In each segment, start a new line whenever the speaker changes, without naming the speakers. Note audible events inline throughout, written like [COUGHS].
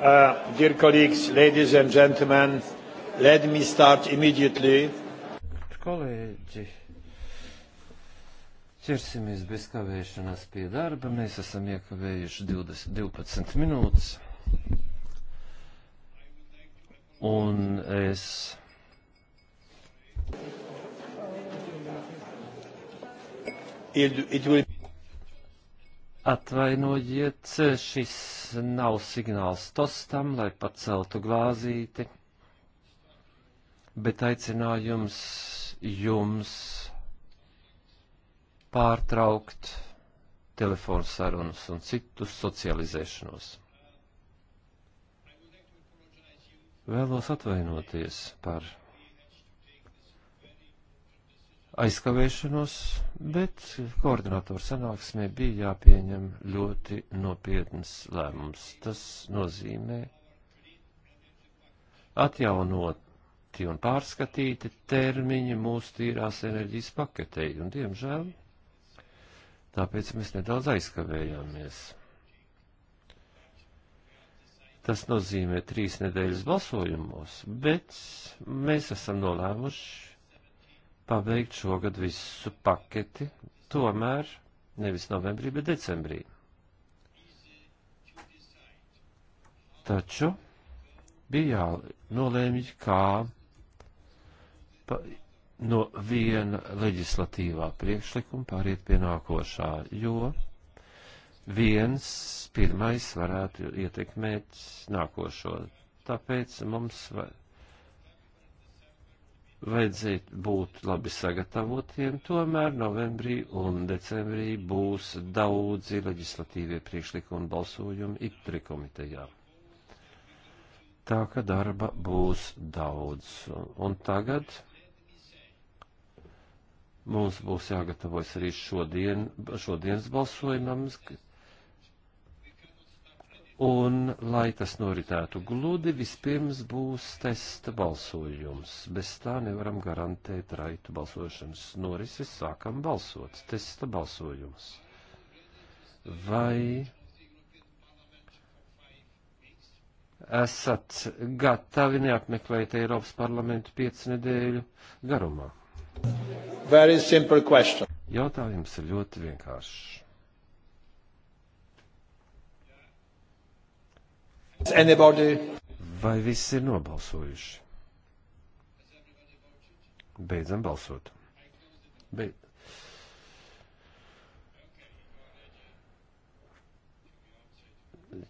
Uh, dear colleagues, ladies and gentlemen, let me start immediately. Kolēģi, ķersimies bez kavēšanās pie darba. Mēs esam iekavējuši 20, 12 minūtes. Un es. It, it will... Atvainojiet, šis nav signāls tostam, lai paceltu glāzīti, bet aicinājums jums pārtraukt telefonu sarunas un citus socializēšanos. Vēlos atvainoties par aizkavēšanos, bet koordinatoru sanāksmē bija jāpieņem ļoti nopietnas lēmums. Tas nozīmē atjaunoti un pārskatīti termiņi mūsu tīrās enerģijas paketei, un diemžēl tāpēc mēs nedaudz aizkavējāmies. Tas nozīmē trīs nedēļas balsojumos, bet mēs esam nolēmuši pabeigt šogad visu paketi, tomēr nevis novembrī, bet decembrī. Taču bija jānolēmj, kā pa, no viena leģislatīvā priekšlikuma pāriet pie nākošā, jo viens pirmais varētu ietekmēt nākošo. Tāpēc mums vajag vajadzēja būt labi sagatavotiem, tomēr novembrī un decembrī būs daudzi leģislatīvie priekšlikumi balsojumi IPTRI komitejā. Tā ka darba būs daudz. Un tagad mums būs jāgatavojas arī šodien, šodienas balsojumam, Un, lai tas noritētu gludi, vispirms būs testa balsojums. Bez tā nevaram garantēt raitu balsošanas norises, sākam balsot. Testa balsojums. Vai esat gatavi neapmeklēt Eiropas parlamentu piecu nedēļu garumā? Jautājums ir ļoti vienkāršs. Anybody? Vai viss ir nobalsojuši? Beidzam balsot. Beid.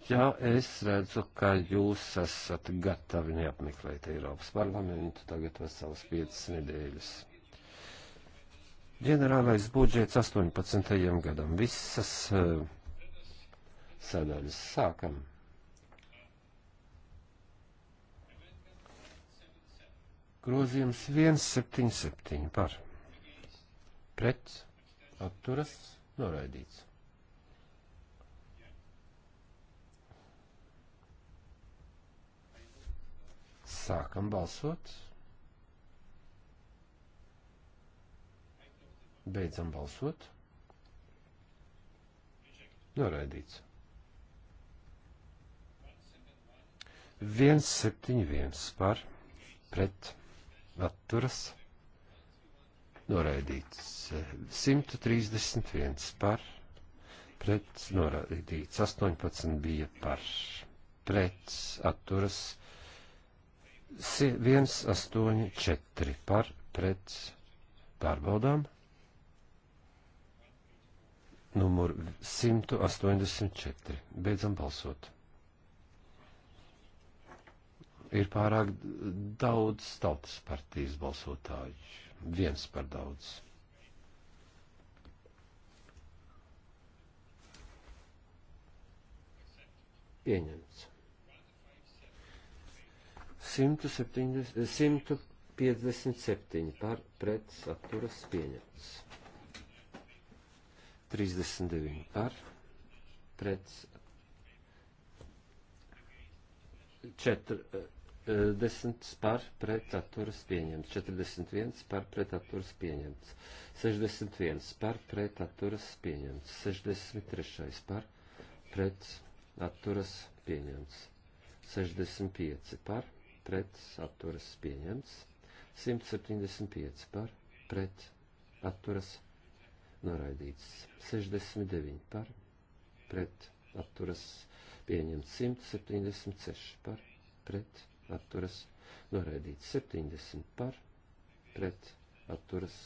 Ja es redzu, ka jūs esat gatavi neapmeklēt Eiropas parlamentu tagad vesels piecas nedēļas. Ģenerālais budžets 18. gadam. Visas uh, sadaļas sākam. Grozījums 177 par pret atturas noraidīts. Sākam balsot. Beidzam balsot. Noraidīts. 171 par pret atturas noraidīts 131 eh, par, pret noraidīts 18 bija par, pret atturas 184 par, pret pārbaudām numuru 184. Beidzam balsot ir pārāk daudz tautas partijas balsotāju. Viens par daudz. Pieņemts. 170, 157 eh, par pret saturas pieņemts. 39 par pret 4 10 par pretaturas pieņemts, 41 par pretaturas pieņemts, 61 par pretaturas pieņemts, 63 par pretaturas pieņemts, 65 par pretaturas pieņemts, 175 par pretaturas noraidīts, 69 par pretaturas pieņemts, 176 par pretaturas atturas noraidīts 70 par, pret atturas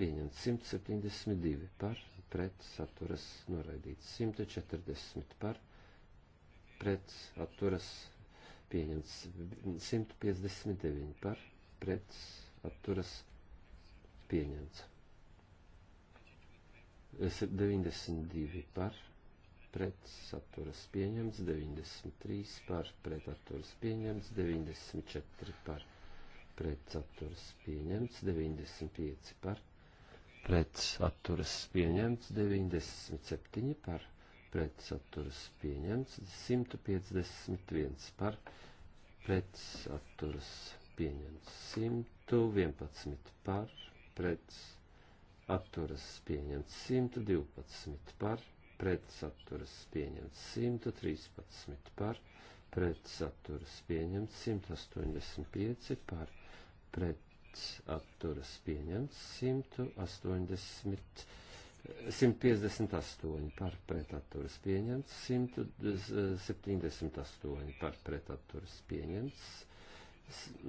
pieņemts 172 par, pret atturas noraidīts 140 par, pret atturas pieņemts 159 par, pret atturas pieņemts 92 par, pret saturas pieņemts, 93 par pret saturas pieņemts, 94 par pret saturas pieņemts, 95 par pret saturas pieņemts, 97 par pret saturas pieņemts, 151 par pret saturas pieņemts, 111 par pret atturas pieņemts 112 par pretsaturas pieņemts 113 par, pretsaturas pieņemts 185 par, pretsaturas pieņemts 180, 158 par, pretsaturas pieņemts 178 eh, par, pretsaturas pieņemts,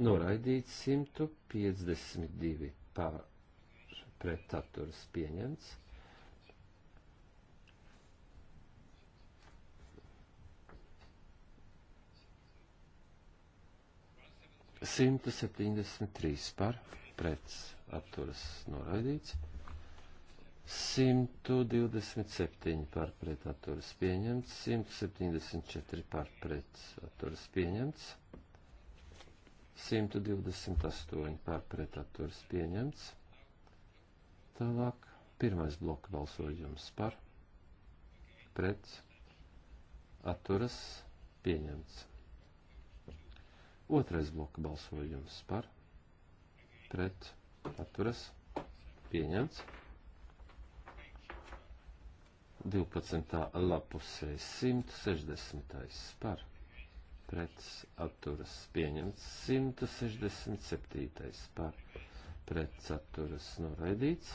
noraidīts 152 par, pretsaturas pieņemts 173 par pret atturas noraidīts. 127 par pret atturas pieņemts, 174 par pret atturas pieņemts, 128 par pret atturas pieņemts. Tālāk pirmais bloka balsojums par pret atturas pieņemts. Otrais bloka balsojums par pret atturas pieņemts. 12. lapusē 160. par pret atturas pieņemts. 167. par pret atturas noraidīts.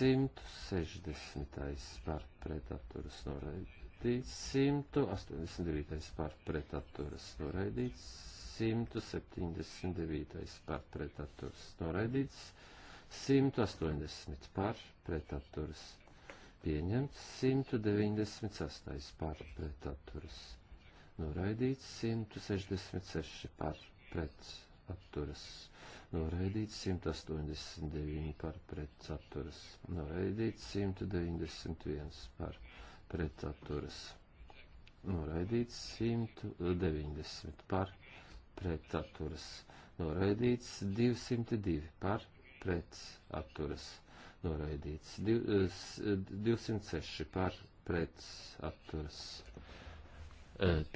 160. par pretaturas noraidīts, 189. par pretaturas noraidīts, 179 par pretaturas noraidīts, 180 par pretaturas pieņemts, 198 par pretaturas noraidīts, 166 par pretaturas noraidīts, 189 par pretaturas noraidīts, 191 par pretaturas noraidīts, 190 par pretaturas pret atturas noraidīts, 202 par pret atturas noraidīts, 206 e, par pret atturas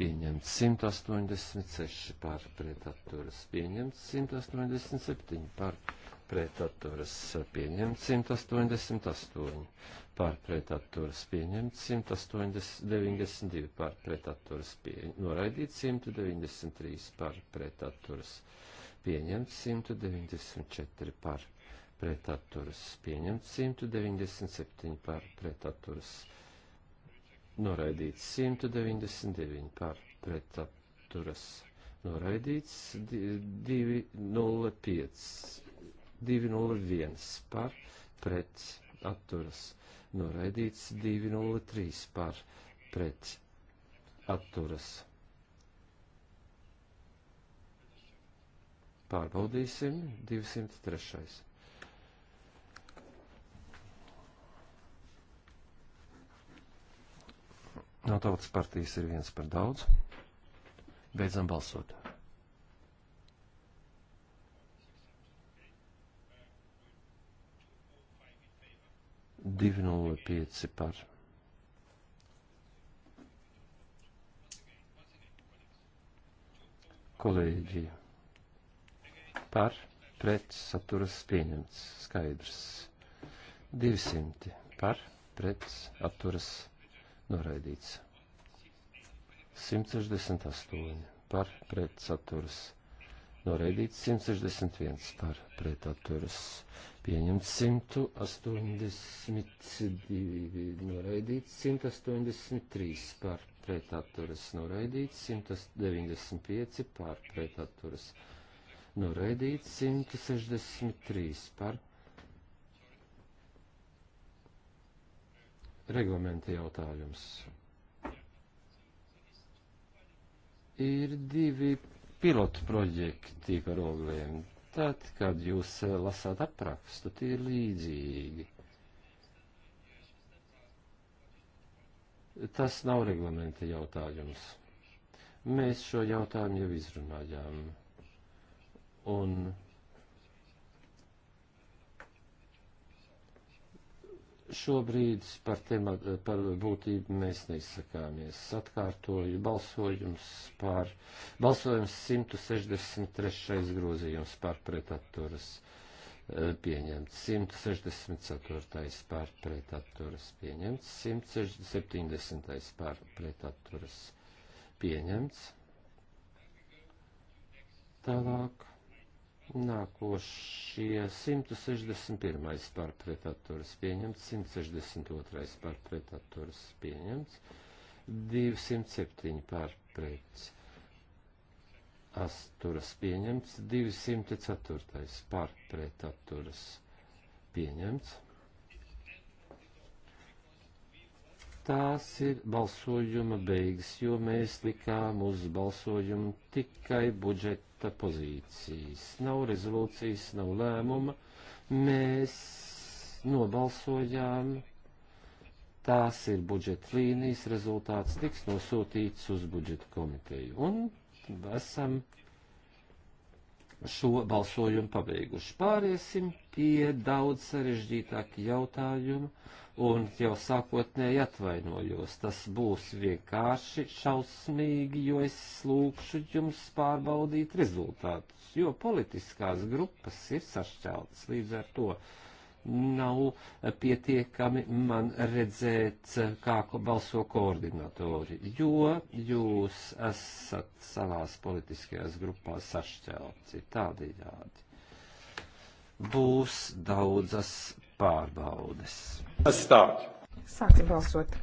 pieņemts, 186 par pret atturas pieņemts, 187 par pret atturas pārpretaturas pieņemts 188, pārpretaturas pieņemts 192, pārpretaturas pieņemts, noraidīts 193, pārpretaturas pieņemts 194, pārpretaturas pieņemts 197, pārpretaturas noraidīts 199, pārpretaturas pieņemts noraidīts 205 201 par pret atturas noraidīts 203 par pret atturas. Pārbaudīsim 203. No tautas partijas ir viens par daudz. Beidzam balsot. 205 par. Kolēģi par pret saturas pieņemts skaidrs. 200 par pret atturas noraidīts. 168 par pret saturas noraidīts. 161 par pret atturas noraidīts pieņemts 182, noraidīts 183 par pretaturas, noraidīts 195 par pretaturas, noraidīts 163 par reglamenta jautājums. Ir divi pilotu projekti par ogliem. Tad, kad jūs eh, lasāt aprakstu, tie ir līdzīgi. Tas nav reglamenta jautājums. Mēs šo jautājumu jau izrunājām. Un šobrīd par, tema, par būtību mēs neizsakāmies. Atkārtoju balsojums par, balsojums 163. grozījums par pretatturas eh, pieņemts, 164. par pretatturas pieņemts, 170. par pretatturas pieņemts. Tālāk. Nākošie 161. pārpretaturas pieņemts, 162. pārpretaturas pieņemts, 207 pārpret asturas pieņemts, 204. pārpretaturas pieņemts. Tās ir balsojuma beigas, jo mēs likām uz balsojumu tikai budžeta standarta pozīcijas. Nav rezolūcijas, nav lēmuma. Mēs nobalsojām. Tās ir budžeta līnijas, rezultāts tiks nosūtīts uz budžeta komiteju. Un esam šo balsojumu pabeiguši. Pāriesim pie daudz sarežģītāku jautājumu un jau sākotnēji atvainojos. Tas būs vienkārši šausmīgi, jo es lūkšu jums pārbaudīt rezultātus, jo politiskās grupas ir sašķeltas līdz ar to. Nav pietiekami man redzēt, kā balso koordinatori, jo jūs esat savās politiskajās grupās sašķelti tādējādi. Būs daudzas pārbaudes. Start.
Sāksim balsot.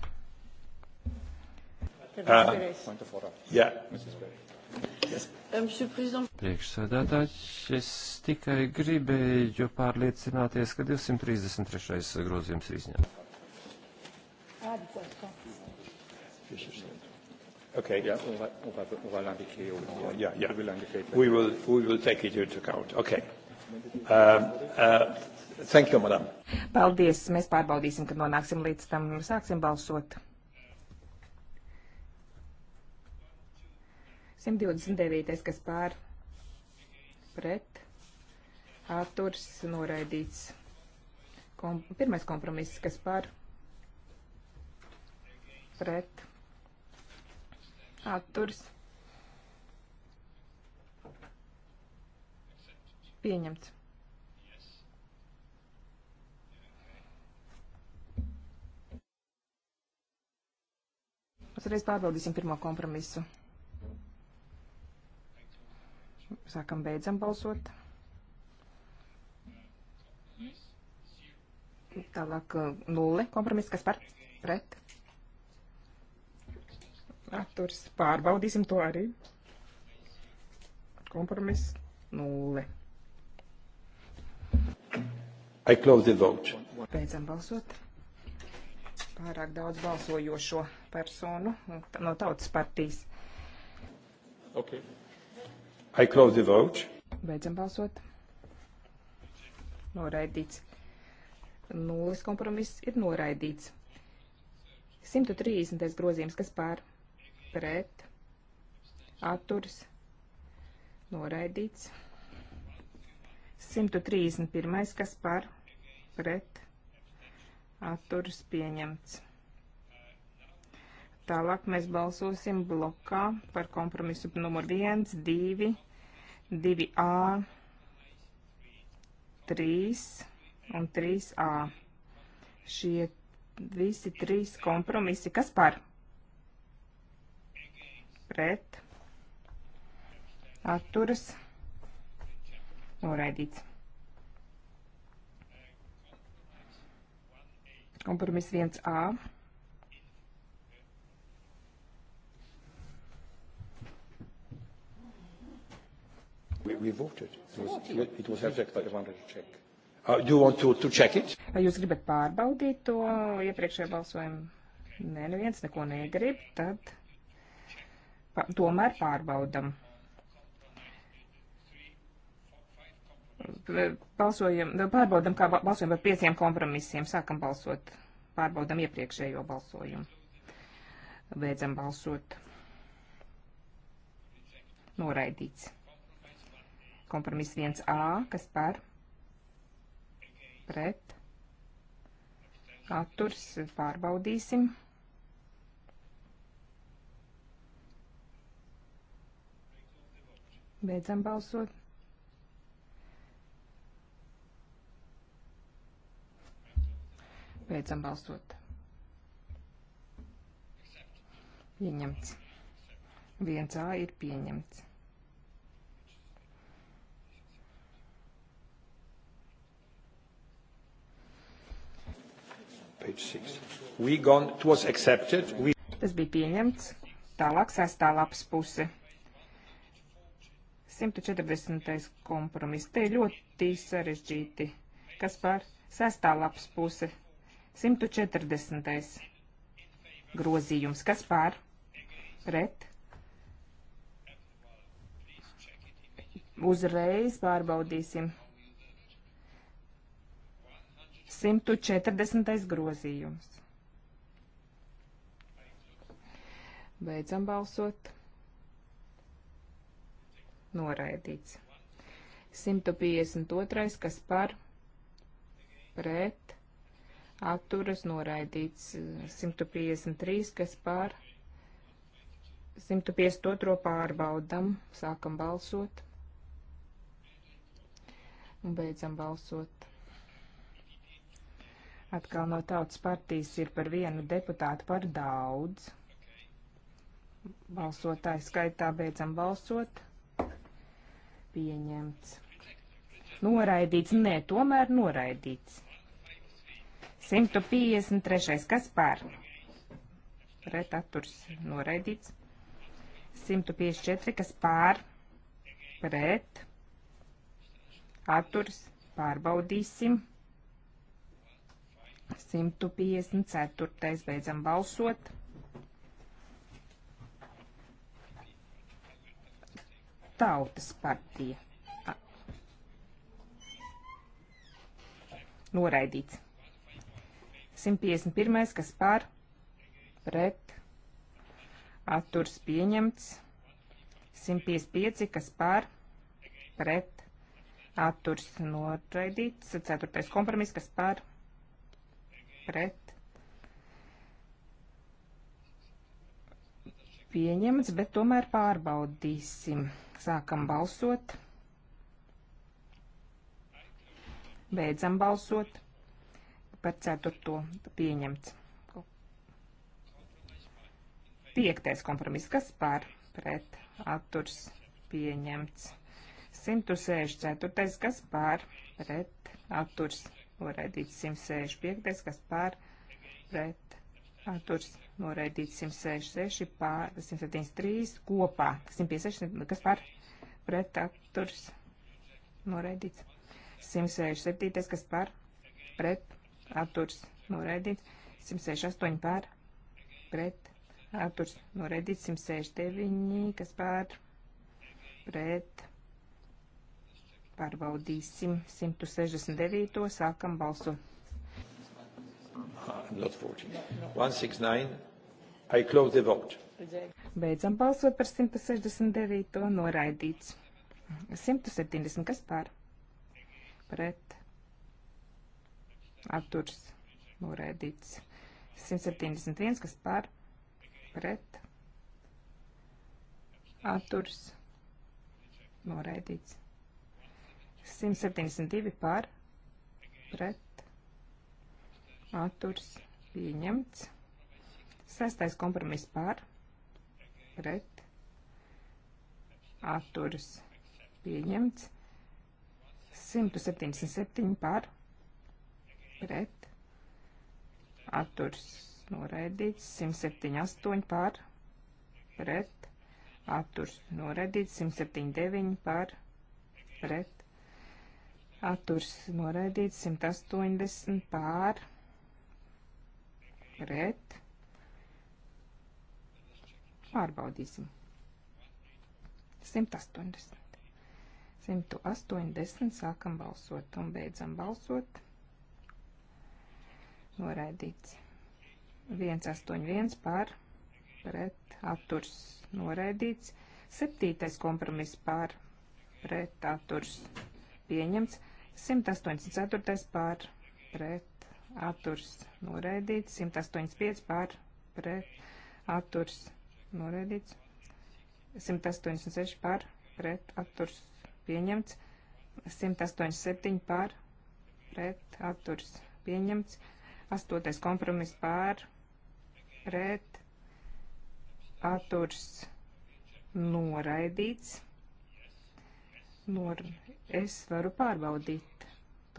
Uh, yeah. yes. Priekšsēdētājs, es tikai gribēju pārliecināties, ka 233. grozījums ir izņemts. Okay. Yeah, on va, on va, on va l'indiquer. Yeah, yeah. We will, we will take it into account. Okay. Uh, uh, thank you, madam.
Paldies. Mēs pārbaudīsim, kad nonāksim līdz tam. Sāksim balsot. 129. kas pār pret atturs noraidīts. Kom, pirmais kompromiss, kas pār pret atturs noraidīts Pieņemts. Uzreiz pārbaudīsim pirmo kompromisu. Sākam, beidzam balsot. Tālāk uh, nulle kompromiss, kas par pret. Atturs. Pārbaudīsim to arī. Kompromiss nulle.
I close the vote.
Beidzam balsot. Pārāk daudz balsojošo personu no tautas partijas.
Okay. I close the vote.
Beidzam balsot. Noraidīts. Nulles kompromiss ir noraidīts. 130. grozījums, kas pār pret atturs noraidīts. 131. kas par pret atturas pieņemts. Tālāk mēs balsosim blokā par kompromisu numur 1, 2, 2A, 3 un 3A. Šie visi trīs kompromisi, kas par? Pret. Atturas. Noraidīts. kompromiss 1A.
We, we voted. It was, it was subject, but I wanted to check. Uh, do you want to, to check it?
Vai jūs gribat pārbaudīt to iepriekšējo balsojumu? Nē, neviens neko negrib, tad pa, tomēr pārbaudam. balsojam, pārbaudam, kā balsojam par pieciem kompromisiem. Sākam balsot, pārbaudam iepriekšējo balsojumu. Beidzam balsot. Noraidīts. Kompromiss 1A, kas par? Pret. Atturs, pārbaudīsim. Beidzam balsot. Beidzam balsot. Pieņemts. 1A ir pieņemts.
Gone, We...
Tas bija pieņemts. Tālāk sestā lapas puse. 140. kompromiss. Te ļoti sarežģīti. Kas par sestā lapas puse? 140. grozījums. Kas pār? Pret. Uzreiz pārbaudīsim. 140. grozījums. Beidzam balsot. Noraidīts. 152. kas par pret atturas noraidīts 153, eh, kas pār 152 pārbaudam, sākam balsot un beidzam balsot. Atkal no tautas partijas ir par vienu deputātu par daudz. Balsotāju skaitā beidzam balsot. Pieņemts. Noraidīts, nē, tomēr noraidīts. 153. Kas pār? Pret atturs noraidīts. 154. Kas pār? Pret atturs pārbaudīsim. 154. Beidzam balsot. Tautas partija. Noraidīts. 151. kas par pret atturs pieņemts. 155. kas par pret atturs noraidīts. 4. kompromiss, kas par pret pieņemts, bet tomēr pārbaudīsim. Sākam balsot. Beidzam balsot par ceturto pieņemts. Piektais kompromiss, kas par pret atturs pieņemts. 164. kas par pret atturs noraidīts. 165. kas par pret atturs noraidīts. 166 pār 173 kopā. 156. kas par pret atturs noraidīts. 167. kas par pret atturs atturs noraidīts, 168 pār, pret, atturs noraidīts, 169, kas pār, pret, pārbaudīsim, 169, sākam balsu.
Ah, not 14. 169. I close the vote.
Beidzam balsot par 169. noraidīts. 170. Kas pār? Pret atturs noraidīts. 171, kas par pret atturs noraidīts. 172 par pret atturs pieņemts. Sestais kompromiss par pret atturs pieņemts. 177 par pret pret, atturs noraidīts, 178 par, pret, atturs noraidīts, 179 par, pret, atturs noraidīts, 180 par, pret, pārbaudīsim. 180. 180 sākam balsot un beidzam balsot noraidīts. 181 par pret atturs noraidīts. 7. kompromiss par pret atturs pieņemts. 184 par pret atturs noraidīts. 185 par pret atturs noraidīts. 186 par pret atturs pieņemts. 187 par pret atturs pieņemts. Astotais kompromiss pār pret atturs noraidīts. Nor es varu pārbaudīt.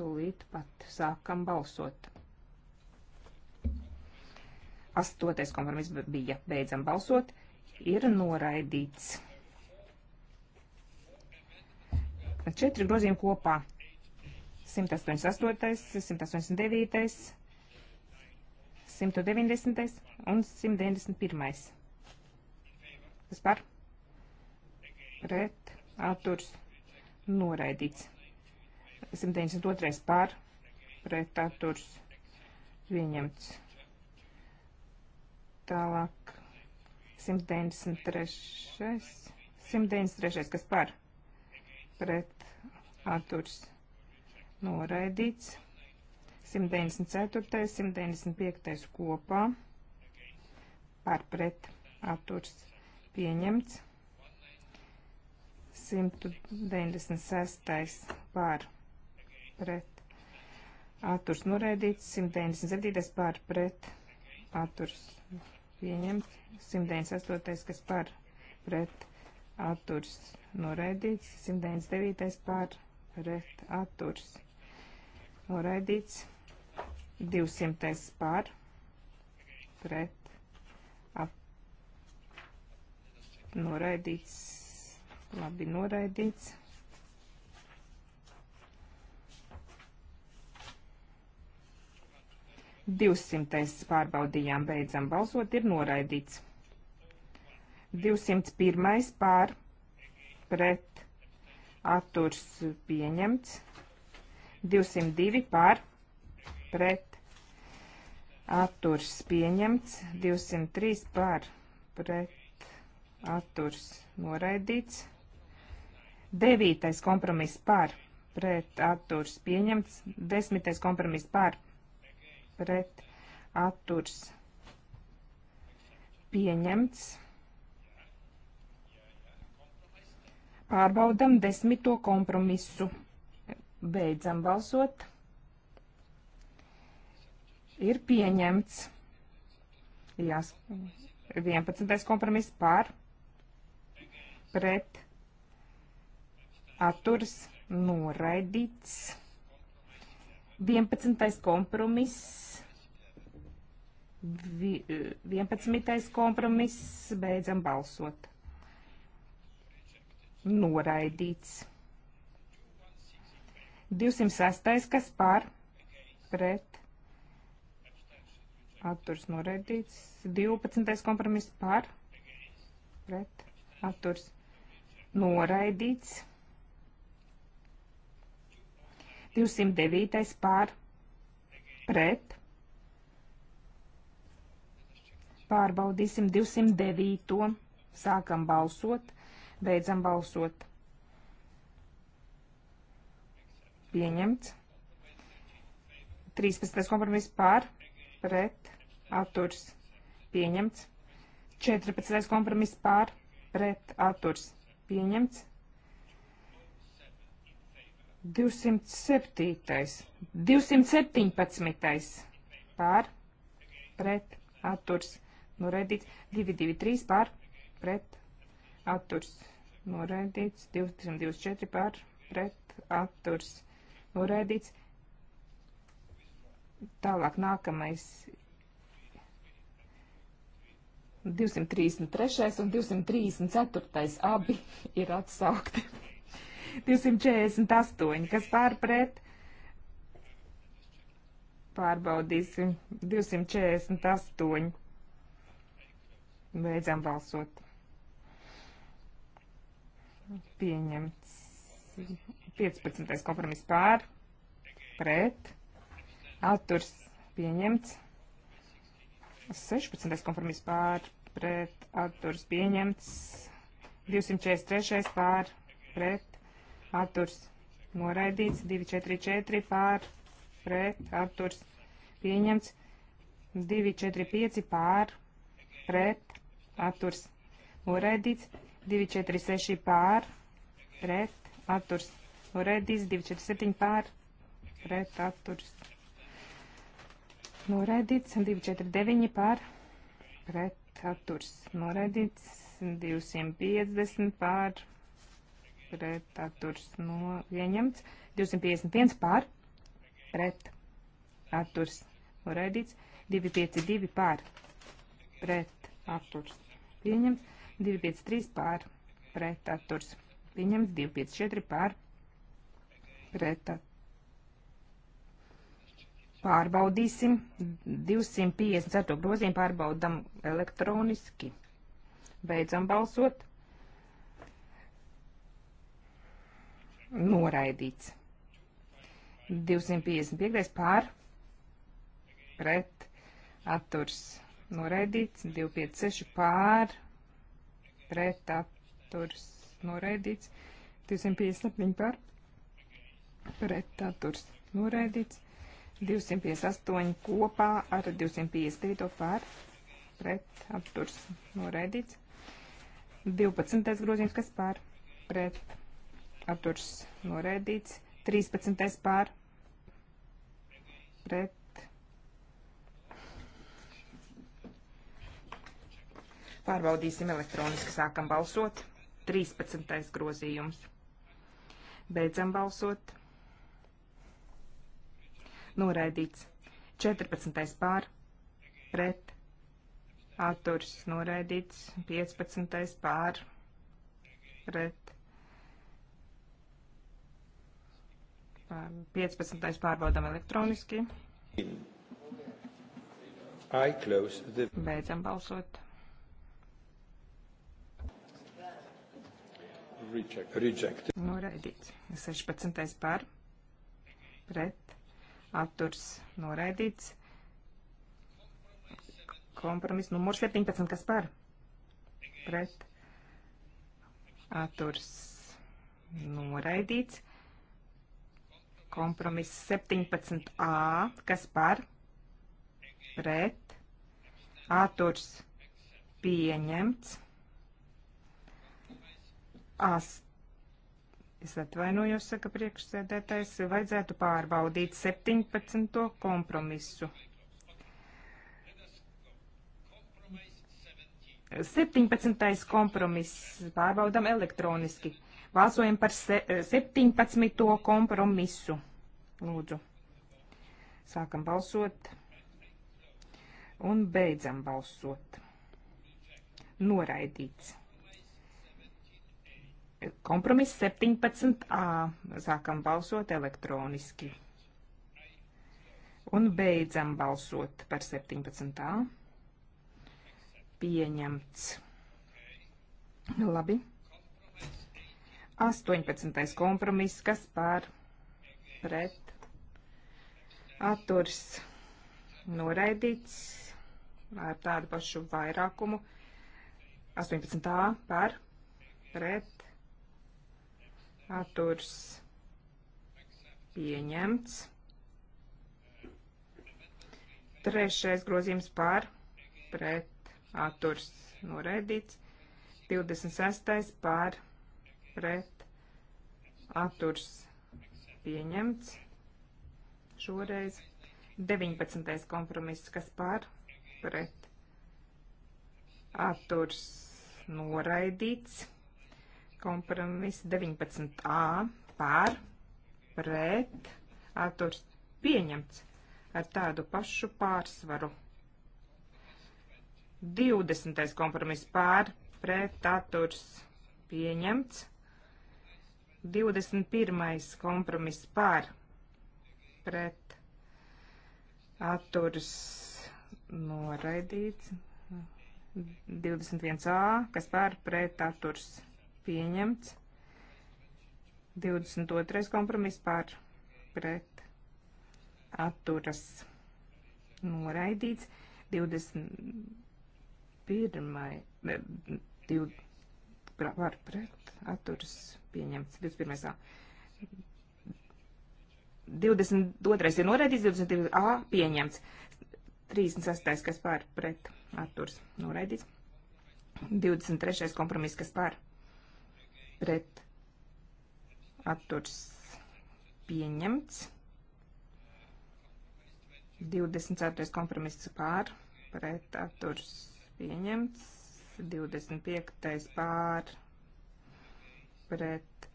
Tūlīt pat sākam balsot. Astotais kompromiss bija beidzam balsot. Ir noraidīts. Četri grozījumi kopā. 188, 189, 190. un 191. Kas par? Pret atturs noraidīts. 192. par pret atturs pieņemts. Tālāk 193. 193. kas par pret atturs noraidīts. 194. 195. kopā par pret atturs pieņemts. 196. par pret atturs noraidīts. 197. par pret atturs pieņemts. 198. kas par pret atturs noraidīts. 199. par pret atturs noraidīts. 200 par pret ap, noraidīts, labi noraidīts. Divsimtais pārbaudījām, beidzam balsot, ir noraidīts. 201. pār pret atturs pieņemts. 202 pār pret atturs pieņemts, 203 par pret atturs noraidīts, 9. kompromiss par pret atturs pieņemts, 10. kompromiss par pret atturs pieņemts. Pārbaudam desmito kompromisu. Beidzam balsot ir pieņemts. Jā, 11. kompromiss par, pret, atturs, noraidīts. 11. kompromiss. 11. kompromiss, beidzam balsot. Noraidīts. 206. kas pār pret atturs noraidīts. 12. kompromiss par, pret, atturs noraidīts. 209. par, pret. Pārbaudīsim 209. Sākam balsot, beidzam balsot. Pieņemts. 13. kompromiss par, pret pret atturs pieņemts. 14. kompromiss pār pret atturs pieņemts. 207. 217. pār pret atturs noraidīts. 223 pār pret atturs noraidīts. 224 pār pret atturs noraidīts. Tālāk nākamais 233 un 234 abi [LAUGHS] ir atsaukti. 248, [LAUGHS] kas pārpret, pārbaudīsim 248. Beidzam balsot. Pieņemts 15. kompromiss pār, pret atturs pieņemts. 16. kompromiss pār pret atturs pieņemts. 243. pār pret atturs noraidīts. 244 pār pret atturs pieņemts. 245 pār pret atturs noraidīts. 246 pār pret atturs noraidīts. 247 pār pret atturs noraidīts, 249 pār pret atturs noraidīts, 250 pār pret atturs no ieņemts, 251 pār pret atturs noraidīts, 252 pār pret atturs pieņemts, 253 pār pret atturs pieņemts, 254 pār pret atturs Pārbaudīsim 254. grozījumu, pārbaudam elektroniski. Beidzam balsot. Noraidīts. 255. pār pret atturs. Noraidīts. 256 pār pret atturs. Noraidīts. 257 pār pret atturs. Noraidīts. 258 kopā ar 259 pār pret apturs noraidīts. 12. grozījums, kas pār pret apturs noraidīts. 13. pār pret. Pārbaudīsim elektroniski, sākam balsot. 13. grozījums. Beidzam balsot noraidīts. 14. pār, pret, atturs, noraidīts. 15. pār, pret, 15. pārbaudam elektroniski.
The...
Beidzam balsot.
Reject.
Noraidīts. 16. pār, pret, atturs noraidīts. Kompromis numur 17, kas par? Pret atturs noraidīts. Kompromis 17a, kas par? Pret atturs pieņemts. 8. Es atvainojos, saka priekšsēdētājs, vajadzētu pārbaudīt 17. kompromisu. 17. kompromiss pārbaudam elektroniski. Balsojam par 17. kompromisu. Lūdzu. Sākam balsot un beidzam balsot. Noraidīts. Kompromiss 17a. Sākam balsot elektroniski. Un beidzam balsot par 17a. Pieņemts. Labi. 18. kompromiss, kas pār pret atturs noraidīts ar tādu pašu vairākumu. 18. pār pret atturs pieņemts. Trešais grozījums pār pret atturs noraidīts. 26. pār pret atturs pieņemts. Šoreiz 19. kompromiss, kas pār pret atturs noraidīts. Kompromiss 19a pār pret atturs pieņemts ar tādu pašu pārsvaru. 20. kompromiss pār pret atturs pieņemts. 21. kompromiss pār pret atturs noraidīts. 21a, kas pār pret atturs pieņemts pieņemts. 22. kompromiss par pret atturas noraidīts. 21. Eh, div, par pret atturas pieņemts. 21. 22. ir noraidīts, 22. A pieņemts. 36. kas pār pret atturs noraidīts. 23. kompromiss, kas pār pret atturs pieņemts. 24. kompromiss pār pret atturs pieņemts. 25. pār pret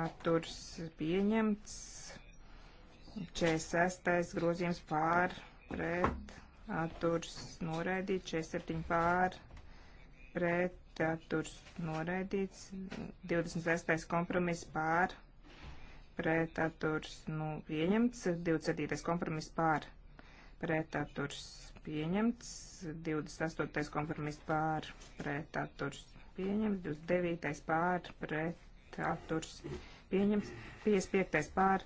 atturs pieņemts. 46. grozījums pār pret atturs noraidīt. 47. pār pret atturs noraidīts, 26. kompromiss pār, pret atturs nu, pieņemts, 27. kompromiss pār, pret atturs pieņemts, 28. kompromiss pār, pret atturs pieņemts, 29. pār, pret atturs pieņemts, 55. pār,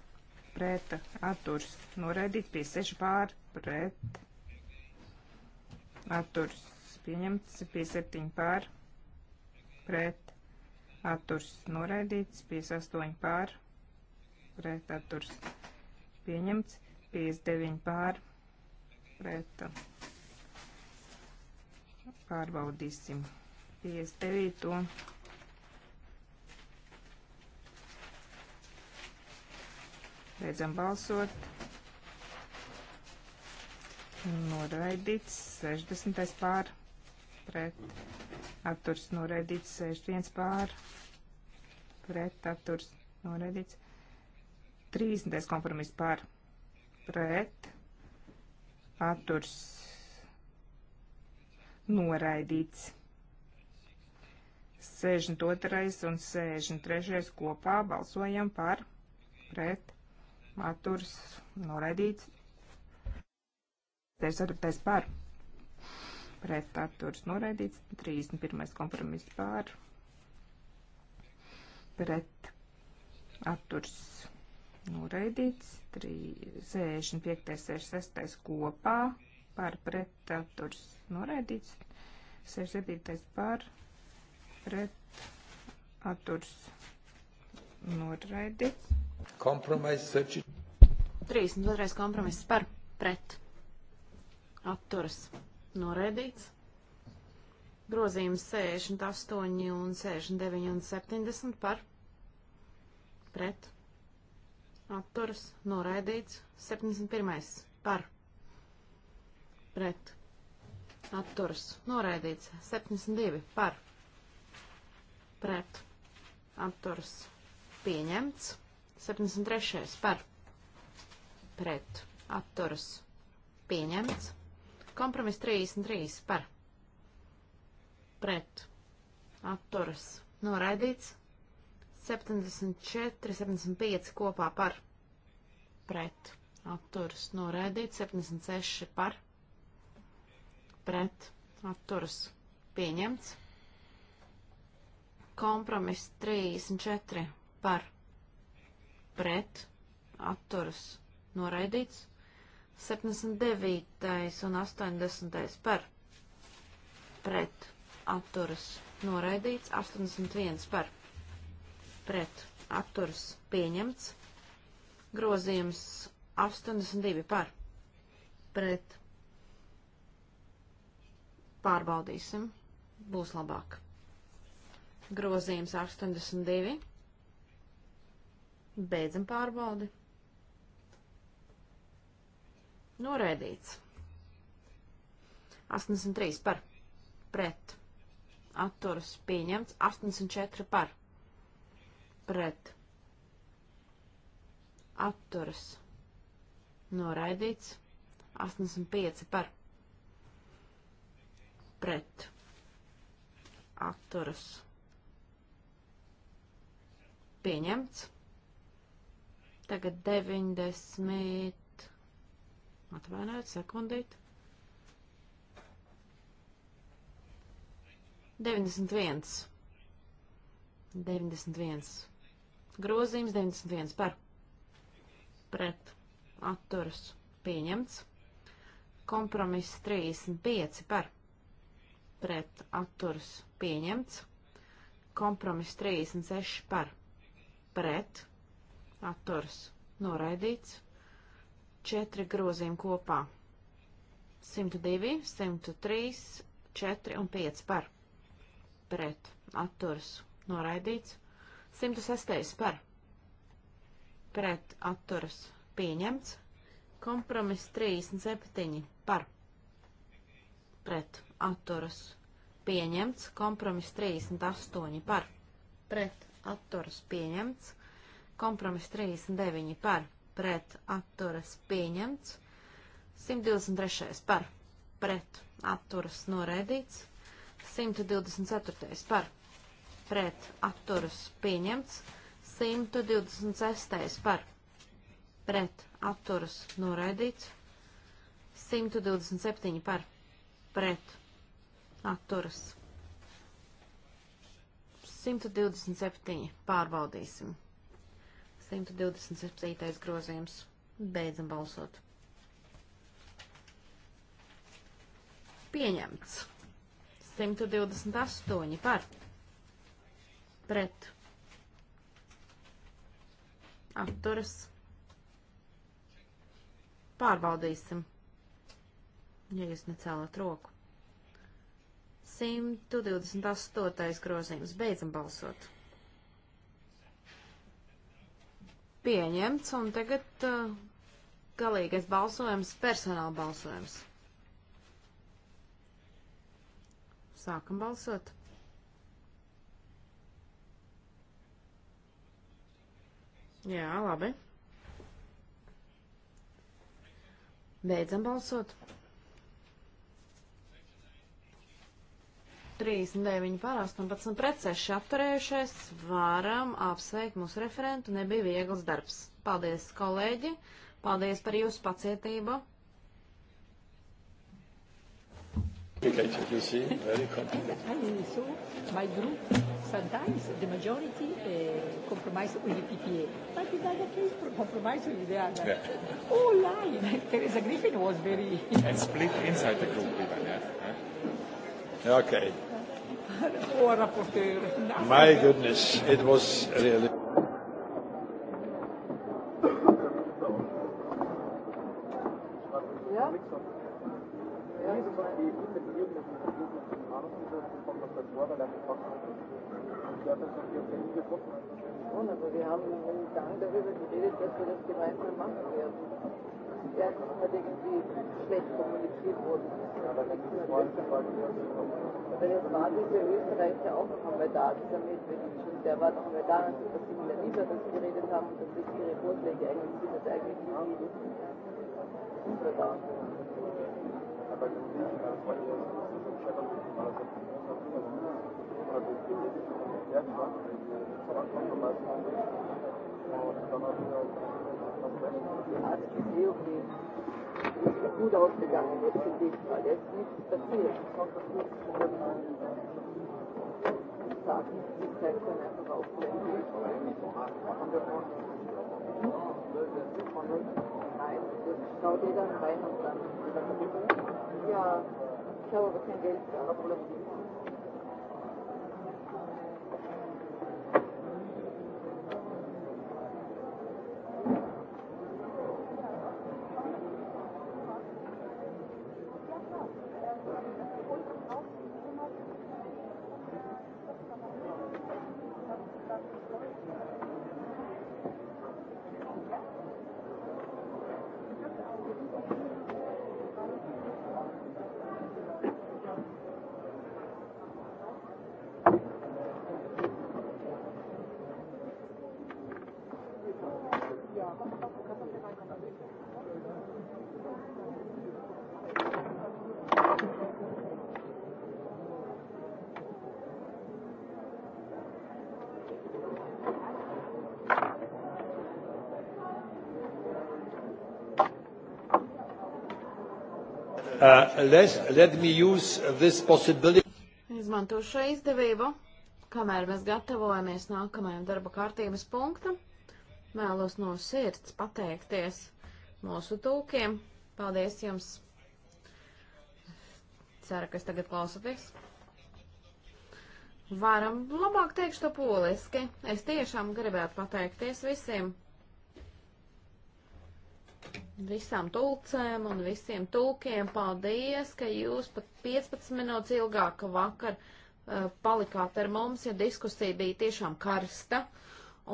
pret atturs noraidīts, 56. pār, pret atturs pieņemts, 57. pār, pret pret atturs noraidīts, 58 pār pret atturs pieņemts, 59 pār pret pārbaudīsim 59. Beidzam balsot. Noraidīts 60. pār pret atturs noraidīts, 61 pār pret atturs noraidīts, 30. kompromiss pār pret atturs noraidīts. 62. un 63. kopā balsojam par pret atturs noraidīts. 64. par pret pret atturas noraidīts, 31. kompromiss pār pret atturas noraidīts, 65. 66. kopā par pret atturas noraidīts, 67. par pret atturas
noraidīts.
Kompromiss
32. kompromiss par pret atturas noraidīts Noraidīts. Grozījums 68 un 69 un 70 par. Pret. Atturas. Noraidīts. 71. Par. Pret. Atturas. Noraidīts. 72. Par. Pret. Atturas. Pieņemts. 73. Par. Pret. Atturas. Pieņemts. Kompromis 33 par pret atturas noraidīts. 74, 75 kopā par pret atturas noraidīts. 76 par pret atturas pieņemts. Kompromis 34 par pret atturas noraidīts. 79. un 80. par pret atturas noraidīts, 81 par pret atturas pieņemts, grozījums 82 par pret pārbaudīsim, būs labāk. Grozījums 82, beidzam pārbaudi. Noraidīts. 83 par. Pret. Atturas pieņemts. 84 par. Pret. Atturas. Noraidīts. 85 par. Pret. Atturas. Pieņemts. Tagad 90. Atvainojiet, sekundīt. 91. 91. Grozījums 91 par. Pret. Atturas. Pieņemts. Kompromiss 35 par. Pret. Atturas. Pieņemts. Kompromiss 36 par. Pret. Atturas. Noraidīts četri grozījumi kopā. 102, 103, 4 un 5 par. Pret. Atturs. Noraidīts. 106 par. Pret. Atturs. Pieņemts. Kompromiss 37 par. Pret. Atturs. Pieņemts. Kompromiss 38 par. Pret. Atturs. Pieņemts. Kompromiss 39 par pret atturas pieņemts. 123. par pret atturas noraidīts. 124. par pret atturas pieņemts. 126. par pret atturas noraidīts. 127 par pret atturas. 127 pārbaudīsim. 127. grozījums. Beidzam balsot. Pieņemts. 128 par. Pret. Atturas. Pārbaudīsim, ja jūs necēlat roku. 128. grozījums. Beidzam balsot. pieņemts, un tagad uh, galīgais balsojums, personāla balsojums. Sākam balsot. Jā, labi. Beidzam balsot. 39 par 18 pret 6 apturējušies. Varam apsveikt mūsu referentu. Nebija viegls darbs. Paldies, kolēģi. Paldies par jūsu pacietību.
complicated, you see, very complicated.
And so my group, sometimes the majority uh, compromise
with the PPA, but in other case compromise with the other. Yeah. Oh, line! [LAUGHS] Teresa Griffin was very...
and split inside the group even, yeah? yeah? Okay or rapporteur. Nothing. My goodness, it was really. Yeah. Schon, aber wir haben lange darüber geredet, dass wir das gemeinsam machen werden. Ja, es ist
halt irgendwie schlecht kommuniziert worden aber da gibt es jetzt Martin ist ja Österreich ja auch noch einmal da, dieser Medvedev, und der war noch einmal da, und dass sie in der Liga das geredet haben und dass das ihre Vorschläge eigentlich sind, das eigentlich nicht super
da. Aber Arztlich eh okay gut ausgegangen ist für dich, weil es nichts passiert. Es kommt doch nichts zu dem Tag. Die Zeit kann einfach aufblenden.
Nein, das schaut jeder rein und dann. Ja, ich habe aber kein Geld, aber Problem.
Uh, let, let me use this possibility.
Izmantošu šo izdevību, kamēr mēs gatavojamies nākamajam darba kārtības punktam. Vēlos no sirds pateikties mūsu tūkiem. Paldies jums! Ceru, ka es tagad klausoties. Varam labāk teikšu to poliski. Es tiešām gribētu pateikties visiem visām tulcēm un visiem tulkiem paldies, ka jūs pat 15 minūtes ilgāk vakar uh, palikāt ar mums, jo diskusija bija tiešām karsta.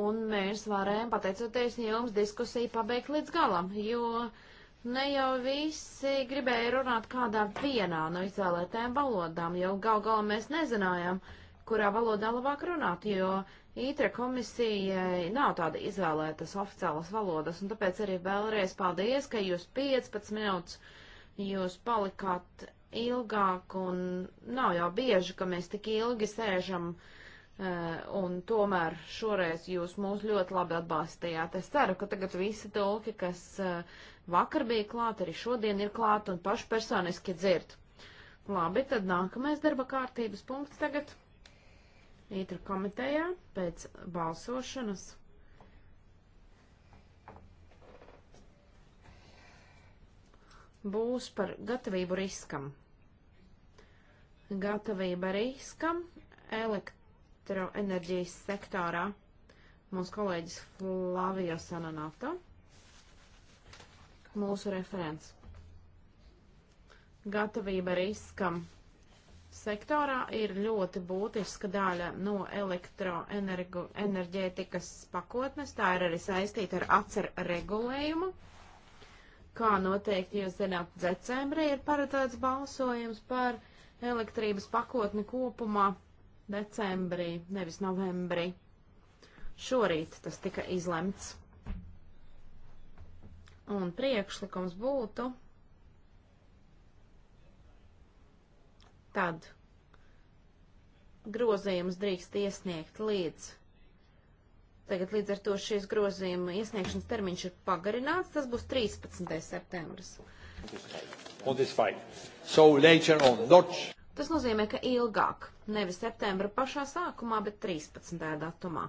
Un mēs varējām, pateicoties jums, diskusiju pabeigt līdz galam, jo ne jau visi gribēja runāt kādā vienā no izvēlētēm valodām, jo gal galā mēs nezinājām, kurā valodā labāk runāt, jo ITRA komisijai nav tāda izvēlētas oficiālas valodas, un tāpēc arī vēlreiz paldies, ka jūs 15 minūtes jūs palikāt ilgāk, un nav jau bieži, ka mēs tik ilgi sēžam, eh, un tomēr šoreiz jūs mūs ļoti labi atbalstījāt. Es ceru, ka tagad visi tulki, kas eh, vakar bija klāt, arī šodien ir klāt un paši personiski dzird. Labi, tad nākamais darba kārtības punkts tagad. Itra komitejā pēc balsošanas. Būs par gatavību riskam. Gatavība riskam elektroenerģijas sektorā. Mūsu kolēģis Flavio Sananato. Mūsu referents. Gatavība riskam sektorā ir ļoti būtiska daļa no elektroenerģētikas pakotnes. Tā ir arī saistīta ar atcer regulējumu. Kā noteikti jūs zināt, decembrī ir paredzēts balsojums par elektrības pakotni kopumā decembrī, nevis novembrī. Šorīt tas tika izlemts. Un priekšlikums būtu tad grozījumus drīkst iesniegt līdz. Tagad līdz ar to šīs grozījuma iesniegšanas termiņš ir pagarināts, tas būs 13. septembris. So
on, not...
Tas nozīmē, ka ilgāk, nevis septembra pašā sākumā, bet 13. datumā.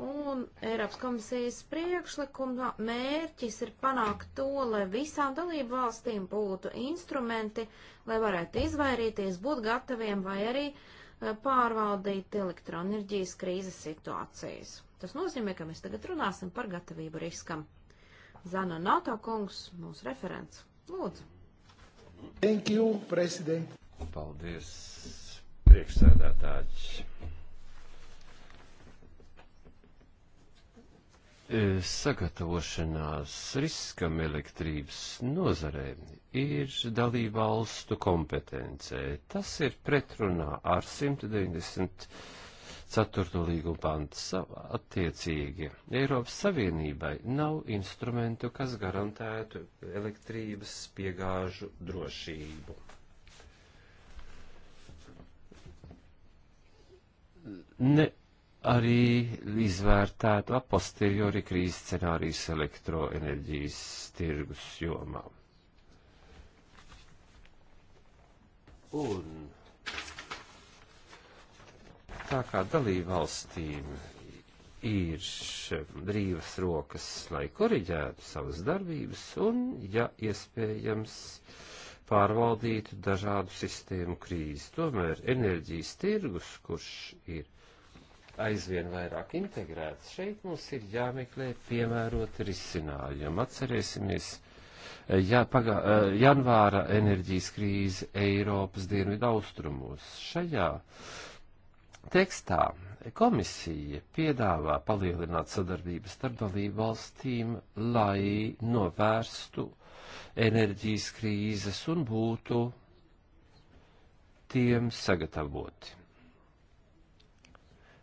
Un Eiropas komisijas priekšlikuma mērķis ir panākt to, lai visām dalību valstīm būtu instrumenti, lai varētu izvairīties, būt gataviem vai arī eh, pārvaldīt elektroenerģijas krīzes situācijas. Tas nozīmē, ka mēs tagad runāsim par gatavību riskam. Zana Nato kungs, mūsu referents. Lūdzu.
Thank you, prezident. Paldies, priekšsēdētāji. E, sagatavošanās riskam elektrības nozarē ir dalība valstu kompetencē. Tas ir pretrunā ar 190. 4. līguma pants attiecīgi Eiropas Savienībai nav instrumentu, kas garantētu elektrības piegāžu drošību. Ne arī izvērtētu a posteriori krīzes scenārijus elektroenerģijas tirgus jomā. Un tā kā dalībvalstīm ir brīvas rokas, lai koriģētu savas darbības un, ja iespējams, pārvaldītu dažādu sistēmu krīzi. Tomēr enerģijas tirgus, kurš ir aizvien vairāk integrētas. Šeit mums ir jāmeklē piemērot risinājumu. Atcerēsimies, eh, jā, pagā, eh, janvāra enerģijas krīze Eiropas dienvidu austrumos. Šajā tekstā komisija piedāvā palielināt sadarbību starp dalību valstīm, lai novērstu enerģijas krīzes un būtu tiem sagatavoti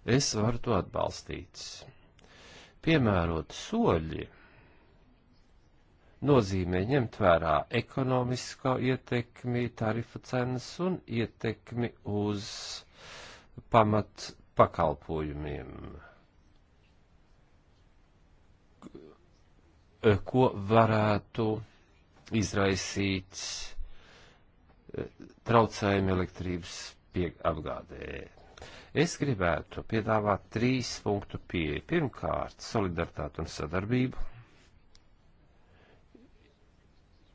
Es varu to atbalstīt. Piemērot soļi nozīmē ņemt vērā ekonomisko ietekmi, tarifu cenas un ietekmi uz pamat pakalpojumiem, ko varētu izraisīt eh, traucējumi elektrības apgādē. Es gribētu piedāvāt trīs punktu pieeju. Pirmkārt, solidaritāte un sadarbība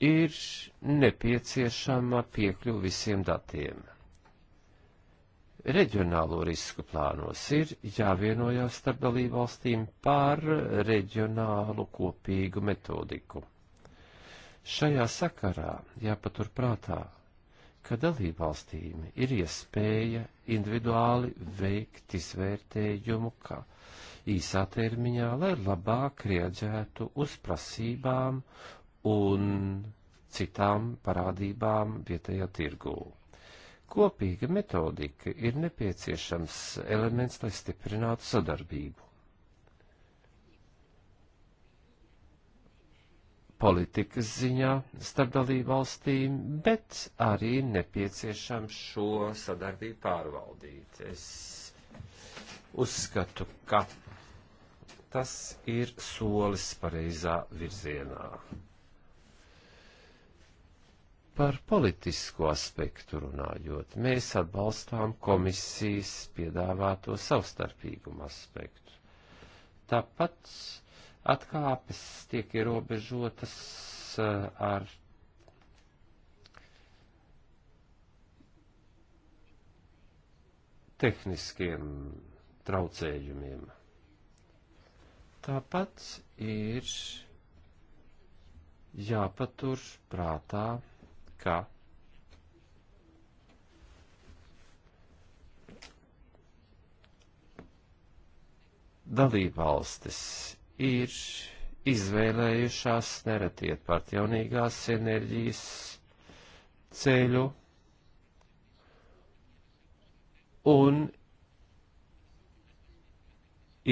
ir nepieciešama piekļuva visiem datiem. Reģionālo risku plānos ir jāvienojās starp dalībvalstīm par reģionālu kopīgu metodiku. Šajā sakarā jāpatur prātā, ka dalībvalstīm ir iespēja individuāli veikt izvērtējumu kā īsā termiņā, lai labāk rieģētu uz prasībām un citām parādībām vietējā tirgū. Kopīga metodika ir nepieciešams elements, lai stiprinātu sadarbību. politikas ziņā starp dalību valstīm, bet arī nepieciešams šo sadarbību pārvaldīt. Es uzskatu, ka tas ir solis pareizā virzienā. Par politisko aspektu runājot, mēs atbalstām komisijas piedāvāto savstarpīgumu aspektu. Tāpat atkāpes tiek ierobežotas eh, ar tehniskiem traucējumiem. Tāpat ir jāpatur prātā, ka dalībvalstis ir izvēlējušās neretiet pat jaunīgās enerģijas ceļu un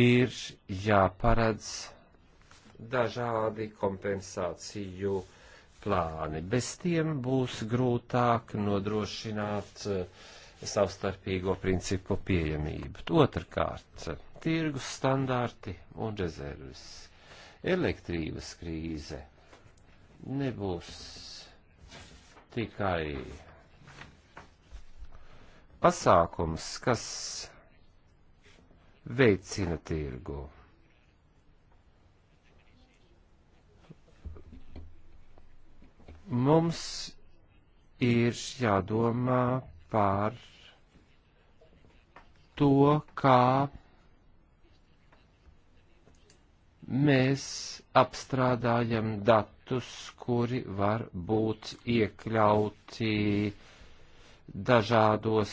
ir jāparedz dažādi kompensāciju plāni. Bez tiem būs grūtāk nodrošināt eh, savstarpīgo principu pieejamību. Otrkārt, tirgus standarti un rezerves. Elektrības krīze nebūs tikai pasākums, kas veicina tirgu. Mums ir jādomā par to, kā mēs apstrādājam datus, kuri var būt iekļauti dažādos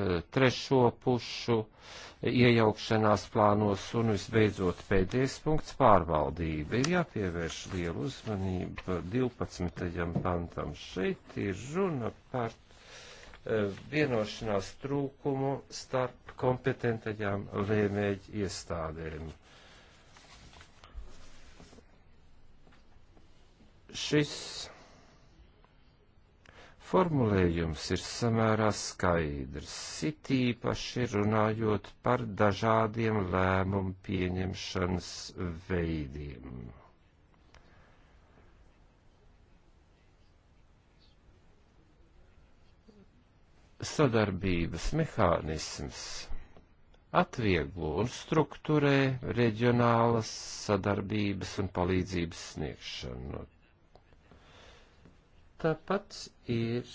eh, trešo pušu eh, iejaukšanās plānos un visbeidzot pēdējais punkts pārvaldība. Ir jāpievērš lielu uzmanību 12. pantam. Šeit ir runa par eh, vienošanās trūkumu starp kompetentajām lēmēģi iestādēm Šis formulējums ir samērā skaidrs, it īpaši runājot par dažādiem lēmumu pieņemšanas veidiem. Sadarbības mehānisms atvieglo un strukturē reģionālas sadarbības un palīdzības sniegšanu Tāpat ir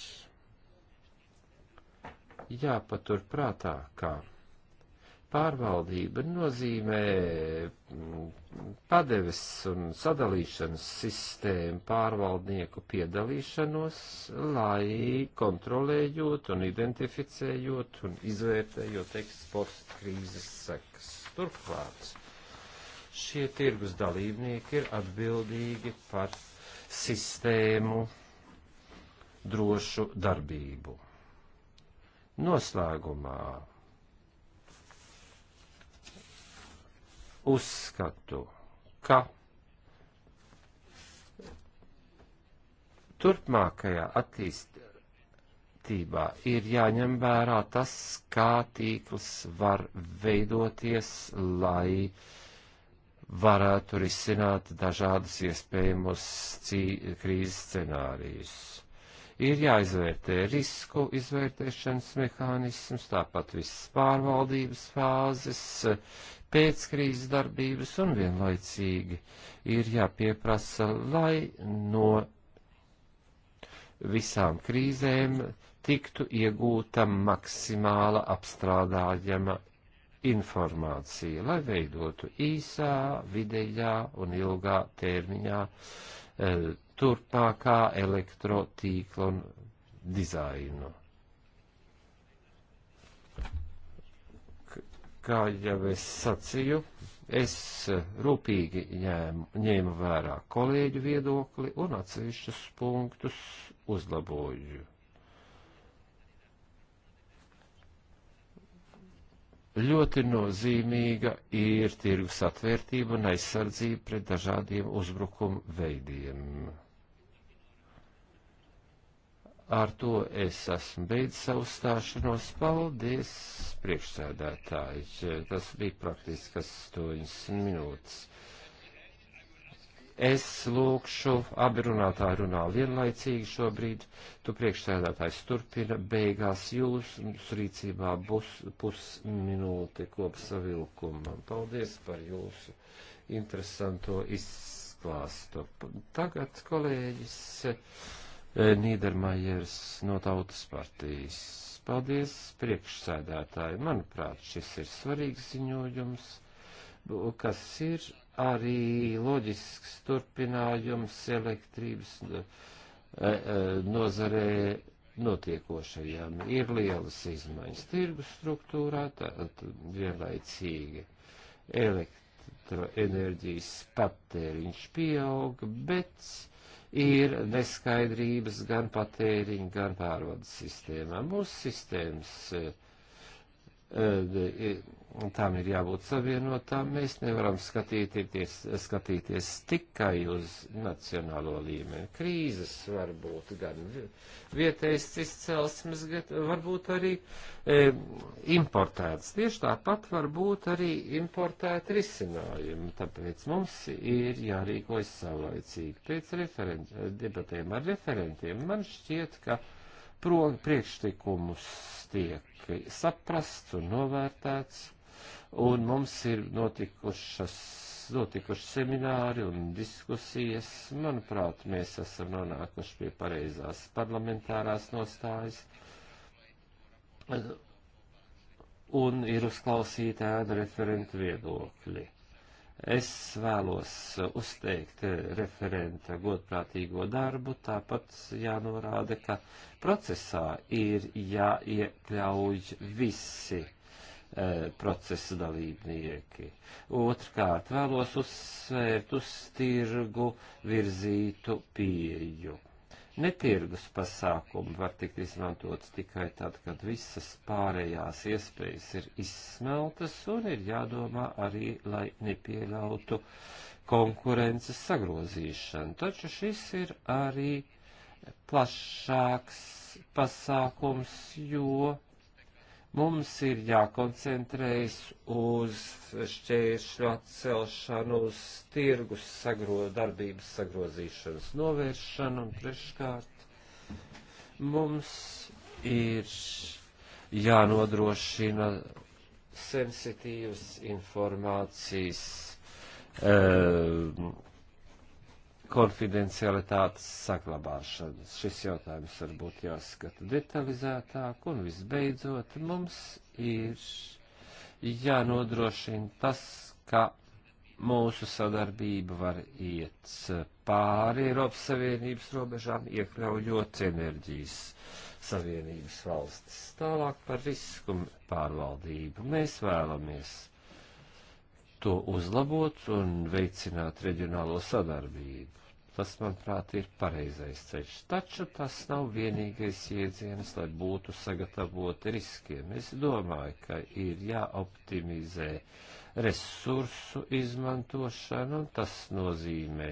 jāpatur prātā, ka pārvaldība nozīmē mm, padeves un sadalīšanas sistēmu pārvaldnieku piedalīšanos, lai kontrolējot un identificējot un izvērtējot eksporta krīzes sekas. Turklāt šie tirgus dalībnieki ir atbildīgi par sistēmu drošu darbību. Noslēgumā uzskatu, ka turpmākajā attīstībā ir jāņem vērā tas, kā tīkls var veidoties, lai varētu risināt dažādas iespējamos krīzes scenārijus ir jāizvērtē risku izvērtēšanas mehānisms, tāpat visas pārvaldības fāzes, pēckrīzes darbības un vienlaicīgi ir jāpieprasa, lai no visām krīzēm tiktu iegūta maksimāla apstrādājama informācija, lai veidotu īsā, vidējā un ilgā termiņā e, turpmākā elektrotīkla un dizainu. Kā jau es sacīju, es rūpīgi ņēmu, ņēmu vērā kolēģu viedokli un atsevišķus punktus uzlaboju. Ļoti nozīmīga ir tirgus atvērtība un aizsardzība pret dažādiem uzbrukumu veidiem. Ar to es esmu beidzis savu stāšanos. Paldies, priekšsēdētāji. Tas bija praktiski 8 minūtes. Es lūkšu, abi runātāji runā vienlaicīgi šobrīd. Tu priekšsēdētājs turpina, beigās jūs, mums rīcībā būs pusminūte kopsavilkumam. Paldies par jūsu interesanto izklāstu. Tagad kolēģis. Eh, Nīdermajers no Tautas partijas. Paldies, priekšsēdētāji. Manuprāt, šis ir svarīgs ziņojums, kas ir arī loģisks turpinājums elektrības eh, eh, nozarē notiekošajām. Ir lielas izmaiņas tirgus struktūrā, tad vienlaicīgi elektroenerģijas patēriņš pieaug, bet ir neskaidrības gan patēriņa, gan pārvades sistēmā. Mūsu sistēmas eh, E, tām ir jābūt savienotām. Mēs nevaram skatīties, skatīties tikai uz nacionālo līmeni. Krīzes var būt gan vietējas izcelsmes, gan varbūt arī e, importētas. Tieši tāpat var būt arī importēti risinājumi. Tāpēc mums ir jārīkojas savlaicīgi. Pēc debatēm ar referentiem man šķiet, ka pro, priekšlikumus tiek saprasts un novērtēts, un mums ir notikušas, notikuši semināri un diskusijas. Manuprāt, mēs esam nonākuši pie pareizās parlamentārās nostājas un ir uzklausīta ēna referentu viedokļi. Es vēlos uzteikt referenta godprātīgo darbu, tāpat jānorāda, ka procesā ir jāiekļauj visi e, procesa dalībnieki. Otrkārt, vēlos uzsvērt uz tirgu virzītu pieju. Netirgus pasākumi var tikt izmantots tikai tad, kad visas pārējās iespējas ir izsmeltas un ir jādomā arī, lai nepieļautu konkurences sagrozīšanu. Taču šis ir arī plašāks pasākums, jo Mums ir jākoncentrējas uz šķēršļu atcelšanu, uz tirgus sagro, darbības sagrozīšanas novēršanu un treškārt. Mums ir jānodrošina sensitīvas informācijas um, konfidencialitātes saglabāšanas. Šis jautājums varbūt jāskata detalizētāk, un visbeidzot mums ir jānodrošina tas, ka mūsu sadarbība var iet pāri Eiropas Savienības robežām, iekļaujot enerģijas Savienības valstis. Tālāk par risku pārvaldību. Mēs vēlamies to uzlabot un veicināt reģionālo sadarbību. Tas, manuprāt, ir pareizais ceļš. Taču tas nav vienīgais jēdziens, lai būtu sagatavoti riskiem. Es domāju, ka ir jāoptimizē resursu izmantošana, un tas nozīmē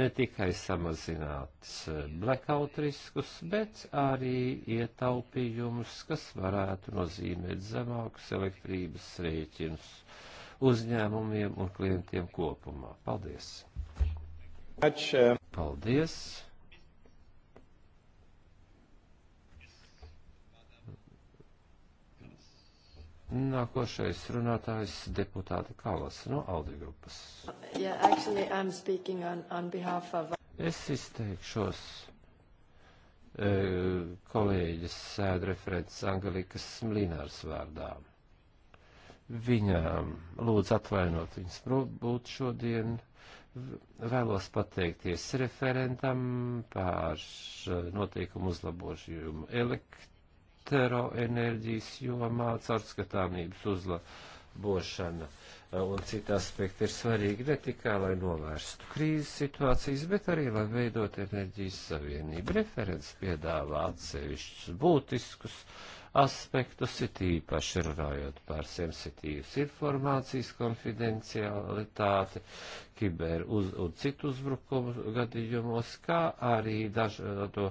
ne tikai samazināt eh, blackout riskus, bet arī ietaupījumus, kas varētu nozīmēt zemākus elektrības rēķinus uzņēmumiem un klientiem kopumā. Paldies! Uh, Paldies! Nākošais runātājs deputāta Kalas no Aldi grupas.
Yeah, actually, on, on of...
Es izteikšos e, kolēģis sēdreferents Angelikas Mlinārs vārdā. Viņām lūdzu atvainot, viņas būt šodien Vēlos pateikties referentam par eh, noteikumu uzlabošanu elektroenerģijas jomā, caurskatāmības uzlabošana eh, un citi aspekti ir svarīgi ne tikai, lai novērstu krīzes situācijas, bet arī, lai veidot enerģijas savienību. Referents piedāvā atsevišķus būtiskus uh, aspektus, it īpaši runājot par sensitīvas informācijas konfidencialitāti, kiber uz, un citu uzbrukumu gadījumos, kā arī dažādo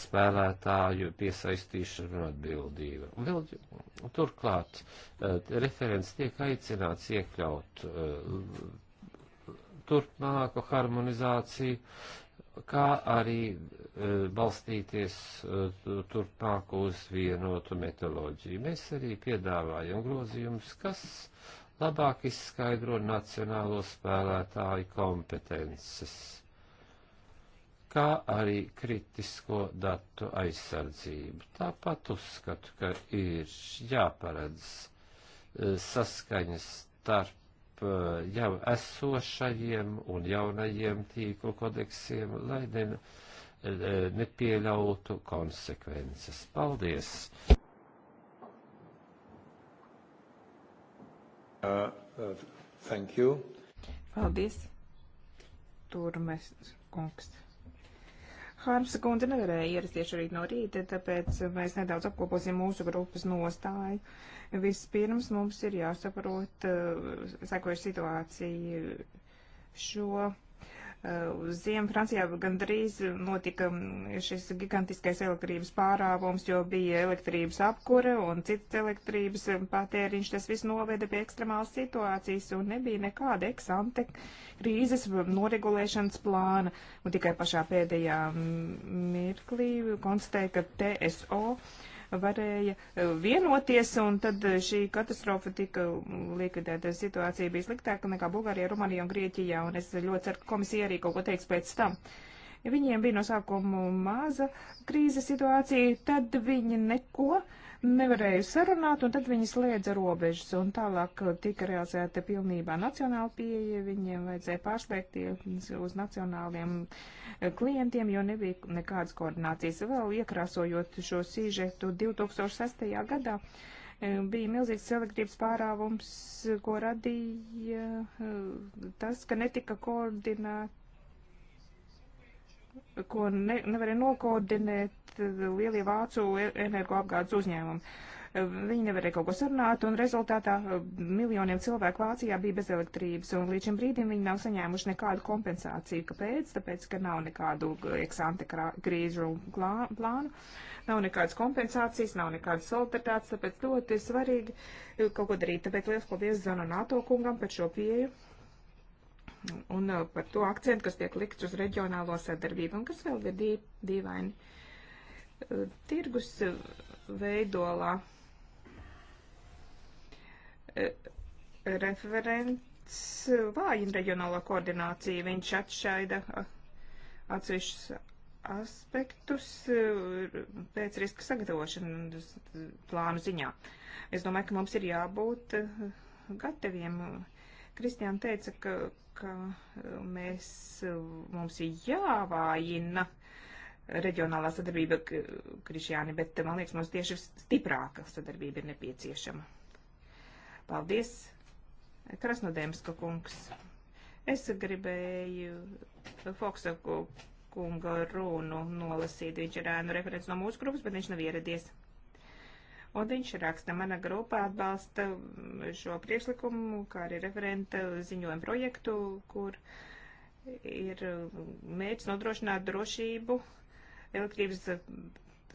spēlētāju piesaistīšanu un atbildību. Vēl, turklāt, eh, referents tiek aicināts iekļaut eh, turpmāku harmonizāciju kā arī e, balstīties e, turpmāk uz vienotu metoloģiju. Mēs arī piedāvājam grozījumus, kas labāk izskaidro nacionālo spēlētāju kompetences, kā arī kritisko datu aizsardzību. Tāpat uzskatu, ka ir jāparedz e, saskaņas starp starp eh, jau esošajiem un jaunajiem tīklu kodeksiem, lai ne, eh, nepieļautu konsekvences. Paldies! Uh, uh, thank you.
Paldies. Turmes kungs. Hārmsa kundze nevarēja ierasties šorīt no rīta, tāpēc mēs nedaudz apkoposim mūsu grupas nostāju. Vispirms mums ir jāsaprot uh, eh, sekoja situācija šo Ziem Francijā gandrīz notika mm, šis gigantiskais elektrības pārāvums, jo bija elektrības apkure un cits elektrības mm, patēriņš. Tas viss noveda pie ekstremālas situācijas un nebija nekāda eksante krīzes noregulēšanas plāna. Un tikai pašā pēdējā mm, mirklī konstatēja, ka TSO varēja e, vienoties, un tad e, šī katastrofa tika likvidēta. Situācija bija sliktāka nekā Bulgārijā, Rumānijā un Grieķijā, un es ļoti ceru, ka komisija arī kaut ko teiks pēc tam. Viņiem bija no sākuma maza krīzes situācija, tad viņi neko nevarēja sarunāt, un tad viņi slēdza robežas, un tālāk uh, tika realizēta pilnībā nacionāla pieeja, viņiem vajadzēja pārslēgties uz nacionāliem uh, klientiem, jo nebija nekādas koordinācijas. Vēl iekrāsojot šo sīžetu 2006. gadā, uh, bija milzīgs selektīvs pārāvums, ko radīja tas, ka netika koordinēta ko ne, nevarēja nokoordinēt panākt lielie vācu energoapgādes uzņēmumi. Viņi nevarēja kaut ko sarunāt, un rezultātā eh, miljoniem cilvēku Vācijā bija bez elektrības, un līdz šim brīdim viņi nav saņēmuši nekādu kompensāciju. Kāpēc? Tāpēc, ka nav nekādu eh, eksante grīžu plānu, nav nekādas kompensācijas, nav nekādas solidaritātes, tāpēc ļoti svarīgi eh, kaut ko darīt. Tāpēc liels paldies Zona NATO kungam par šo pieeju. Un par to akcentu, kas tiek likts uz reģionālo sadarbību, un kas vēl ir dīvaini. Dī Tirgus veidolā e, referents vājina reģionālā koordinācija. Viņš atšaida atsevišķus aspektus e, pēc riska sagatavošanas plānu ziņā. Es domāju, ka mums ir jābūt e, gataviem. Kristiāna teica, ka, ka mēs, mums ir jāvājina uh, reģionālā sadarbība Krišjāni, bet eh, man liekas, mums tieši stiprāka sadarbība ir nepieciešama. Paldies, Krasnodēmska kungs. Es gribēju Foksa kunga runu nolasīt. Viņš ir ēnu referents no mūsu grupas, bet viņš nav ieradies. Un viņš raksta, mana grupa atbalsta šo priekšlikumu, kā arī referenta ziņojumu projektu, kur ir mm, mērķis nodrošināt drošību elektrības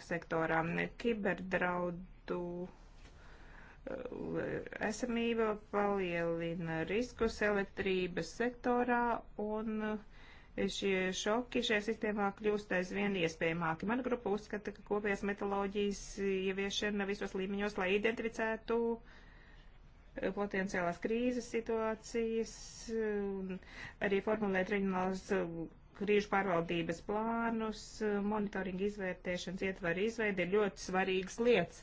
sektorā. Kiberdraudu eh, esamība palielina riskus elektrības sektorā un eh, šie šoki šajā sistēmā kļūst aizvien iespējamāki. Mana grupa uzskata, ka kopējās metoloģijas ieviešana visos līmeņos, lai identificētu eh, potenciālās krīzes situācijas, arī formulēt reģionālas krīžu pārvaldības plānus, monitoringa izvērtēšanas ietvaru izveidi ir ļoti svarīgas lietas.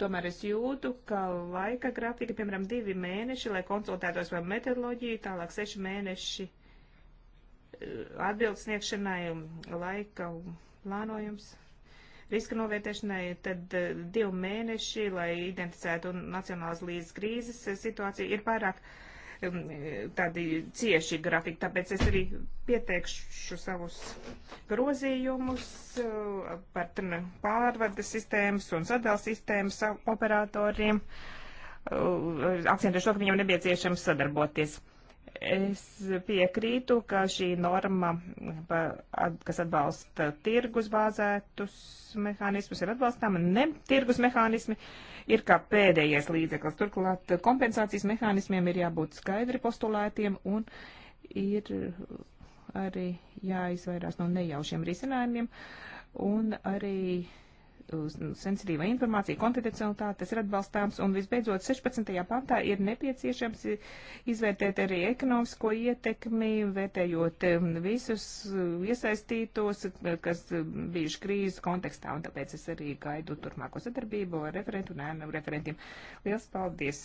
Tomēr es jūtu, ka laika grafika, piemēram, divi mēneši, lai konsultētos par metodoloģiju, tālāk seši mēneši eh, atbildes sniegšanai, laika plānojums, riska novērtēšanai, tad eh, divi mēneši, lai identificētu nacionālas līdzes krīzes eh, situāciju, ir pārāk uh, Um, tādi cieši grafiki, tāpēc es arī pieteikšu savus grozījumus uh, par pārvades sistēmas un sadals sistēmas operatoriem. Uh, Akcentēšu to, ka viņam nepieciešams sadarboties. Es piekrītu, ka šī norma, kas atbalsta tirgus bāzētus mehānismus, ir atbalstāma. Ne tirgus mehānismi ir kā pēdējais līdzeklis. Turklāt kompensācijas mehānismiem ir jābūt skaidri postulētiem un ir arī jāizvairās no nejaušiem risinājumiem un arī sensitīvā informācija, konfidencialitāte, tas ir atbalstāms. Un visbeidzot, 16. pantā ir nepieciešams izvērtēt arī ekonomisko ietekmi, vērtējot um, visus uh, iesaistītos, kas uh, bijuši krīzes kontekstā. Un tāpēc es arī gaidu turpmāko sadarbību ar referentu un ēnu referentiem. Lielas paldies!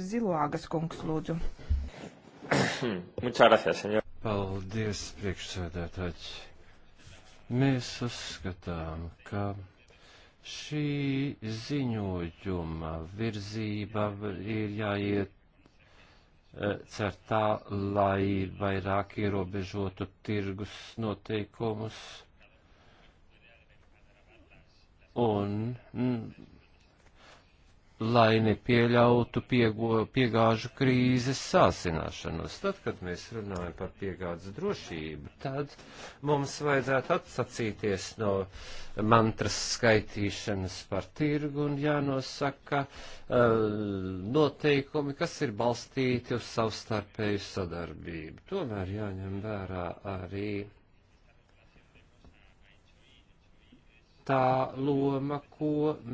Zilāgas kungs, lūdzu.
[COUGHS] Muchas gracias, señor. Paldies, priekšsēdētāji. Mēs uzskatām, ka šī ziņojuma virzība ir jāiet eh, cer tā, lai vairāk ierobežotu tirgus noteikumus un mm, lai nepieļautu piego, piegāžu krīzes sāsināšanos. Tad, kad mēs runājam par piegādes drošību, tad mums vajadzētu atsacīties no mantras skaitīšanas par tirgu un jānosaka uh, noteikumi, kas ir balstīti uz savstarpēju sadarbību. Tomēr jāņem vērā arī tā loma, ko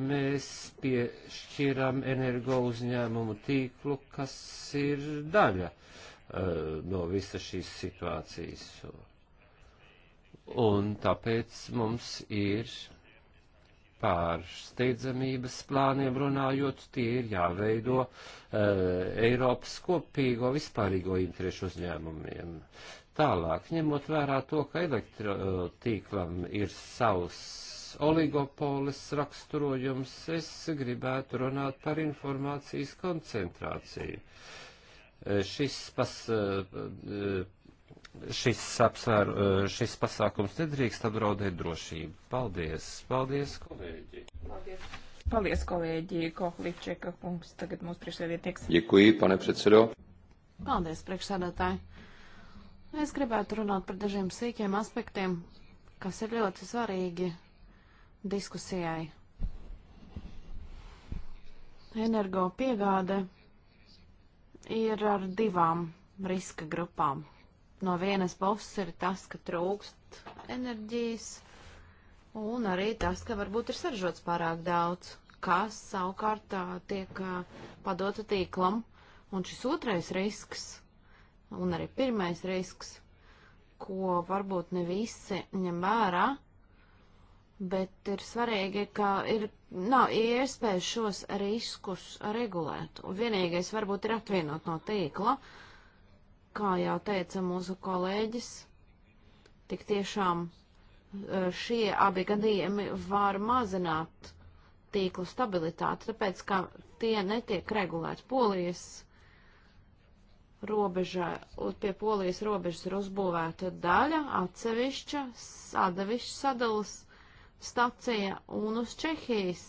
mēs piešķiram energo uzņēmumu tīklu, kas ir daļa uh, no visa šīs situācijas. Un tāpēc mums ir pār steidzamības plāniem runājot, tie ir jāveido uh, Eiropas kopīgo vispārīgo interešu uzņēmumiem. Tālāk, ņemot vērā to, ka elektrotīklam ir savs oligopoles raksturojums, es gribētu runāt par informācijas koncentrāciju. Eh, šis, pas, eh, šis, apsvēr, eh, šis pasākums nedrīkst apdraudēt drošību. Paldies, paldies, kolēģi. Paldies.
Paldies, kolēģi Kohličeka kungs. Tagad mūsu priekšsēdētājs. Děkuji,
pane předsedo.
Paldies, priekšsēdētāji. Es gribētu runāt par dažiem sīkiem aspektiem, kas ir ļoti svarīgi diskusijai. Energo piegāde ir ar divām riska grupām. No vienas puses ir tas, ka trūkst enerģijas, un arī tas, ka varbūt ir saržots pārāk daudz, kas savukārt tiek padota tīklam. Un šis otrais risks, un arī pirmais risks, ko varbūt ne visi ņem vērā, bet ir svarīgi, ka ir, nav iespēja šos riskus regulēt. Un vienīgais varbūt ir atvienot no tīkla, kā jau teica mūsu kolēģis, tik tiešām e, šie abi gadījumi var mazināt tīklu stabilitāti, tāpēc, ka tie netiek regulēti polijas robežā, pie polijas robežas ir uzbūvēta daļa, atsevišķa, sadavišķa sadalas, stacija un uz Čehijas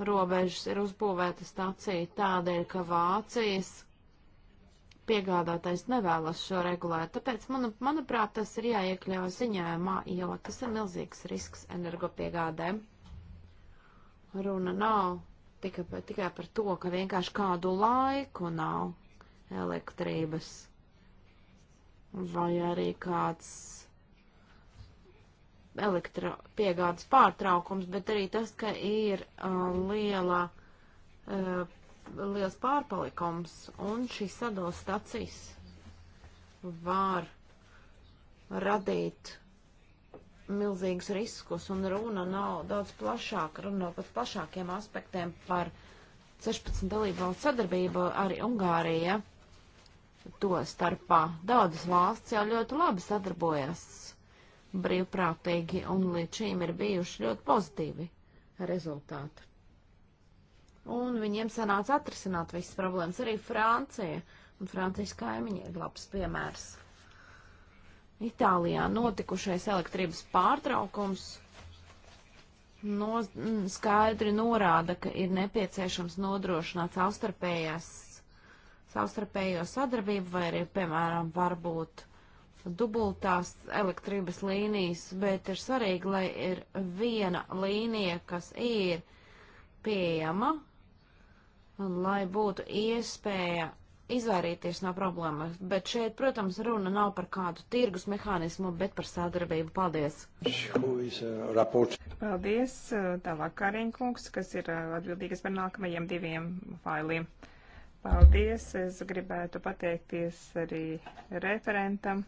robežas ir uzbūvēta stacija tādēļ, ka Vācijas piegādātais nevēlas šo regulēt. Tāpēc, manu, manuprāt, tas ir jāiekļauj ziņojumā, jo tas ir milzīgs risks energopiegādēm. Runa nav tika, tikai par to, ka vienkārši kādu laiku nav elektrības. Vai arī kāds elektropiegādes pārtraukums, bet arī tas, ka ir uh, liela, uh, liels pārpalikums un šīs sadalas stacijas var radīt milzīgus riskus un runa nav daudz plašāka, runa par plašākiem aspektiem par 16 dalību valsts sadarbību arī Ungārija to starpā. Daudzas valsts jau ļoti labi sadarbojas brīvprātīgi, un līdz šim ir bijuši ļoti pozitīvi rezultāti. Un viņiem sanāca atrisināt visas problēmas. Arī Francija, un Francijas kaimiņi ir labs piemērs. Itālijā notikušais elektrības pārtraukums no, skaidri norāda, ka ir nepieciešams nodrošināt savstarpējās, savstarpējo sadarbību vai arī, piemēram, varbūt dubultās elektrības līnijas, bet ir svarīgi, lai ir viena līnija, kas ir pieejama, lai būtu iespēja izvairīties no problēmas. Bet šeit, protams, runa nav par kādu tirgus mehānismu, bet par sadarbību. Paldies!
Paldies! Uh, tālāk Kariņkungs, kas ir uh, atbildīgas par nākamajiem diviem failiem. Paldies! Es gribētu pateikties arī referentam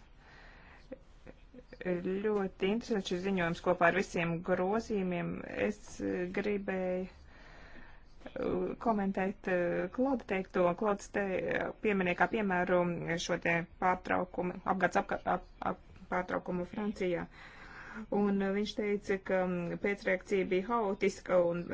Ļoti interesants šis ziņojums kopā ar visiem grozījumiem. Es eh, gribēju eh, komentēt eh, Klauda teikto. Klauds te pieminēja kā piemēru šo te pārtraukumu, apgāds apka, ap, ap, pārtraukumu Francijā. Un viņš teica, ka mm, pēcreakcija bija haotiska un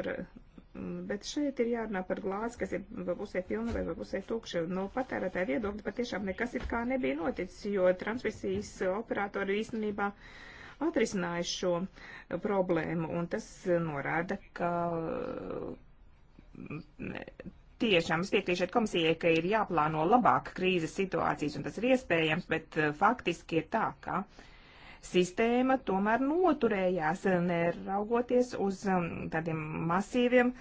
Mm, bet šeit ir jārunā par glāzi, kas ir vai pusē pilna vai pusē tukša. No nu, patērētāja viedokļa patiešām nekas it kā nebija noticis, jo transmisijas operatori īstenībā atrisināja šo uh, problēmu. Un tas uh, norāda, ka mm, tiešām es piekrītu šeit komisijai, ka ir jāplāno labāk krīzes situācijas, un tas ir iespējams, bet uh, faktiski ir tā, ka. Uh, sistēma tomēr noturējās, neraugoties uz um, tādiem masīviem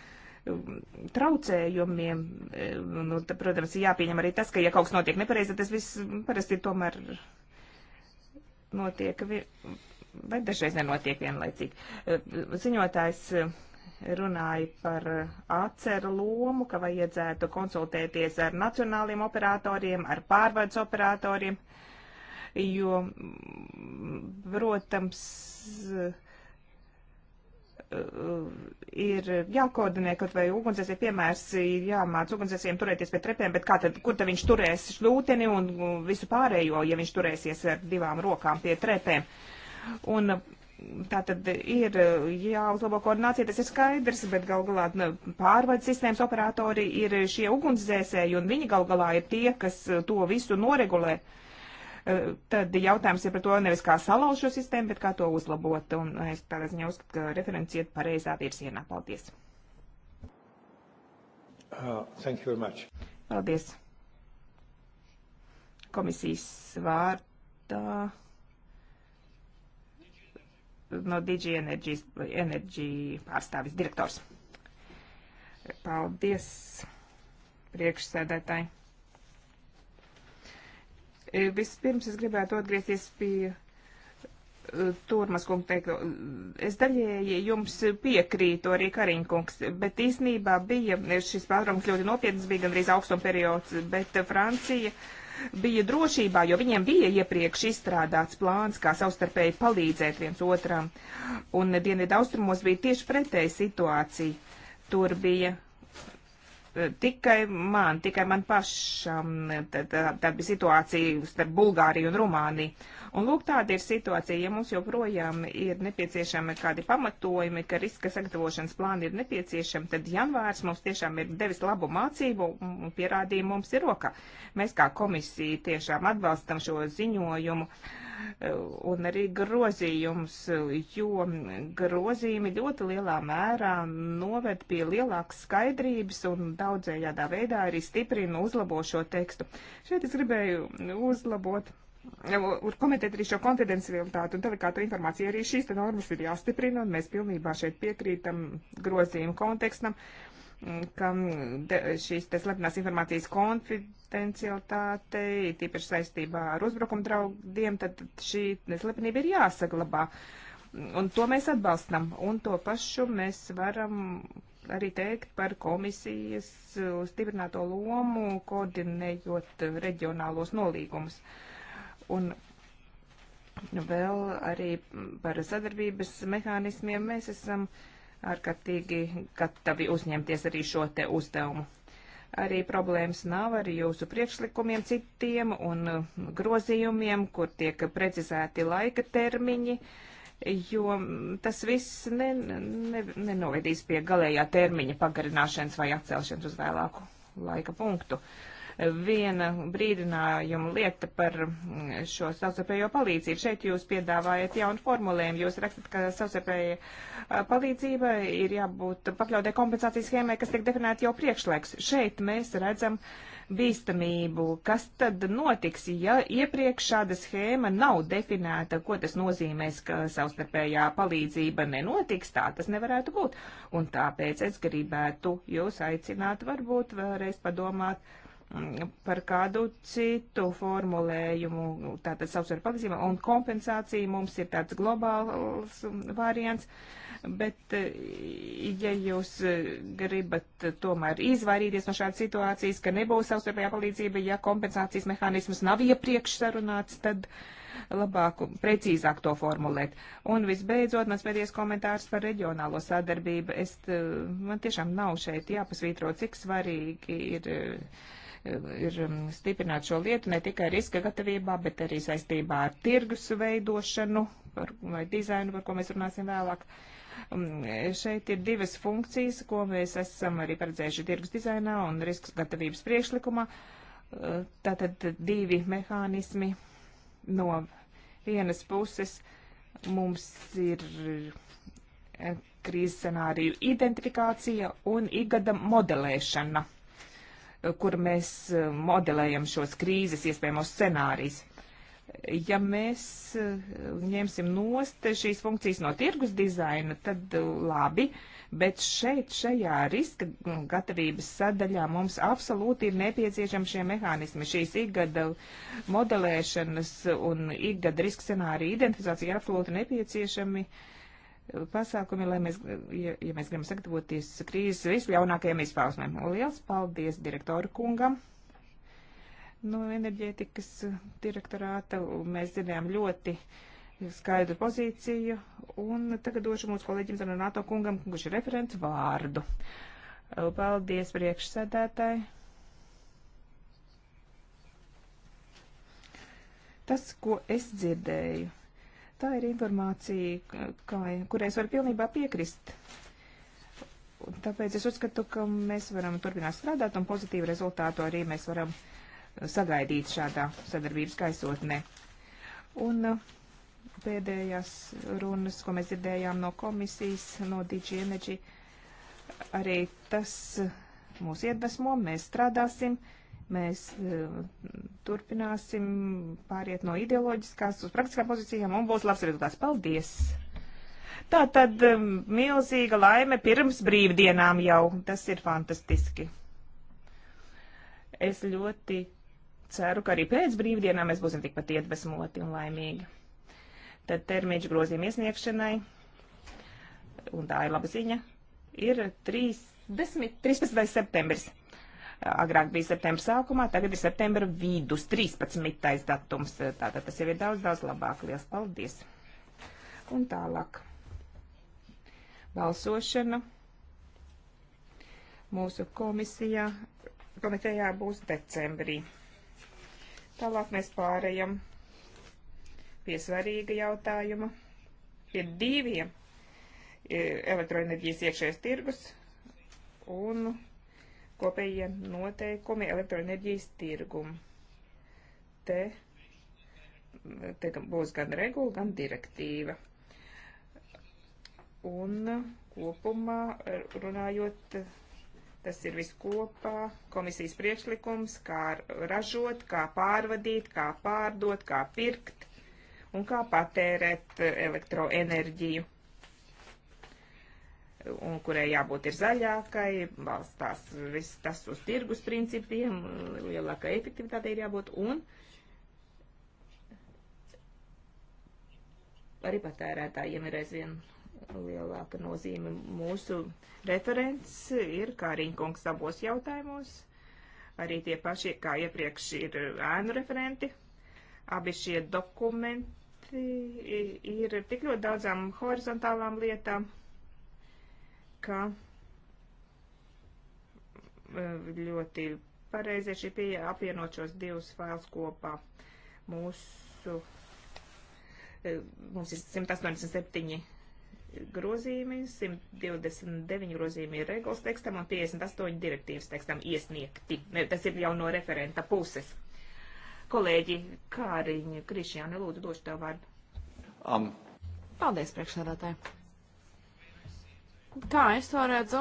um, traucējumiem. Um, nu, tā, protams, jāpieņem arī tas, ka, ja kaut kas notiek nepareizi, tad tas viss parasti tomēr notiek, vai dažreiz nenotiek vienlaicīgi. Uh, ziņotājs uh, runāja par uh, atceru lomu, ka vajadzētu konsultēties ar nacionāliem operatoriem, ar pārvades operatoriem jo, mm, protams, eh, ir jākoordinē kaut vai ugunsdzēsēji, piemērs ir jāmāc ugunsdzēsējiem turēties pie trepiem, bet kā tad, kur tad viņš turēs šļūteni un visu pārējo, ja viņš turēsies ar divām rokām pie trepiem. Un mm, tā tad ir eh, jāuzlabo koordinācija, tas ir skaidrs, bet gal galā nu, pārvaldes sistēmas operatori ir šie ugunsdzēsēji, un viņi gal galā ir tie, kas eh, to visu noregulē. Uh, Eh, tad jautājums ir par to nevis kā salauzt šo sistēmu, bet kā to uzlabot. Un es tādā ziņā uzskatu, ka referents iet pareizā virsienā. Paldies!
Uh, thank you very much.
Paldies. Komisijas vārdā no DG Energy, Energy pārstāvis direktors. Paldies priekšsēdētāji. E, vispirms es gribētu atgriezties pie e, Turmas kungu teikto. Es daļēji jums piekrītu arī Kariņkungs, bet īsnībā bija šis pārtraukums ļoti nopietns, bija gandrīz augstuma periods, bet Francija bija drošībā, jo viņiem bija iepriekš izstrādāts plāns, kā savstarpēji palīdzēt viens otram. Un dienvidu austrumos bija tieši pretēja situācija. Tur bija tikai man, tikai man pašam. Tad bija situācija starp Bulgāriju un Rumāniju. Un lūk, tāda ir situācija. Ja mums joprojām ir nepieciešami kādi pamatojumi, ka riska sagatavošanas plāni ir nepieciešami, tad janvārs mums tiešām ir devis labu mācību un pierādīja mums ir roka. Mēs kā komisija tiešām atbalstam šo ziņojumu. Uh, un arī grozījums, jo grozījumi ļoti lielā mērā noved pie lielākas skaidrības un daudzējādā veidā arī stiprina uzlabo šo tekstu. Šeit es gribēju uzlabot. Uz komentēt arī šo konfidencialitātu un delikātu informāciju. Arī šīs normas ir jāstiprina, un mēs pilnībā šeit piekrītam grozījumu kontekstam. Uh, kam šīs te slepenās informācijas konfidencialitāte, tīpaši saistībā ar uzbrukumu draudiem, tad šī slepenība ir jāsaglabā. Un to mēs atbalstam. Un to pašu mēs varam arī teikt par komisijas stiprināto lomu, koordinējot reģionālos nolīgumus. Un vēl arī par sadarbības mehānismiem mēs esam uh, ārkārtīgi gatavi uzņemties arī šo te uzdevumu. Arī problēmas nav ar jūsu priekšlikumiem citiem un uh, grozījumiem, kur tiek precizēti laika termiņi, jo mm, tas viss ne, ne, nenovedīs pie galējā termiņa pagarināšanas vai atcelšanas uz vēlāku laika punktu. Uh, viena brīdinājuma lieta par mm, šo savstarpējo palīdzību. Šeit jūs piedāvājat jaunu formulējumu. Jūs rakstat, ka savstarpēja palīdzība ir jābūt pakļautai kompensācijas schēmai, kas tiek definēta jau priekšlaiks. Šeit mēs redzam bīstamību. Kas tad notiks, ja iepriekš šāda schēma nav definēta? Ko tas nozīmēs, ka savstarpējā palīdzība nenotiks? Tā tas nevarētu būt. Un tāpēc es gribētu jūs aicināt varbūt vēlreiz padomāt par kādu citu formulējumu, tātad savsvaru pagazīme un kompensācija mums ir tāds globāls um, variants, bet eh, ja jūs eh, gribat tomēr izvairīties no šādas situācijas, ka nebūs savstarpējā palīdzība, ja kompensācijas mehānismas nav iepriekš sarunāts, tad labāk, precīzāk to formulēt. Un visbeidzot, mans pēdējais komentārs par reģionālo sadarbību. Es, eh, man tiešām nav šeit jāpasvītro, cik svarīgi ir ir um, stiprināt šo lietu ne tikai riska gatavībā, bet arī saistībā ar tirgus veidošanu par, vai dizainu, par ko mēs runāsim vēlāk. Um, šeit ir divas funkcijas, ko mēs esam arī paredzējuši tirgus dizainā un risks gatavības priekšlikumā. Uh, tātad divi mehānismi no vienas puses mums ir uh, krīzes scenāriju identifikācija un igada modelēšana kur mēs eh, modelējam šos krīzes iespējamos scenārijus. Ja mēs eh, ņemsim nost šīs funkcijas no tirgus dizaina, tad eh, labi, bet šeit, šajā riska gatavības sadaļā mums absolūti ir nepieciešami šie mehānismi. Šīs igada modelēšanas un igada riska scenārija identifikācija ir absolūti nepieciešami uh, pasākumi, lai mēs, ja, ja mēs gribam sagatavoties krīzes visļaunākajiem izpausmēm. Liels paldies direktoru kungam! No enerģētikas direktorāta mēs zinām ļoti skaidru pozīciju, un tagad došu mūsu kolēģim Zanonāto kungam, kurš ir referents vārdu. Paldies priekšsēdētāji! Tas, ko es dzirdēju Tā ir informācija, kā, kurai es varu pilnībā piekrist. Tāpēc es uzskatu, ka mēs varam turpināt strādāt un pozitīvu rezultātu arī mēs varam sagaidīt šādā sadarbības gaisotnē. Un uh, pēdējās runas, ko mēs dzirdējām no komisijas, no DG Energy, arī tas uh, mūs iedvesmo, mēs strādāsim. Uh, Mēs eh, turpināsim pāriet no ideoloģiskās uz praktiskām pozīcijām un būs labs rezultāts. Paldies! Tā tad eh, milzīga laime pirms brīvdienām jau. Tas ir fantastiski. Es ļoti ceru, ka arī pēc brīvdienām mēs būsim tikpat iedvesmoti un laimīgi. Tad termiņš grozījuma iesniegšanai, un tā ir laba ziņa, ir 30, 13. septembris. Agrāk bija septembra sākumā, tagad ir septembra vidus, 13. datums. Tātad tas jau ir daudz, daudz labāk. Lielas paldies! Un tālāk. Balsošana mūsu komisijā, komitejā būs decembrī. Tālāk mēs pārējam pie svarīga jautājuma, pie diviem e, elektroenerģijas iekšējais tirgus un kopējie noteikumi elektroenerģijas tirgumu. Te, te būs gan regula, gan direktīva. Un kopumā runājot, tas ir viss kopā komisijas priekšlikums, kā ražot, kā pārvadīt, kā pārdot, kā pirkt un kā patērēt elektroenerģiju un kurai jābūt ir zaļākai, balstās viss tas uz tirgus principiem, lielākai efektivitātei ir jābūt, un arī patērētājiem ir aizvien lielāka nozīme. Mūsu referents ir kā Rinkungs abos jautājumos, arī tie paši, kā iepriekš ir ēnu referenti, abi šie dokumenti ir tik ļoti daudzām horizontālām lietām ka e, ļoti pareizi šī pieeja apvienot šos divus failus kopā. Mūsu, e, mums ir 187 grozījumi, 129 grozījumi ir regulas tekstam un 58 direktīvas tekstam iesniegti. Ne, tas ir jau no referenta puses. Kolēģi Kāriņa, Krišjāne,
lūdzu, došu tev vārdu. Um. Paldies, priekšsēdētāji. Kā es to redzu?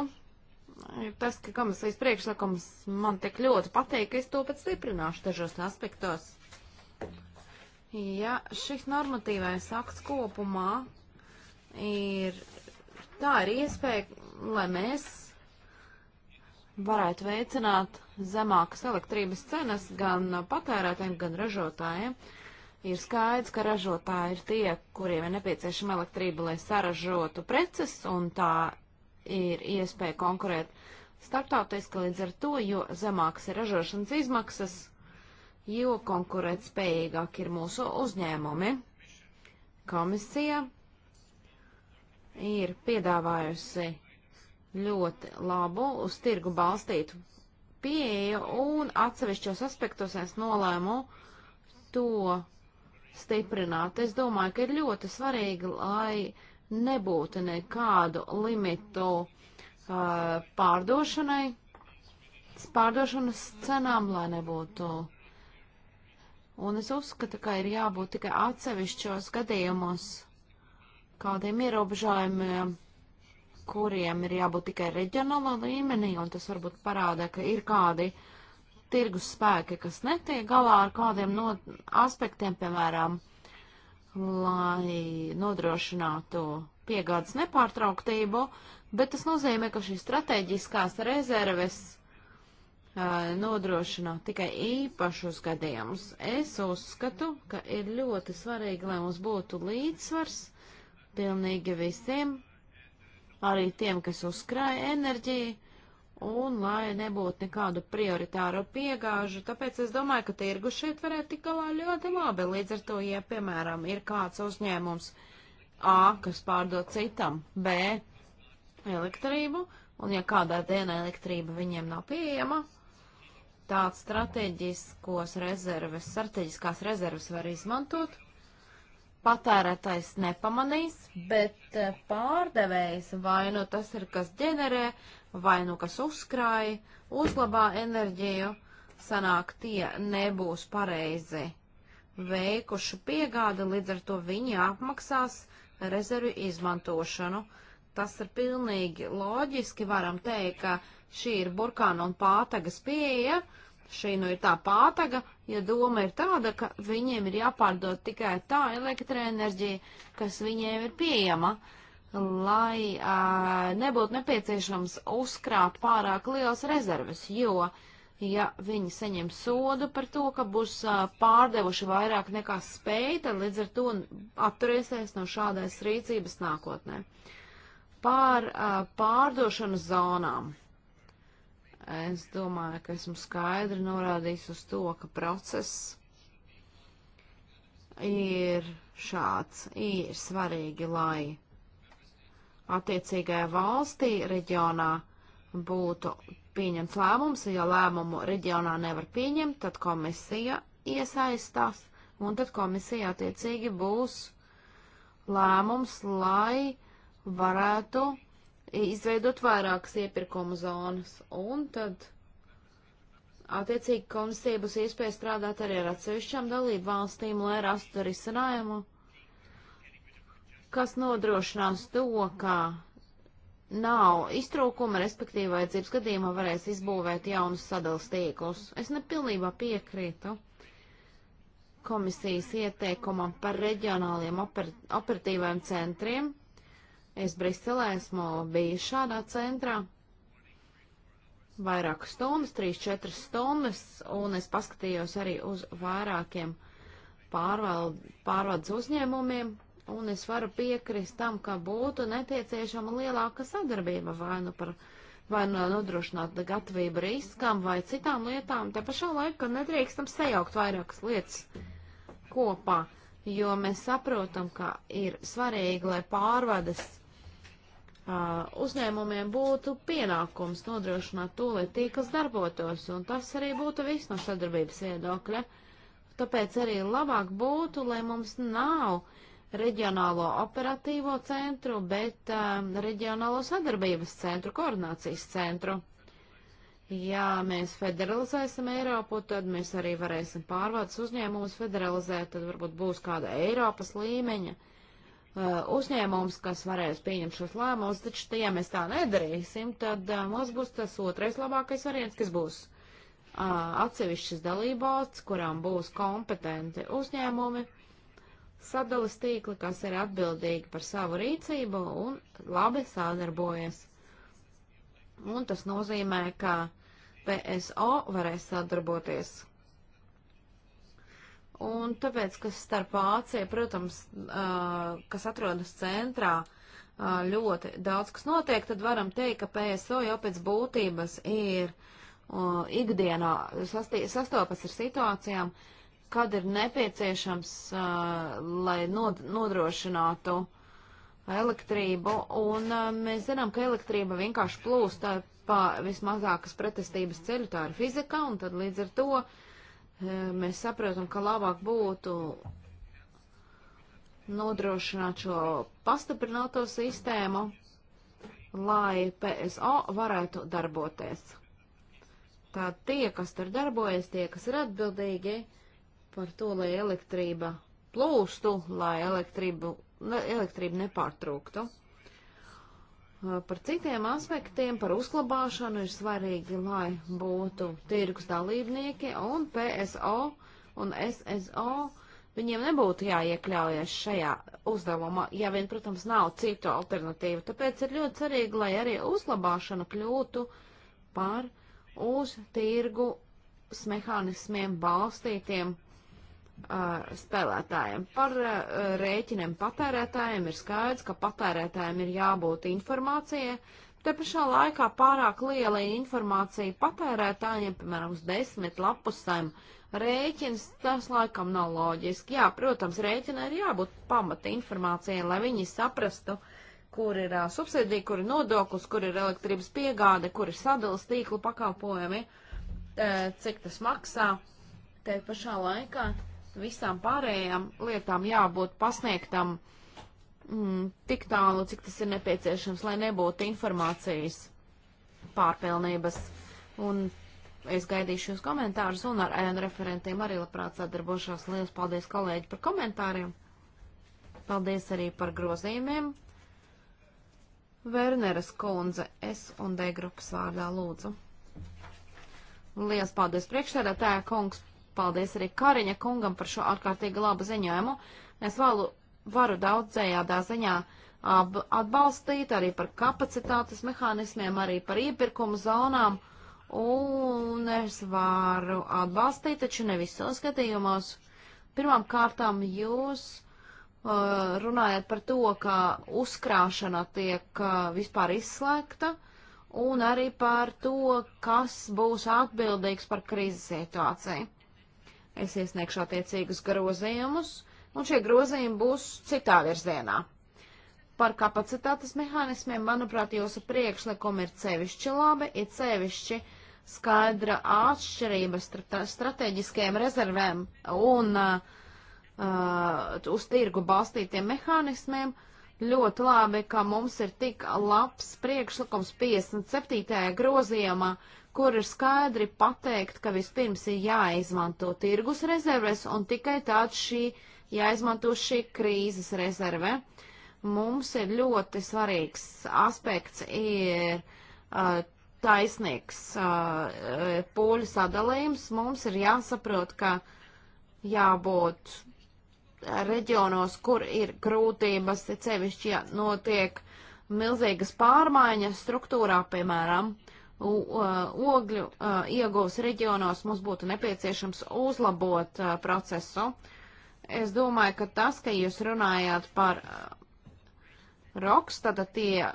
Tas, ka komisijas priekšlikums man tik ļoti patīk, es to pat stiprināšu dažos aspektos. Ja šis normatīvais akts kopumā ir tā ir iespēja, lai mēs varētu veicināt zemākas elektrības cenas gan patērētājiem, gan ražotājiem. Ja? Ir skaidrs, ka ražotāji ir tie, kuriem ir nepieciešama elektrība, lai saražotu preces, un tā ir iespēja konkurēt starptautiski līdz ar to, jo zemākas ir ražošanas izmaksas, jo konkurēt spējīgāk ir mūsu uzņēmumi. Komisija ir piedāvājusi ļoti labu uz tirgu balstītu pieeju un atsevišķos aspektos es nolēmu to stiprināt. Es domāju, ka ir ļoti svarīgi, lai nebūtu nekādu limitu uh, pārdošanai, pārdošanas cenām, lai nebūtu. Un es uzskatu, ka ir jābūt tikai atsevišķos gadījumos kādiem ierobežojumiem, kuriem ir jābūt tikai reģionālā līmenī, un tas varbūt parāda, ka ir kādi uh, tirgus spēki, kas netiek galā ar kādiem no aspektiem, piemēram, lai nodrošinātu piegādes nepārtrauktību, bet tas nozīmē, ka šīs strateģiskās rezerves uh, nodrošina tikai īpašus gadījumus. Es uzskatu, ka ir ļoti svarīgi, lai mums būtu līdzsvars pilnīgi visiem, arī tiem, kas uzkrāja enerģiju, un lai nebūtu nekādu prioritāru piegāžu. Tāpēc es domāju, ka tirgu šeit varētu tik galā ļoti labi. Līdz ar to, ja, piemēram, ir kāds uzņēmums A, kas pārdod citam B elektrību, un ja kādā dienā elektrība viņiem nav pieejama, tāds strateģiskos rezerves, strateģiskās rezerves var izmantot. Patērētājs nepamanīs, bet eh, pārdevējs vai nu tas ir, kas ģenerē, uh, vai nu kas uzkrāja, uzlabā enerģiju, sanāk tie nebūs pareizi veikuši piegādi, līdz ar to viņi apmaksās rezervi izmantošanu. Tas ir pilnīgi loģiski, varam teikt, ka šī ir burkāna un pātagas pieeja, šī nu ir tā pātaga, ja doma ir tāda, ka viņiem ir jāpārdod tikai tā elektroenerģija, kas viņiem ir pieejama. Uh, lai uh, nebūtu nepieciešams uzkrāt pārāk liels rezerves, jo, ja viņi saņem sodu par to, ka būs uh, pārdevuši vairāk nekā spēj, tad līdz ar to atturēsies no šādais rīcības nākotnē. Pār uh, pārdošanas zonām. Es domāju, ka esmu skaidri norādījis uz to, ka process ir šāds, ir svarīgi, lai attiecīgajā valstī, reģionā būtu pieņemts lēmums, ja lēmumu reģionā nevar pieņemt, tad komisija iesaistās, un tad komisija attiecīgi būs lēmums, lai varētu izveidot vairākas iepirkuma zonas, un tad attiecīgi komisija būs iespēja strādāt arī ar atsevišķām dalību valstīm, lai rastu risinājumu. Ar kas nodrošinās to, ka nav iztrūkuma, respektīvi vajadzības gadījumā varēs izbūvēt jaunus sadalas tīklus. Es nepilnībā piekrītu komisijas ieteikumam par reģionāliem oper operatīviem centriem. Es Briselē esmu bijis šādā centrā vairākas stundas, 3-4 stundas, un es paskatījos arī uz vairākiem pārvaldes uzņēmumiem, un es varu piekrist tam, ka būtu nepieciešama lielāka sadarbība vai nu par vai nu nodrošināt gatavību riskam vai citām lietām, te pašā laikā nedrīkstam sajaukt vairākas lietas kopā, jo mēs saprotam, ka ir svarīgi, lai pārvades uh, uzņēmumiem būtu pienākums nodrošināt to, lai tie, kas darbotos, un tas arī būtu viss no sadarbības viedokļa. Tāpēc arī labāk būtu, lai mums nav uh, reģionālo operatīvo centru, bet um, reģionālo sadarbības centru, koordinācijas centru. Ja mēs federalizēsim Eiropu, tad mēs arī varēsim pārvaldes uzņēmumus federalizēt, tad varbūt būs kāda Eiropas līmeņa uh, uzņēmums, kas varēs pieņemt šos lēmumus, taču, tā, ja mēs tā nedarīsim, tad uh, mums būs tas otrais labākais variants, kas būs uh, atsevišķas dalībvalsts, kurām būs kompetenti uzņēmumi sadalas tīkli, kas ir atbildīgi par savu rīcību un labi sadarbojas. Un tas nozīmē, ka PSO varēs sadarboties. Un tāpēc, kas starp Vācija, protams, uh, kas atrodas centrā, uh, ļoti daudz kas notiek, tad varam teikt, ka PSO jau pēc būtības ir uh, ikdienā sastopas ar situācijām, uh, kad ir nepieciešams, uh, lai nod nodrošinātu elektrību, un uh, mēs zinām, ka elektrība vienkārši plūst pa vismazākas pretestības ceļu, tā ir fizika, un tad līdz ar to uh, mēs saprotam, ka labāk būtu nodrošināt šo pastiprināto sistēmu, lai PSO varētu darboties. Tātad tie, kas tur darbojas, tie, kas ir atbildīgi, uh, par to, lai elektrība plūstu, lai elektrību, ne, elektrību nepārtrūktu. Par citiem aspektiem, par uzglabāšanu ir svarīgi, lai būtu tirgus dalībnieki un PSO un SSO. Viņiem nebūtu jāiekļaujas šajā uzdevumā, ja vien, protams, nav citu alternatīvu. Tāpēc ir ļoti svarīgi, lai arī uzglabāšana kļūtu par uz tirgu mehānismiem balstītiem spēlētājiem. Par rēķiniem patērētājiem ir skaidrs, ka patērētājiem ir jābūt informācijai. Te pašā laikā pārāk liela informācija patērētājiem, piemēram, uz desmit lapusēm rēķins, tas laikam nav loģiski. Jā, protams, rēķinai ir jābūt pamata informācijai, lai viņi saprastu, kur ir uh, subsīdija, kur ir nodoklis, kur ir elektrības piegāde, kur ir sadalas tīklu pakalpojumi, cik tas maksā. Te pašā laikā visām pārējām lietām jābūt pasniegtam mm, tik tālu, cik tas ir nepieciešams, lai nebūtu informācijas pārpilnības. Un es gaidīšu jūs komentārus un ar ēnu referentiem arī labprāt sadarbošos. Lielas paldies, kolēģi, par komentāriem. Paldies arī par grozījumiem. Verneras kundze, S un D grupas vārdā lūdzu. Lielas paldies priekšsēdētāja kungs paldies arī Kariņa kungam par šo ārkārtīgi labu ziņojumu. Es vēlu, varu daudzējādā ziņā ab, atbalstīt arī par kapacitātes mehānismiem, arī par iepirkumu zonām, un es varu atbalstīt, taču ne visos gadījumos. Pirmām kārtām jūs uh, runājat par to, ka uzkrāšana tiek uh, vispār izslēgta un arī par to, kas būs atbildīgs par krīzes situāciju. Es iesniegšu attiecīgus grozījumus, un šie grozījumi būs citā virzienā. Par kapacitātes mehānismiem, manuprāt, jūsu priekšlikumi ir sevišķi labi, ir sevišķi skaidra atšķirība starp strateģiskajiem rezervēm un uh, uh, uz tirgu balstītiem mehānismiem. Uh, ļoti labi, ka mums ir tik labs priekšlikums 57. grozījumā, kur ir skaidri pateikt, ka vispirms ir jāizmanto tirgus rezerves un tikai tāda šī jāizmanto šī krīzes rezerve. Mums ir ļoti svarīgs aspekts ir uh, taisnīgs uh, pūļu sadalījums. Mums ir jāsaprot, ka jābūt reģionos, kur ir grūtības, ir sevišķi, ja notiek milzīgas pārmaiņas struktūrā, piemēram, ogļu ieguvas reģionos, mums būtu nepieciešams uzlabot uh, procesu. Es domāju, ka tas, ka jūs runājāt par uh, roks, tad tie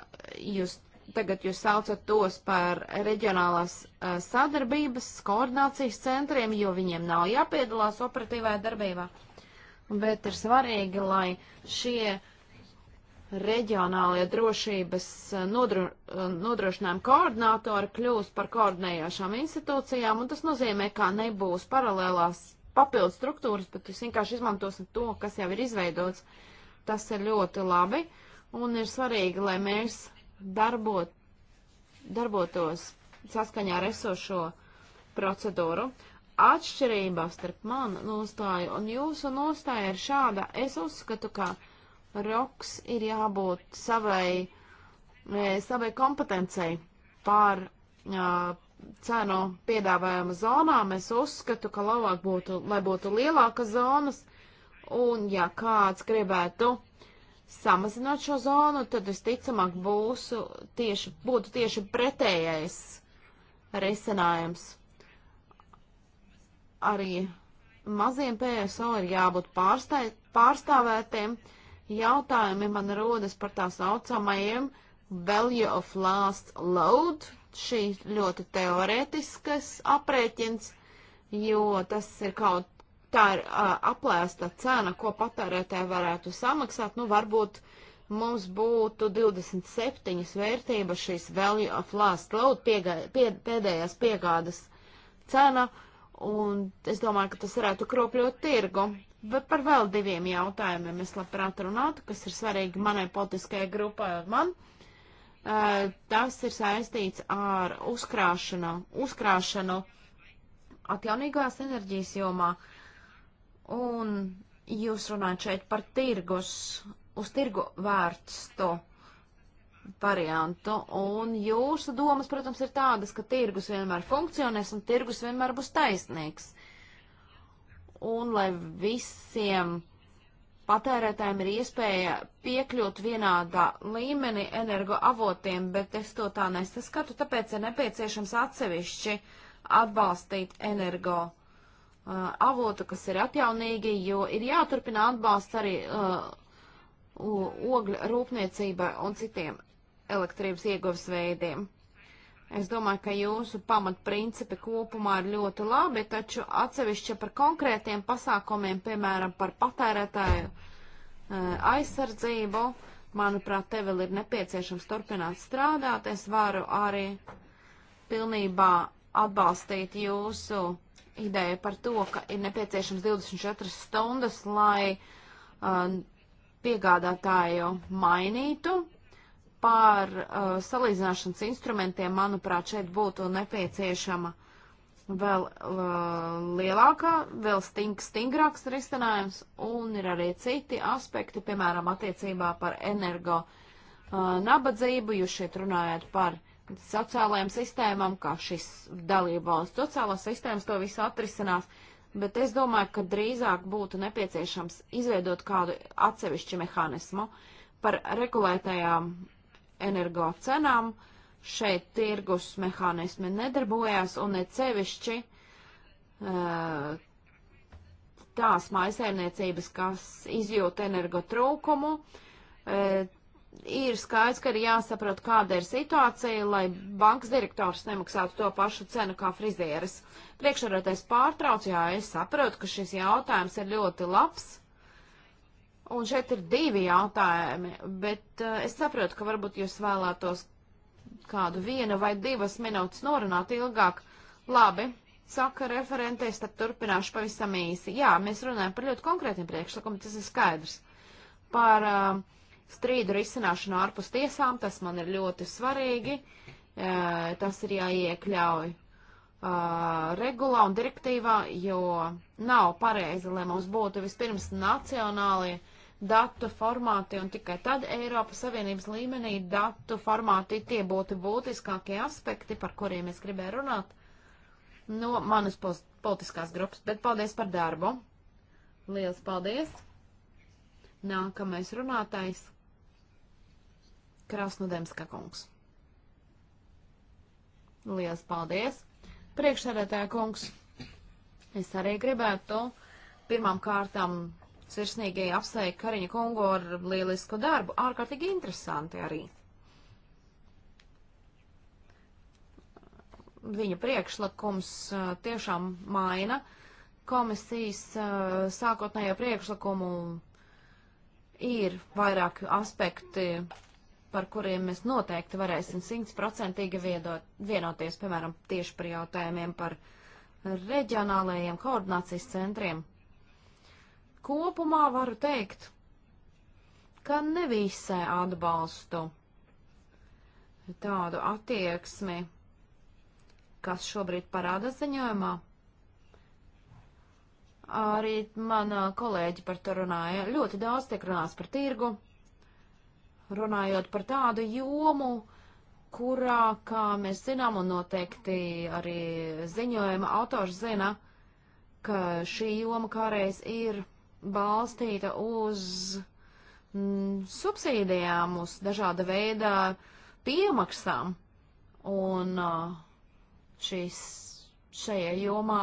jūs tagad jūs saucat tos par reģionālās uh, sadarbības koordinācijas centriem, jo viņiem nav jāpiedalās operatīvajā darbībā bet ir svarīgi, lai šie reģionālie drošības eh, nodro, eh, nodrošinājuma koordinātori kļūst par koordinējošām institūcijām, un tas nozīmē, ka nebūs paralēlās papildus struktūras, bet jūs vienkārši izmantosim to, kas jau ir izveidots. Tas ir ļoti labi, un ir svarīgi, lai mēs darbot, darbotos saskaņā ar esošo procedūru atšķirība starp manu nostāju un jūsu nostāju ir šāda. Es uzskatu, ka roks ir jābūt savai, e, savai kompetencei pār uh, e, cenu piedāvājumu zonām. Es uzskatu, ka labāk būtu, lai būtu lielākas zonas, un ja kāds gribētu samazināt šo zonu, tad visticamāk būs tieši, būtu tieši pretējais risinājums arī maziem PSO ir jābūt pārstāj, pārstāvētiem. Jautājumi man rodas par tā saucamajiem value of last load, šī ļoti teorētiskas aprēķins, jo tas ir kaut tā ir uh, aplēsta cena, ko patērētāji varētu samaksāt. Nu, varbūt mums būtu 27 vērtības šīs value of last load, piegā, pie, pēdējās piegādas cena. Uh, Un es domāju, ka tas varētu kropļot tirgu. Bet par vēl diviem jautājumiem es labprāt runātu, kas ir svarīgi manai politiskajai grupai man. Uh, tas ir saistīts ar uzkrāšanu, uzkrāšanu atjaunīgās enerģijas jomā. Un jūs runājat šeit par tirgus, uz tirgu vērstu variantu. Un jūsu domas, protams, ir tādas, ka tirgus vienmēr funkcionēs un tirgus vienmēr būs taisnīgs. Un lai visiem patērētājiem ir iespēja piekļūt vienādā līmenī energoavotiem, bet es to tā nesaskatu, tāpēc ir nepieciešams atsevišķi atbalstīt energo uh, avotu, kas ir atjaunīgi, jo ir jāturpina atbalsts arī uh, ogļu rūpniecībai un citiem elektrības ieguves veidiem. Es domāju, ka jūsu pamatprincipi kopumā ir ļoti labi, taču atsevišķi par konkrētiem pasākumiem, piemēram, par patērētāju eh, aizsardzību, manuprāt, te vēl ir nepieciešams turpināt strādāt. Es varu arī pilnībā atbalstīt jūsu ideju par to, ka ir nepieciešams 24 stundas, lai eh, piegādātāju mainītu, par uh, salīdzināšanas instrumentiem, manuprāt, šeit būtu nepieciešama vēl uh, lielākā, vēl sting, stingrāks risinājums, un ir arī citi aspekti, piemēram, attiecībā par energo uh, nabadzību, jūs šeit runājat par sociālajām sistēmām, kā šis dalībvalsts sociālās sistēmas to visu atrisinās, bet es domāju, ka drīzāk būtu nepieciešams izveidot kādu atsevišķu mehānismu par regulētajām energo cenām. Šeit tirgus mehānismi nedarbojās un ir cevišķi uh, eh, tās maisaimniecības, kas izjūt energo trūkumu. Uh, ir skaidrs, ka ir jāsaprot, kāda ir situācija, lai bankas direktors nemaksātu to pašu cenu kā frizieris. Priekšsarētais pārtrauc, jā, es saprotu, ka šis jautājums ir ļoti labs. Un šeit ir divi jautājumi, bet uh, es saprotu, ka varbūt jūs vēlētos kādu vienu vai divas minūtes norunāt ilgāk. Labi, saka referente, es tad turpināšu pavisam īsi. Jā, mēs runājam par ļoti konkrētiem priekšlikumiem, tas ir skaidrs. Par uh, strīdu risināšanu ārpus tiesām, tas man ir ļoti svarīgi, uh, tas ir jāiekļauj Uh, regulā un direktīvā, jo nav pareizi, lai mums būtu vispirms nacionālie datu formāti, un tikai tad Eiropas Savienības līmenī datu formāti tie būtu būtiskākie aspekti, par kuriem es gribēju runāt no manas politiskās grupas, bet paldies par darbu. Liels paldies! Nākamais runātājs - Krasnodemska kungs. Liels paldies! Priekšsēdētāja kungs, es arī gribētu pirmām kārtām sirsnīgi apsveikt Kariņu kungu ar lielisku darbu. Ārkārtīgi interesanti arī. Viņa priekšlikums tiešām maina komisijas sākotnējo priekšlikumu. Ir vairāki aspekti, par kuriem mēs noteikti varēsim simtprocentīgi vienoties, piemēram, tieši par jautājumiem par reģionālajiem koordinācijas centriem. Kopumā varu teikt, ka nevisai atbalstu tādu attieksmi, kas šobrīd parāda ziņojumā. Arī mana kolēģi par to runāja. Ļoti daudz tiek runāts par tirgu, runājot par tādu jomu, kurā, kā mēs zinām, un noteikti arī ziņojuma autors zina, ka šī joma kāreiz ir balstīta uz mm, subsīdijām, uz dažāda veida piemaksām. Un uh, šīs, šajā jomā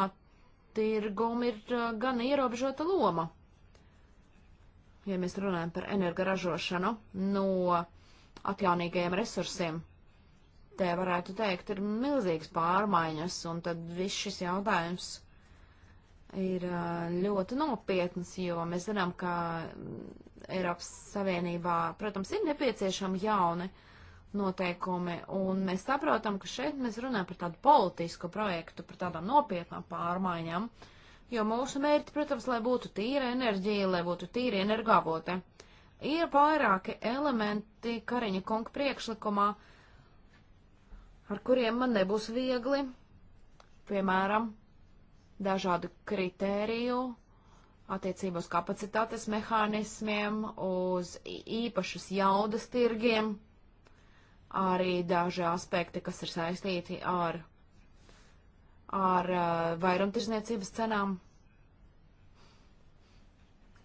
tirgum ir uh, gan ierobežota loma. Ja mēs runājam par energoražošanu no atjaunīgajiem resursiem, te varētu teikt, ir milzīgas pārmaiņas, un tad viss šis jautājums ir ļoti nopietnas, jo mēs zinām, ka mm, Eiropas Savienībā, protams, ir nepieciešami jauni noteikumi, un mēs saprotam, ka šeit mēs runājam par tādu politisku projektu, par tādām nopietnām pārmaiņām, jo mūsu mērķi, protams, lai būtu tīra enerģija, lai būtu tīra energavote. Ir vairāki elementi Kariņa kunga priekšlikumā, ar kuriem man nebūs viegli, piemēram, dažādu kritēriju attiecībā uz kapacitātes mehānismiem, uz īpašas jaudas tirgiem, arī daži aspekti, kas ir saistīti ar, ar uh, vairumtirzniecības cenām,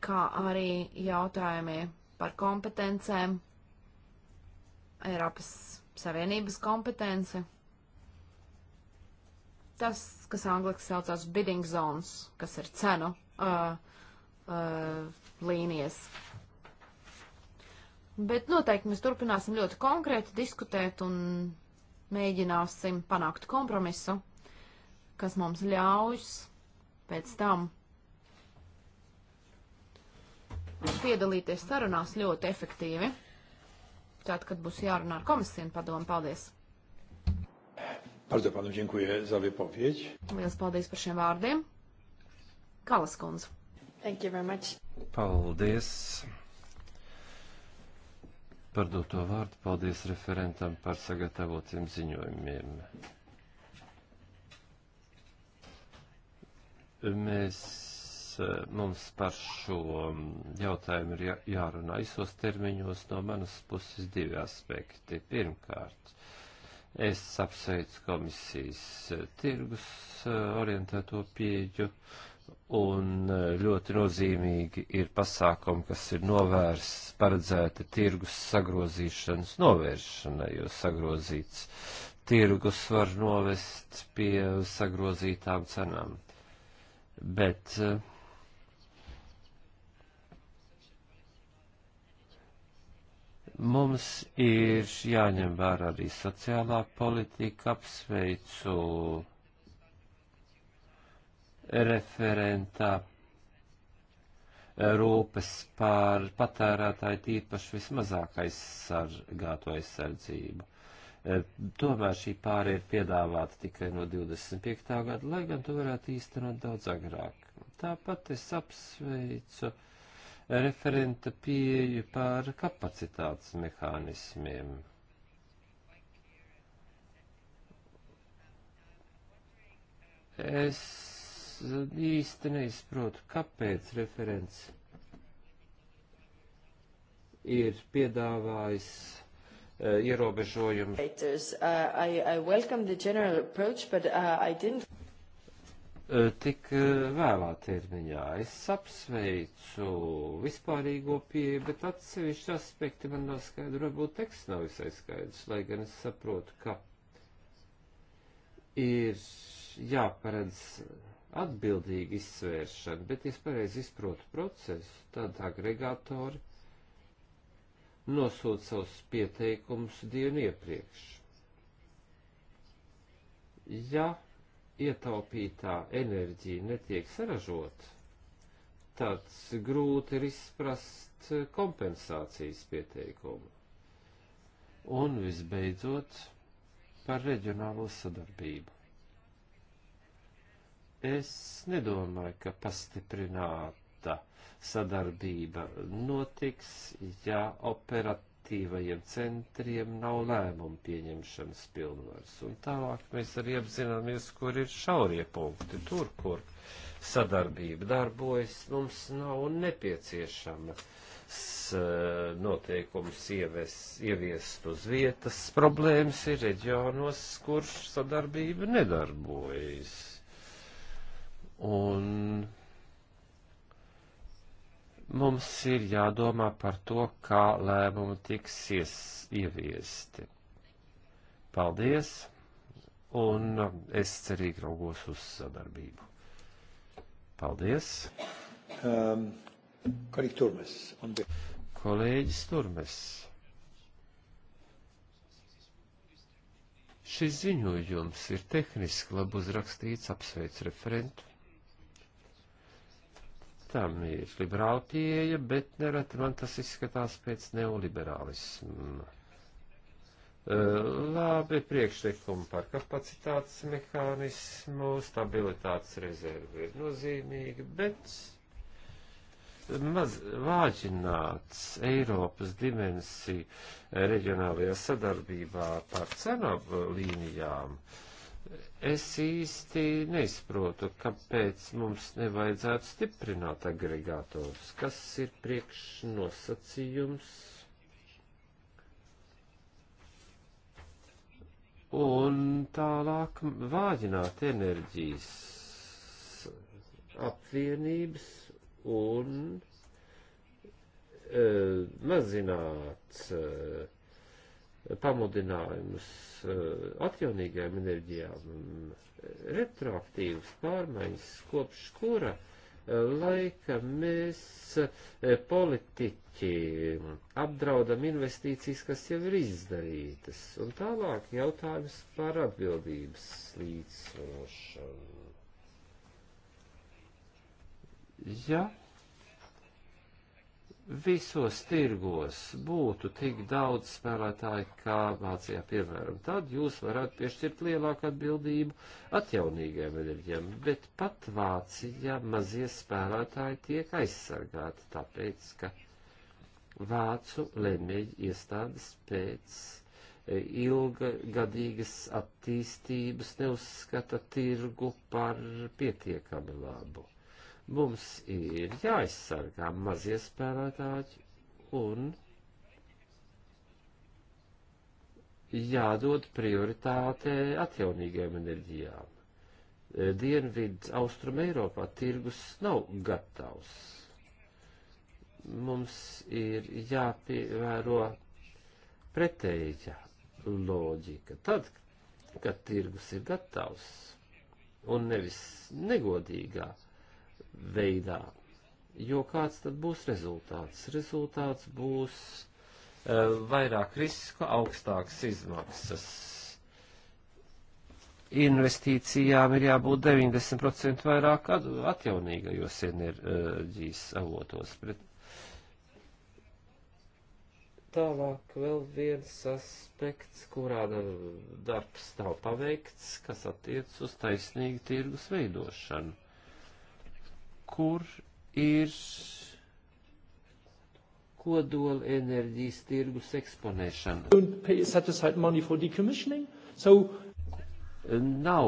kā arī jautājumi par kompetencēm, Eiropas Savienības kompetenci. Tas kas angliski saucās bidding zones, kas ir cenu uh, uh, līnijas. Bet noteikti mēs turpināsim ļoti konkrēti diskutēt un mēģināsim panākt kompromisu, kas mums ļaus pēc tam piedalīties sarunās ļoti efektīvi. Tātad, kad būs jārunā ar komisiju un padomu, paldies!
Bardzo panu dziękuję za wypowiedź.
Liels paldies par šiem vārdiem. Kalas kundze. Thank you very much.
Paldies par doto vārdu. Paldies referentam par sagatavotiem ziņojumiem. Mēs, mums par šo jautājumu ir jārunā īsos termiņos no manas puses divi aspekti. Pirmkārt, Es apsveicu komisijas eh, tirgus eh, orientēto pieeju un eh, ļoti nozīmīgi ir pasākumi, kas ir novērs, paredzēti tirgus sagrozīšanas novēršanai, jo sagrozīts tirgus var novest pie sagrozītām cenām. Bet uh, Mums ir jāņem vērā arī sociālā politika, apsveicu referentā rūpes pār patērētāju tīpaši vismazāk aizsargāto aizsardzību. E, tomēr šī pārēja ir piedāvāta tikai no 25. gada, lai gan to varētu īstenot daudz agrāk. Tāpat es apsveicu uh, referenta pieeju par kapacitātes mehānismiem. Es īsti neizprotu, kāpēc referents ir piedāvājis uh, ierobežojumu. Uh, I, I Eh, tik eh, vēlā termiņā. Es apsveicu vispārīgo pieeju, bet atsevišķi aspekti man nav skaidri, varbūt teksts nav visai skaidrs, lai gan es saprotu, ka ir jāparedz atbildīgi izsvēršana, bet, ja es pareizi izprotu procesu, tad agregātori nosūta savus pieteikumus dienu iepriekš. Ja ietaupītā enerģija netiek saražot, tad grūti ir izprast kompensācijas pieteikumu. Un visbeidzot par reģionālo sadarbību. Es nedomāju, ka pastiprināta sadarbība notiks, ja operat operatīvajiem centriem nav lēmumu pieņemšanas pilnvaras. Un tālāk mēs arī apzināmies, kur ir šaurie punkti, tur, kur sadarbība darbojas, mums nav nepieciešama eh, noteikums ievies, ieviest uz vietas. Problēmas ir reģionos, kur sadarbība nedarbojas. Un mums ir jādomā par to, kā lēmumi tiks ies, ieviesti. Paldies, un es cerīgi raugos uz sadarbību. Paldies! Um, turmes, un... Kolēģis Turmes. Šis ziņojums ir tehniski labi uzrakstīts, apsveic referentu tam ir liberāla pieeja, bet nereti man tas izskatās pēc neoliberālisma. Labi, priekšlikumi par kapacitātes mehānismu, stabilitātes rezervi ir nozīmīgi, bet maz vāģināts Eiropas dimensiju reģionālajā sadarbībā par cenu līnijām. Uh, Es īsti neizprotu, kāpēc mums nevajadzētu stiprināt agregātors, kas ir priekšnosacījums. Un tālāk vāģināt enerģijas apvienības un e, mazināt e, pamudinājumus eh, atjaunīgajām enerģijām, mm, retroaktīvas pārmaiņas, kopš kura eh, laika mēs eh, politiķi apdraudam investīcijas, kas jau ir izdarītas, un tālāk jautājums par atbildības līdzsvarošanu. Ja visos tirgos būtu tik daudz spēlētāju, kā Vācijā, piemēram, tad jūs varētu piešķirt lielāku atbildību atjaunīgiem enerģiem, bet pat Vācijā mazie spēlētāji tiek aizsargāti, tāpēc, ka Vācu lemēģi iestādes pēc e, ilgadīgas attīstības neuzskata tirgu par pietiekami labu. Mums ir jāaizsargā mazie spēlētāji un jādod prioritāte atjaunīgajām enerģijām. Dienvidu austrumu Eiropā tirgus nav gatavs. Mums ir jāpievēro pretēja loģika. Tad, kad tirgus ir gatavs un nevis negodīgāk, veidā. Jo kāds tad būs rezultāts? Rezultāts būs uh, vairāk risku, augstākas izmaksas. Investīcijām ir jābūt 90% vairāk atjaunīgajos enerģijas avotos. Pret tālāk vēl viens aspekts, kurā darbs nav paveikts, kas attiec uz taisnīgu tirgus veidošanu kur ir kodola enerģijas tirgus eksponēšana. So... Nav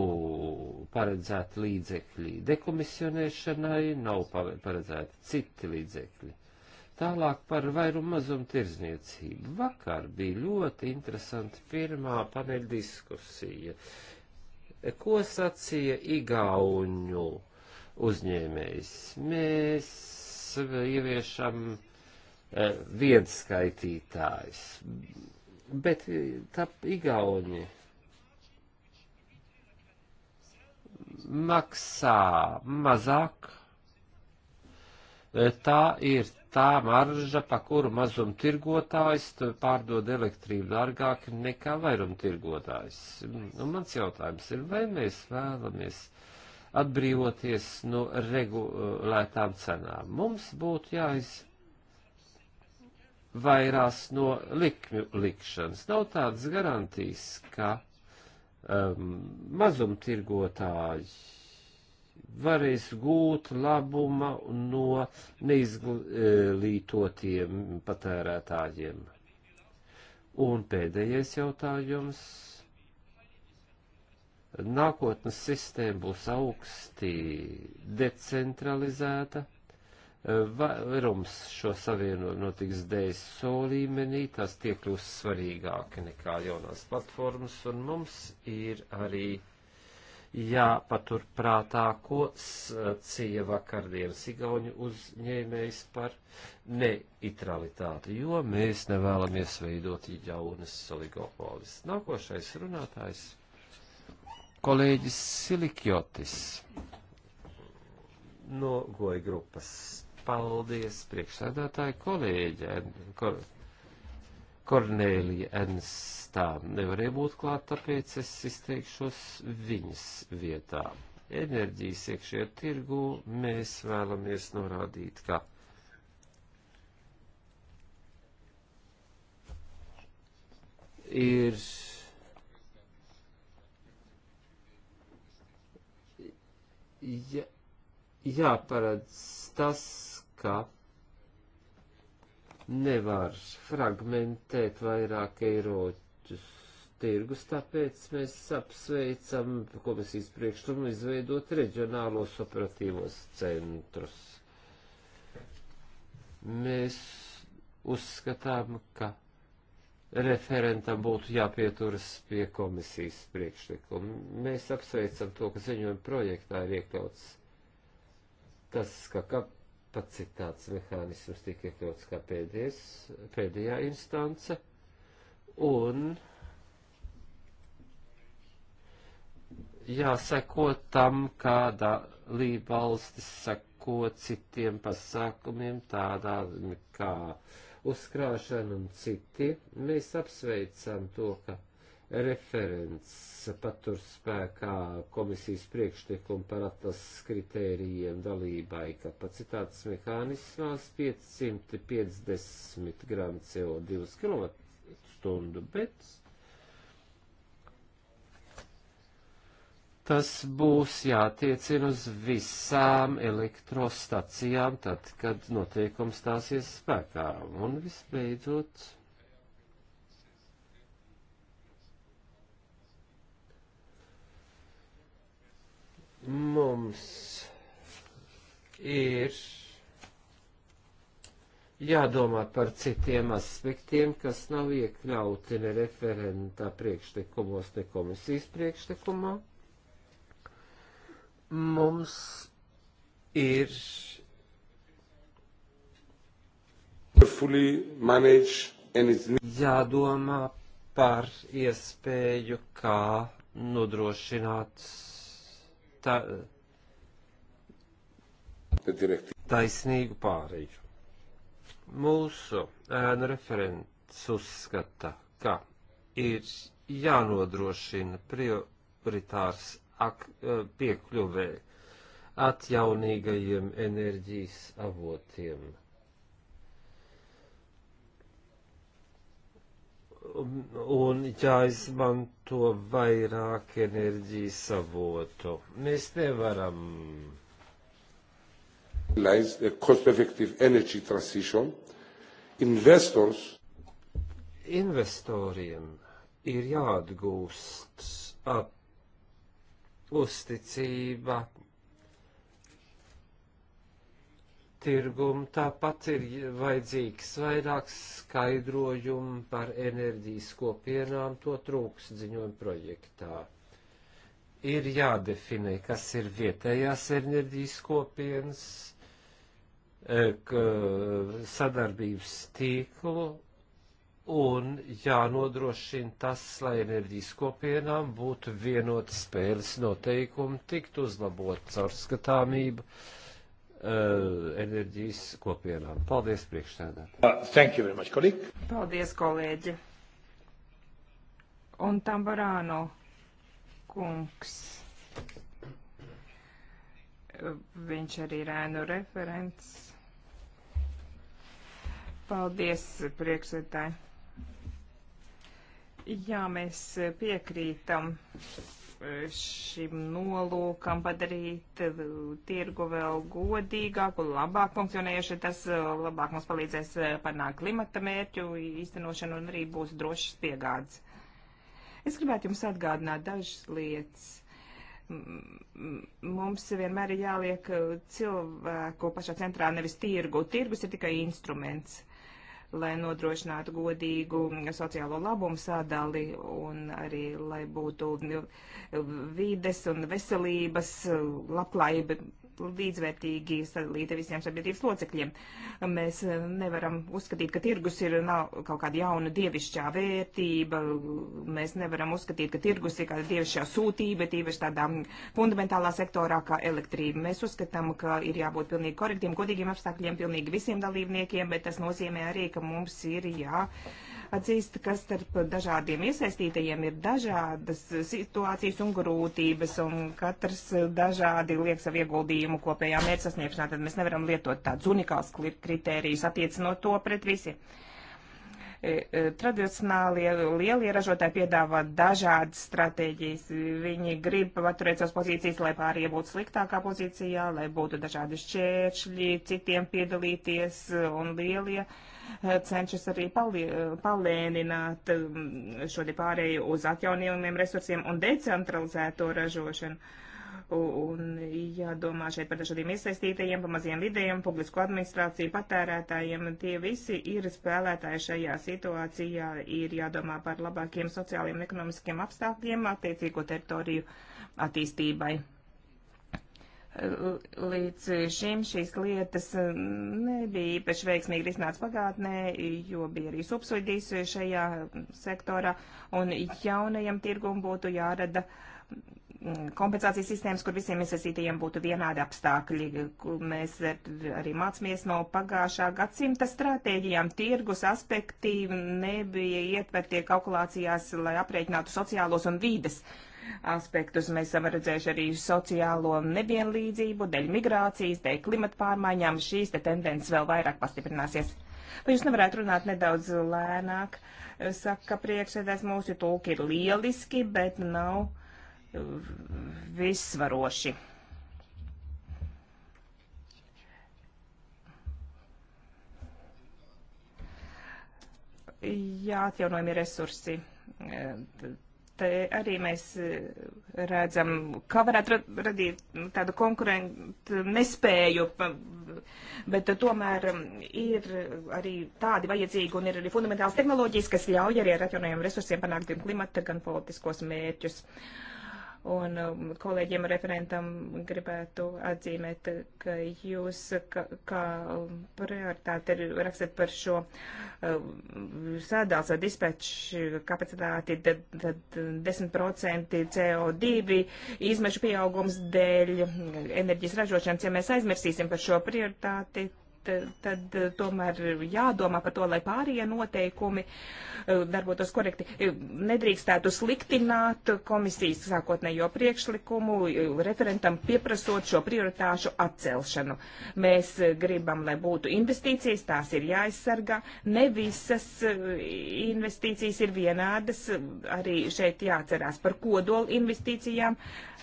paredzēti līdzekļi dekomisionēšanai, nav paredzēti citi līdzekļi. Tālāk par vairumu mazumu tirzniecību. Vakar bija ļoti interesanti pirmā paneļa diskusija. Ko sacīja Igauņu uzņēmējs. Mēs ieviešam eh, vienskaitītājs, bet eh, tā igauņi maksā mazāk. Eh, tā ir tā marža, pa kuru mazumtirgotājs pārdod elektrību dārgāk nekā vairumtirgotājs. Un mans jautājums ir, vai mēs vēlamies uh, atbrīvoties no regulētām cenām. Mums būtu jāizvairās no likmju likšanas. Nav tādas garantijas, ka um, mazumtirgotāji varēs gūt labuma no neizglītotiem patērētājiem. Un pēdējais jautājums Nākotnes sistēma būs augsti decentralizēta. Vairums šo savienojumu notiks DSO līmenī, tas tiek kļūst svarīgāk nekā jaunās platformas, un mums ir arī jāpatur prātā, ko sacīja vakardienas igauņu uzņēmējs par neitralitāti, jo mēs nevēlamies veidot jaunas oligopolis. Nākošais runātājs Kolēģis Silikjotis no goja grupas. Paldies, priekšsēdētāji kolēģi. Ko, Kornēlija Ernstā nevarēja būt klāt, tāpēc es izteikšos viņas vietā. Enerģijas iekšējā tirgu mēs vēlamies norādīt, ka ir jā, jāparedz tas, ka nevar fragmentēt vairāk eiroķus tirgus, tāpēc mēs apsveicam komisijas priekšlikumu izveidot reģionālos operatīvos centrus. Mēs uzskatām, ka referentam būtu jāpieturas pie komisijas priekšlikuma. Mēs apsveicam to, ka ziņojuma projektā ir iekļauts tas, ka kapacitātes mehānisms tika iekļauts kā pēdējais, pēdējā instance, un jāseko tam, kādā lībalstis sako citiem pasākumiem, tādā kā. Uh, uzkrāšana un citi. Mēs apsveicam to, ka referents patur spēkā komisijas priekšlikumu par atlases kritērijiem dalībai kapacitātes mehānismās 550 gramu CO2 kWh, bet Tas būs jātiecina uz visām elektrostacijām, tad, kad noteikums stāsies spēkā. Un visbeidzot, mums ir jādomā par citiem aspektiem, kas nav iekļauti ne referentā priekšlikumos, ne komisijas priekšlikumā. Mums ir. Jādomā par iespēju, kā nodrošināt ta, taisnīgu pāreju. Mūsu ēnu referents uzskata, ka ir jānodrošina prioritārs Eh, piekļuvē atjaunīgajiem enerģijas avotiem. Un, un jāizmanto vairāk enerģijas avotu. Mēs nevaram. A cost-effective energy transition, investors. Investoriem ir jāatgūst at uzticība tirgumu, tāpat ir vajadzīgs vairāk skaidrojumu par enerģijas kopienām, to trūks ziņojuma projektā. Ir jādefinē, kas ir vietējās enerģijas kopienas, eh, sadarbības tīklu un jānodrošina tas, lai enerģijas kopienām būtu vienoti spēles noteikumi, tiktu uzlabot caurskatāmību uh, enerģijas kopienām. Paldies, priekšsēdētāji. Uh, thank you very much, kolēģi.
Paldies, kolēģi. Un Tambarāno kungs. Viņš arī ir ēnu referents. Paldies, priekšsēdētāji. Jā, mēs piekrītam e, šim nolūkam padarīt e, tirgu vēl godīgāku, labāk funkcionējuši. Tas e, labāk mums palīdzēs panākt klimata mērķu īstenošanu un arī būs drošas piegādes. Es gribētu jums atgādināt dažas lietas. Mums vienmēr ir jāliek cilvēku pašā centrā, nevis tirgu. Tirgus ir tikai instruments lai nodrošinātu godīgu sociālo labumu sadali un arī, lai būtu vides un veselības labklājība līdzvērtīgi sadalīta visiem sabiedrības locekļiem. Mēs eh, nevaram uzskatīt, ka tirgus ir nav kaut kāda jauna dievišķā vērtība, mēs nevaram uzskatīt, ka tirgus ir kāda dievišķā sūtība, tīpaši tādā fundamentālā sektorā kā elektrība. Mēs uzskatām, ka ir jābūt pilnīgi korektiem, godīgiem apstākļiem pilnīgi visiem dalībniekiem, bet tas nozīmē arī, ka mums ir jā. Ja, atzīst, ka starp dažādiem iesaistītajiem ir dažādas situācijas un grūtības, un katrs dažādi liek savu ieguldījumu kopējā mērķa sasniegšanā, tad mēs nevaram lietot tādus unikāls kritērijus attiecinot to pret visiem. E, tradicionālie lielie ražotāji piedāvā dažādas stratēģijas. Viņi grib paturēt savas pozīcijas, lai pārējie būtu sliktākā pozīcijā, lai būtu dažādi šķēršļi, citiem piedalīties e, un lielie. Uh, cenšas arī palie, palēnināt um, šo pārēju uz atjaunījumiem resursiem un decentralizēto ražošanu. Un jādomā šeit par dažādiem iesaistītajiem, par maziem vidējiem, publisko administrāciju, patērētājiem. Tie visi ir spēlētāji šajā situācijā. Ir jādomā par labākiem sociāliem un ekonomiskiem apstākļiem attiecīgo teritoriju attīstībai. Līdz šim šīs lietas eh, nebija īpaši veiksmīgi risināts pagātnē, jo bija arī subsidijas šajā sektorā, un jaunajam tirgum būtu jārada mm, kompensācijas sistēmas, kur visiem iesaistītajiem būtu vienādi apstākļi. Mēs arī mācāmies no pagājušā gadsimta stratēģijām. Tirgus aspekti nebija ietvertie kalkulācijās, lai aprēķinātu sociālos un vīdes uh, aspektus. Mēs esam redzējuši arī sociālo nevienlīdzību, dēļ migrācijas, dēļ klimata pārmaiņām. Šīs te tendences vēl vairāk pastiprināsies. Vai jūs nevarētu runāt nedaudz lēnāk? Saka, priekšsēdēs mūsu tulki ir lieliski, bet nav uh, visvaroši. Jāatjaunojami resursi te arī mēs eh, redzam, ka varētu radīt tādu konkurentu nespēju, bet tomēr mm, ir arī tādi vajadzīgi un ir arī fundamentāls tehnoloģijas, kas ļauj arī ar atjaunajiem resursiem panākt gan klimata, gan politiskos mērķus. Uh, Un um, kolēģiem referentam gribētu atzīmēt, ka jūs kā, kā um, prioritāti rakstat par šo um, sādāls vai dispeču kapacitāti, tad, tad 10% CO2 izmešu pieaugums dēļ enerģijas ražošanas. Ja mēs aizmirsīsim par šo prioritāti, Eh, tad eh, tomēr jādomā par to, lai pārējie noteikumi eh, darbotos korekti. Nedrīkstētu sliktināt komisijas sākotnējo priekšlikumu, referentam pieprasot šo prioritāšu atcelšanu. Mēs gribam, lai būtu investīcijas, tās ir jāaizsargā. Ne visas investīcijas ir vienādas, arī šeit jāatcerās par kodolu investīcijām.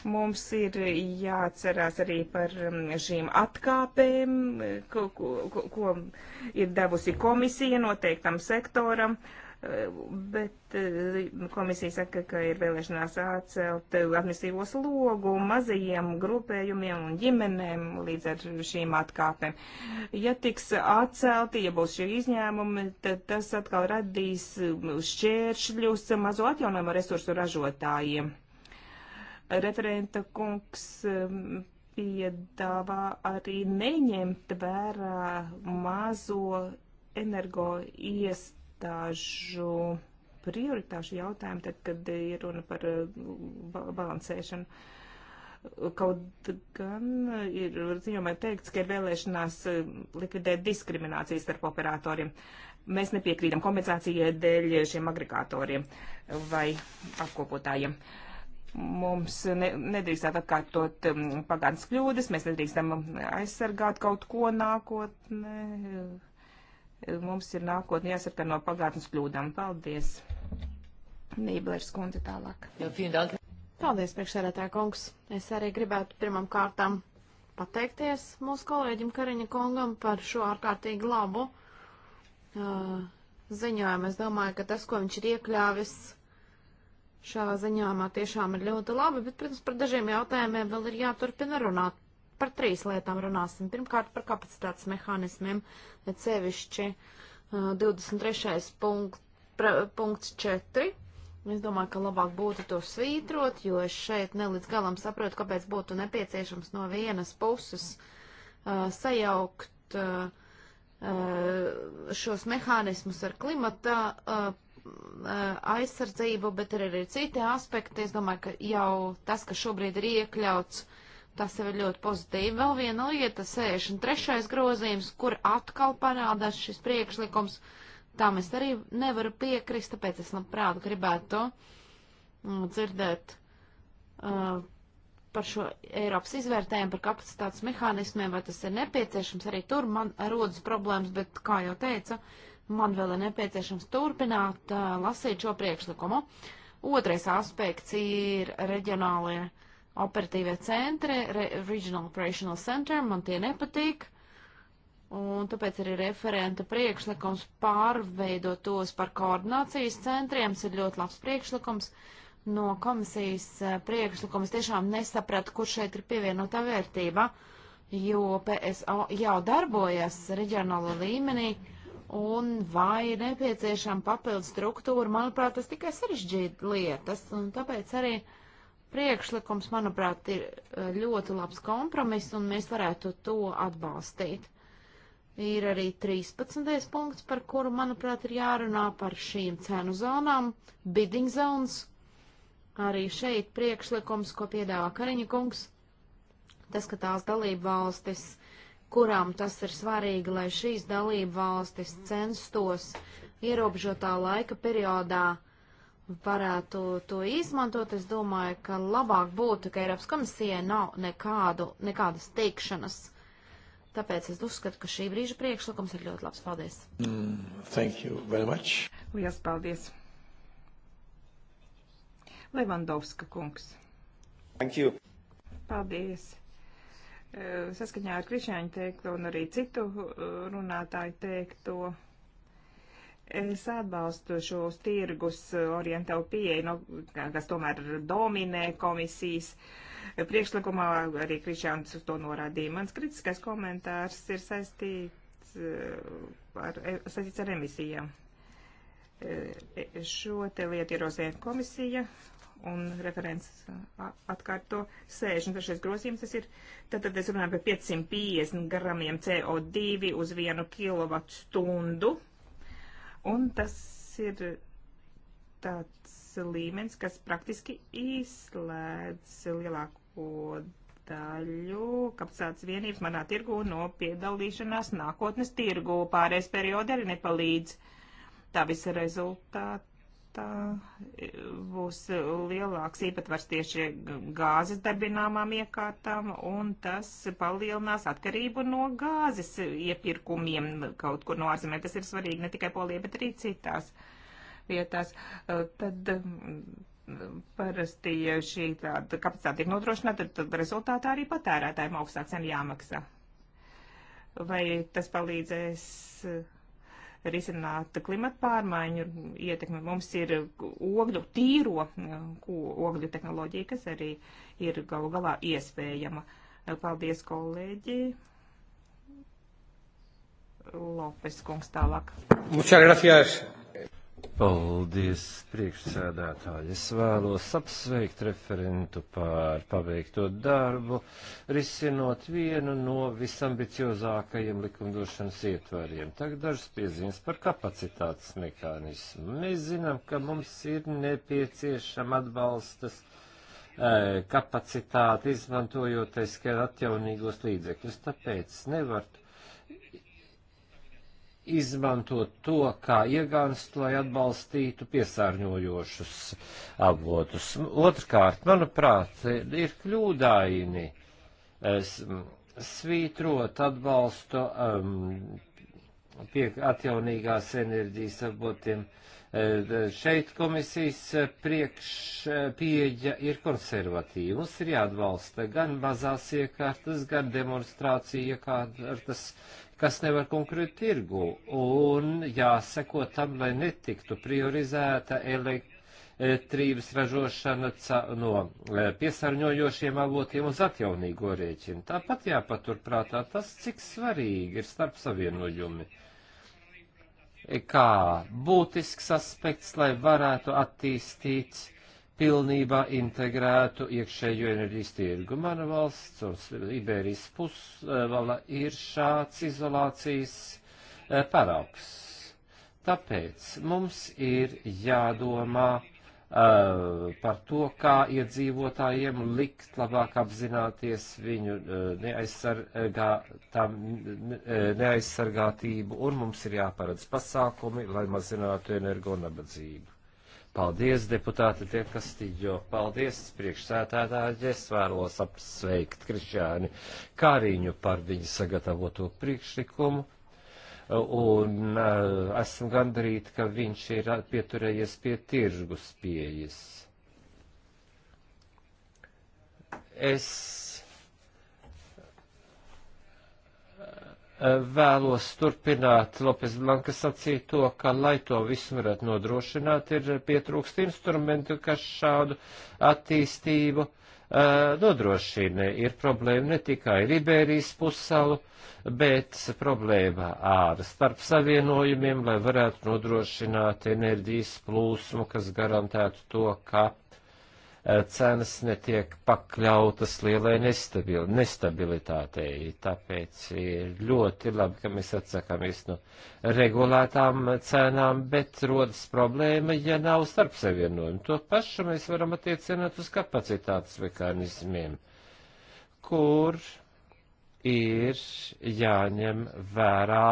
Mums ir jāatcerās arī par mm, šīm atkāpēm, ko, ko ir devusi komisija noteiktam sektoram, bet eh, komisija saka, ka ir vēlēšanās atcelt administīvo slogu mazajiem grupējumiem un ģimenēm līdz ar šīm atkāpēm. Ja tiks atcelti, ja būs šie izņēmumi, tad tas atkal radīs šķēršļus mazo atjaunojumu resursu ražotājiem. Referenta kungs piedāvā arī neņemt vērā mazo energoiestāžu prioritāšu jautājumu, tad, kad ir runa par uh, balansēšanu. Kaut gan ir ziņojumā teikts, ka ir vēlēšanās uh, likvidēt diskriminācijas starp operatoriem. Mēs nepiekrītam kompensācijai dēļ šiem agregātoriem vai apkopotājiem. Uh, Mums ne, nedrīkstāt atkārtot um, pagātnes kļūdas, mēs nedrīkstam aizsargāt kaut ko nākotnē. Mums ir nākotnē jāsargā no pagātnes kļūdām. Paldies!
Nīblers kundze tālāk. Paldies, priekšsēdētāja kungs. Es arī gribētu pirmam kārtām pateikties mūsu kolēģim Kariņa kungam par šo ārkārtīgi labu uh, ziņojumu. Es domāju, ka tas, ko viņš ir iekļāvis, šā ziņā man tiešām ir ļoti labi, bet, protams, par dažiem jautājumiem vēl ir jāturpina runāt. Par trīs lietām runāsim. Pirmkārt, par kapacitātes mehānismiem, cevišķi 23. Punkt, pra, punkts 4. Es domāju, ka labāk būtu to svītrot, jo es šeit nelīdz galam saprotu, kāpēc būtu nepieciešams no vienas puses uh, sajaukt uh, šos mehānismus ar klimata uh, aizsardzību, bet ir arī citi aspekti. Es domāju, ka jau tas, kas šobrīd ir iekļauts, tas jau ir ļoti pozitīvi. Vēl viena lieta - 63. grozījums, kur atkal parādās šis priekšlikums. Tam es arī nevaru piekrist, tāpēc es labprāt gribētu mm, dzirdēt uh, par šo Eiropas izvērtējumu, par kapacitātes mehānismiem, vai tas ir nepieciešams. Arī tur man rodas problēmas, bet, kā jau teica, uh, man vēl ir nepieciešams turpināt uh, lasīt šo priekšlikumu. Otrais aspekts ir reģionālie operatīvie centri, Re Regional Operational Center, man tie nepatīk. Un tāpēc arī referenta priekšlikums pārveidot tos par koordinācijas centriem, tas ir ļoti labs priekšlikums. No komisijas priekšlikums tiešām nesapratu, kur šeit ir pievienotā vērtība, jo PSO jau darbojas reģionāla līmenī. Uh, un vai ir nepieciešama papildu struktūra, manuprāt, tas tikai sarežģīt lietas, un tāpēc arī priekšlikums, manuprāt, ir e, ļoti labs kompromiss, un mēs varētu to atbalstīt. Ir arī 13. punkts, par kuru, manuprāt, ir jārunā par šīm cenu zonām, bidding zones. Arī šeit priekšlikums, ko piedāvā Kariņa kungs, tas, ka tās dalība valstis kurām tas ir svarīgi, lai šīs dalība valstis censtos ierobežotā laika periodā varētu to izmantot. Es domāju, ka labāk būtu, ka Eiropas komisijai nav nekādu, nekādas teikšanas. Tāpēc es uzskatu, ka šī brīža priekšlikums ir ļoti labs. Paldies!
Mm, thank you very much!
Lielas paldies! Levandovska
kungs. Thank you! Paldies! Eh, saskaņā ar Krišāņu teikto un arī citu eh, runātāju teikto, es atbalstu šos tirgus eh, orientēlu pieeju, no, kas tomēr dominē komisijas priekšlikumā, arī Krišāns uz to norādīja. Mans kritiskais komentārs ir saistīts ar, e, saistīts ar emisijām. E, šo te lietu ierosina komisija un referents atkārto 63. grozījums, tas ir, tad, tad es runāju par 550 gramiem CO2 uz 1 kilovatu stundu, un tas ir tāds līmenis, kas praktiski izslēdz lielāko daļu kapacitātes vienības manā tirgu no piedalīšanās nākotnes tirgu. Pārējais periodi arī nepalīdz. Tā visa rezultātā tā būs lielāks īpatvars tieši gāzes darbināmām iekārtām, un tas palielinās atkarību no gāzes iepirkumiem kaut kur no ārzemēm. Tas ir svarīgi ne tikai Polijai, bet arī citās vietās. Uh, tad um, parasti šī tāda kapacitāte tiek nodrošināta, tad rezultātā arī patērētājiem augstāk cena jāmaksā. Vai tas palīdzēs uh, risināt klimata pārmaiņu ietekmi. Mums ir ogļu, tīro ogļu tehnoloģija, kas arī ir galu galā iespējama. Paldies, kolēģi! Lopes kungs tālāk. Muchas gracias,
Paldies, priekšsēdētāji. Es vēlos apsveikt referentu par paveikto darbu, risinot vienu no visambiciozākajiem likumdošanas ietvariem. Tagad dažas piezīmes par kapacitātes mehānismu. Mēs zinām, ka mums ir nepieciešama atbalstas e, kapacitāte, izmantojot aizskar atjaunīgos līdzekļus, tāpēc nevar izmantot to kā iegānstu, lai atbalstītu piesārņojošus avotus. Otrkārt, manuprāt, ir kļūdaini svītrot atbalstu um, pie atjaunīgās enerģijas avotiem. E, šeit komisijas priekšpieeja e, ir konservatīva. Mums ir jāatbalsta gan mazās iekārtas, gan demonstrācija iekārtas kas nevar konkurēt tirgu, un jāseko tam, lai netiktu priorizēta elektrības ražošana no e, piesārņojošiem avotiem uz atjaunīgo rēķinu. Tāpat jāpaturprātā tas, cik svarīgi ir starp savienojumi e, kā būtisks aspekts, lai varētu attīstīt pilnībā integrētu iekšējo enerģijas tirgu. Mana valsts un Iberijas pusvala ir šāds izolācijas eh, paraugs. Tāpēc mums ir jādomā uh, par to, kā iedzīvotājiem likt labāk apzināties viņu uh, eh, neaizsargā, tam, uh, neaizsargātību, un mums ir jāparedz pasākumi, lai mazinātu energo nabadzību. Paldies, deputāti Tie Kastīģo. Paldies, priekšsētētāji. Es vēlos apsveikt Krišāni Kāriņu par viņu sagatavoto priekšlikumu. Un eh, esmu gandrīt, ka viņš ir pieturējies pie tirgus pieejas. Es Eh, vēlos turpināt Lopes Blanka sacīto, ka, lai to visu varētu nodrošināt, ir pietrūkst instrumentu, kas šādu attīstību uh, nodrošina. Ir problēma ne tikai ar Iberijas pussalu, bet problēma ar starp savienojumiem, lai varētu nodrošināt enerģijas plūsmu, kas garantētu to, ka uh, cenas netiek pakļautas lielai nestabil, nestabilitātei. Tāpēc ir ļoti labi, ka mēs atsakāmies no regulētām cenām, bet rodas problēma, ja nav starpsavienojumu. To pašu mēs varam attiecināt uz kapacitātes mekanismiem, kur ir jāņem vērā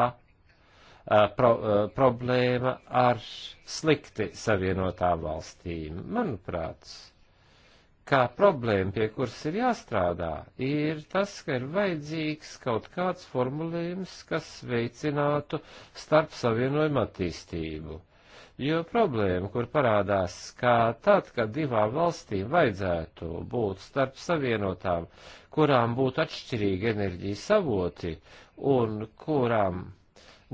pro, problēma ar slikti savienotām valstīm. Manuprāt, ka problēma, pie kuras ir jāstrādā, ir tas, ka ir vajadzīgs kaut kāds formulējums, kas veicinātu starp savienojumu attīstību. Jo problēma, kur parādās, ka tad, kad divām valstīm vajadzētu būt starp savienotām, kurām būtu atšķirīgi enerģijas avoti un kurām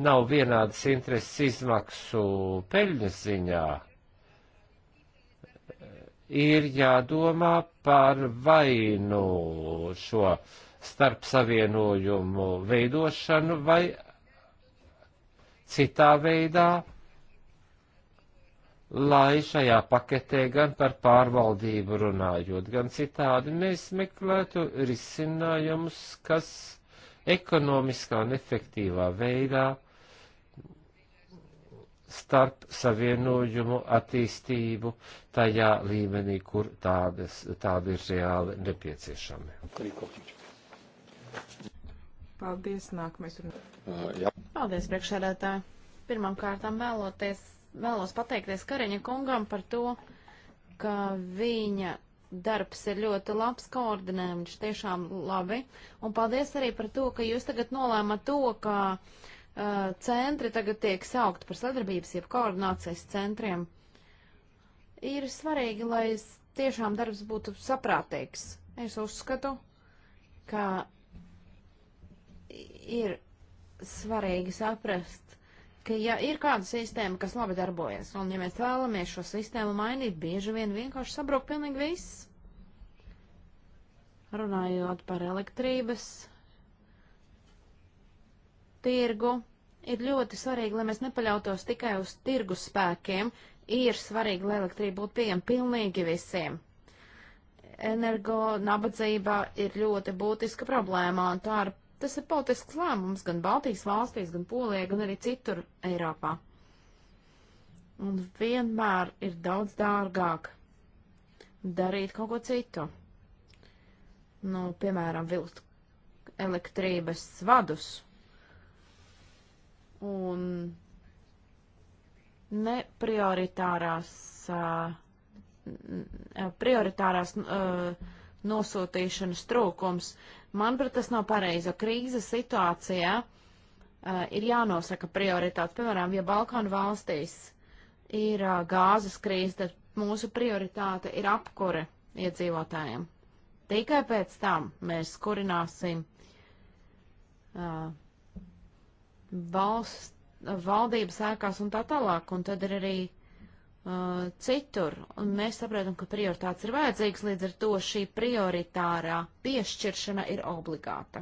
nav vienādas intereses izmaksu peļņas ziņā, ir jādomā par vainu šo starp savienojumu veidošanu vai citā veidā, lai šajā paketē gan par pārvaldību runājot, gan citādi mēs meklētu risinājumus, kas ekonomiskā un efektīvā veidā starp savienojumu attīstību tajā līmenī, kur tādas, tāda ir reāli nepieciešama.
Paldies, nākamais runājums. Uh, paldies, priekšsēdētāji. Pirmām kārtām vēloties, vēlos pateikties Kariņa kungam par to, ka viņa darbs ir ļoti labs, koordinējums tiešām labi. Un paldies arī par to, ka jūs tagad nolēma to, ka uh, uh, centri tagad tiek saukt par sadarbības, jeb koordinācijas centriem. Ir svarīgi, lai tiešām darbs būtu saprātīgs. Es uzskatu, ka ir svarīgi saprast, ka ja ir kāda sistēma, kas labi darbojas, un ja mēs vēlamies šo sistēmu mainīt, bieži vien vienkārši sabrūk pilnīgi viss. Runājot par elektrības tirgu. Ir ļoti svarīgi, lai mēs nepaļautos tikai uz tirgus spēkiem. Ir svarīgi, lai elektrība būtu pieejama pilnīgi visiem. Energo nabadzība ir ļoti būtiska problēma, un tā ir, tas ir politisks lēmums gan Baltijas valstīs, gan Polijā, gan arī citur Eiropā. Un vienmēr ir daudz dārgāk darīt kaut ko citu. Nu, piemēram, vilkt elektrības vadus un neprioritārās uh, prioritārās uh, nosūtīšanas trūkums. Manuprāt, tas nav pareizi, jo krīzes situācijā uh, ir jānosaka prioritātes. Piemēram, ja Balkānu valstīs ir uh, gāzes krīze, tad mūsu prioritāte ir apkure iedzīvotājiem. Tikai pēc tam mēs kurināsim uh, valsts, valdības ēkās un tā tālāk, un tad ir arī uh, citur. Un mēs saprotam, ka prioritāts ir vajadzīgs, līdz ar to šī prioritārā piešķiršana ir obligāta.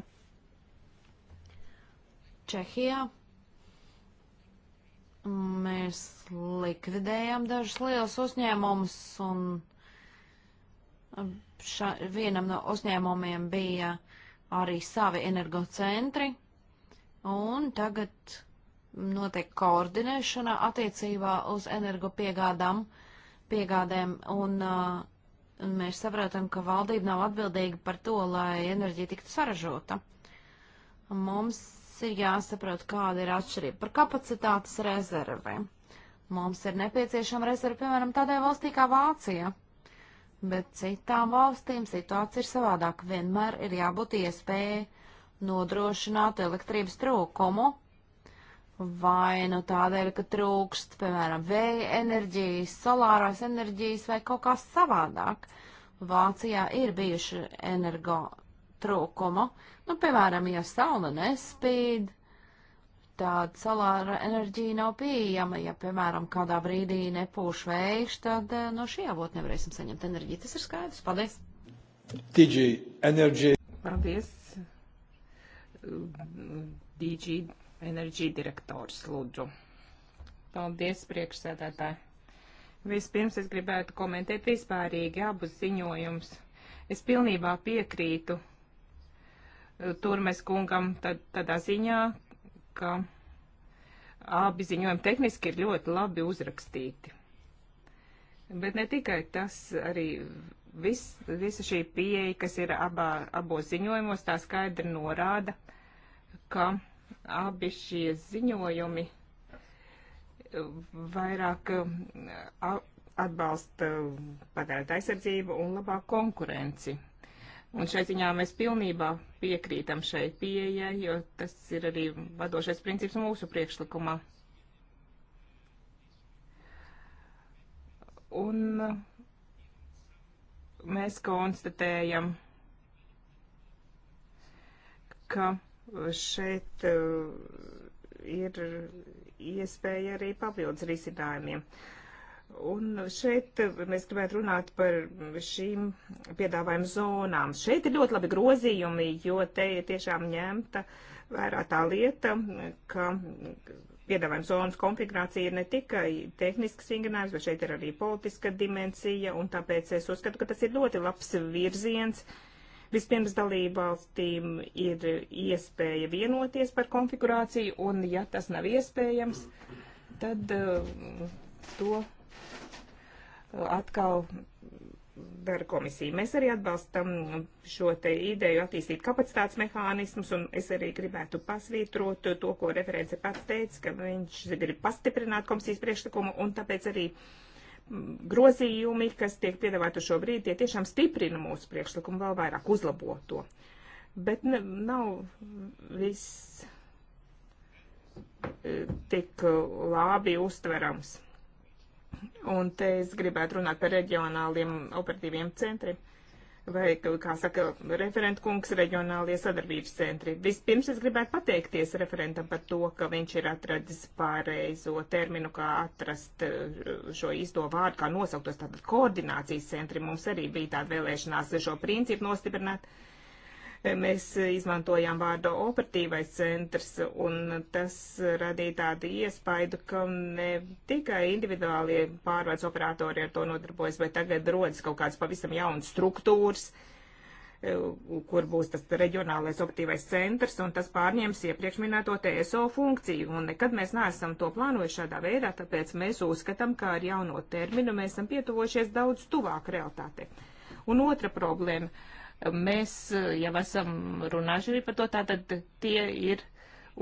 Čehijā mēs likvidējām dažus lielus uzņēmumus, un um, ša, vienam no uzņēmumiem bija arī savi energocentri, un tagad notiek koordinēšana attiecībā uz energopiegādām, piegādēm, un uh, mēs saprotam, ka valdība nav atbildīga par to, lai enerģija tiktu saražota. Mums ir jāsaprot, kāda ir atšķirība par kapacitātes rezervi. Mums ir nepieciešama rezerve, piemēram, tādai valstī kā Vācija. Bet citām valstīm situācija ir savādāka. Vienmēr ir jābūt iespējai nodrošināt elektrības trūkumu, vai nu tādēļ, ka trūkst, piemēram, vēja enerģijas, solārās enerģijas vai kaut kā savādāk. Vācijā ir bijuši energo trūkumu, nu, piemēram, ja saule nespīd, tad solāra enerģija nav pieejama, ja, piemēram, kādā brīdī nepūš vējš, tad eh, no šī avota nevarēsim saņemt enerģiju. Tas ir skaidrs. Paldies!
Digi, enerģija.
Paldies!
DG enerģija direktors, lūdzu. Paldies, priekšsēdētāji. Vispirms es gribētu komentēt vispārīgi abus ziņojumus. Es pilnībā piekrītu Turmes kungam tad, tādā ziņā, ka abi ziņojumi tehniski ir ļoti labi uzrakstīti. Bet ne tikai tas, arī vis, visa šī pieeja, kas ir abā, abos ziņojumos, tā skaidri norāda, ka abi šie ziņojumi vairāk um, atbalsta um, patērētāju aizsardzību un labāku konkurenci. Un šai ziņā mēs pilnībā piekrītam šai pieejai, jo tas ir arī vadošais princips mūsu priekšlikumā. Un uh, mēs konstatējam, ka šeit eh, ir iespēja arī papildus risinājumiem. Un šeit eh, mēs gribētu runāt par šīm piedāvājumu zonām. Šeit ir ļoti labi grozījumi, jo te ir tiešām ņemta vērā tā lieta, ka piedāvājumu zonas konfigurācija ir ne tikai tehnisks vingrinājums, bet šeit ir arī politiska dimensija, un tāpēc es uzskatu, ka tas ir ļoti labs virziens. Uh, Vispirms dalībvalstīm ir iespēja vienoties par konfigurāciju, un ja tas nav iespējams, tad uh, to uh, atkal dara komisija. Mēs arī atbalstam šo te ideju attīstīt kapacitātes mehānismus, un es arī gribētu pasvītrot to, ko referents pats teica, ka viņš grib pastiprināt komisijas priekšlikumu, un tāpēc arī uh, grozījumi, kas tiek piedāvāti šobrīd, tie tiešām stiprina mūsu priekšlikumu vēl vairāk, uzlabo to. Bet ne, nav viss e, tik labi uztverams. Un te es gribētu runāt par reģionāliem operatīviem centriem. Uh, vai, kā saka referenta kungs, reģionālie sadarbības centri. Vispirms es gribētu pateikties referentam par to, ka viņš ir atradis pārreizo terminu, kā atrast eh, šo īsto vārdu, kā nosauktos tātad koordinācijas centri. Mums arī bija tāda vēlēšanās šo principu nostiprināt. Uh, Mēs izmantojām vārdu operatīvais centrs, un tas radīja tādu iespaidu, ka ne tikai individuālie pārvades operatori ar to nodarbojas, bet tagad rodas kaut kāds pavisam jauns struktūrs, kur būs tas reģionālais operatīvais centrs, un tas pārņems iepriekš minēto TSO funkciju. Un nekad mēs neesam to plānojuši šādā veidā, tāpēc mēs uzskatām, ka ar jauno terminu mēs esam pietuvojušies daudz tuvāk realitātei. Un otra problēma Mēs eh, jau esam runājuši arī par to, tātad tie ir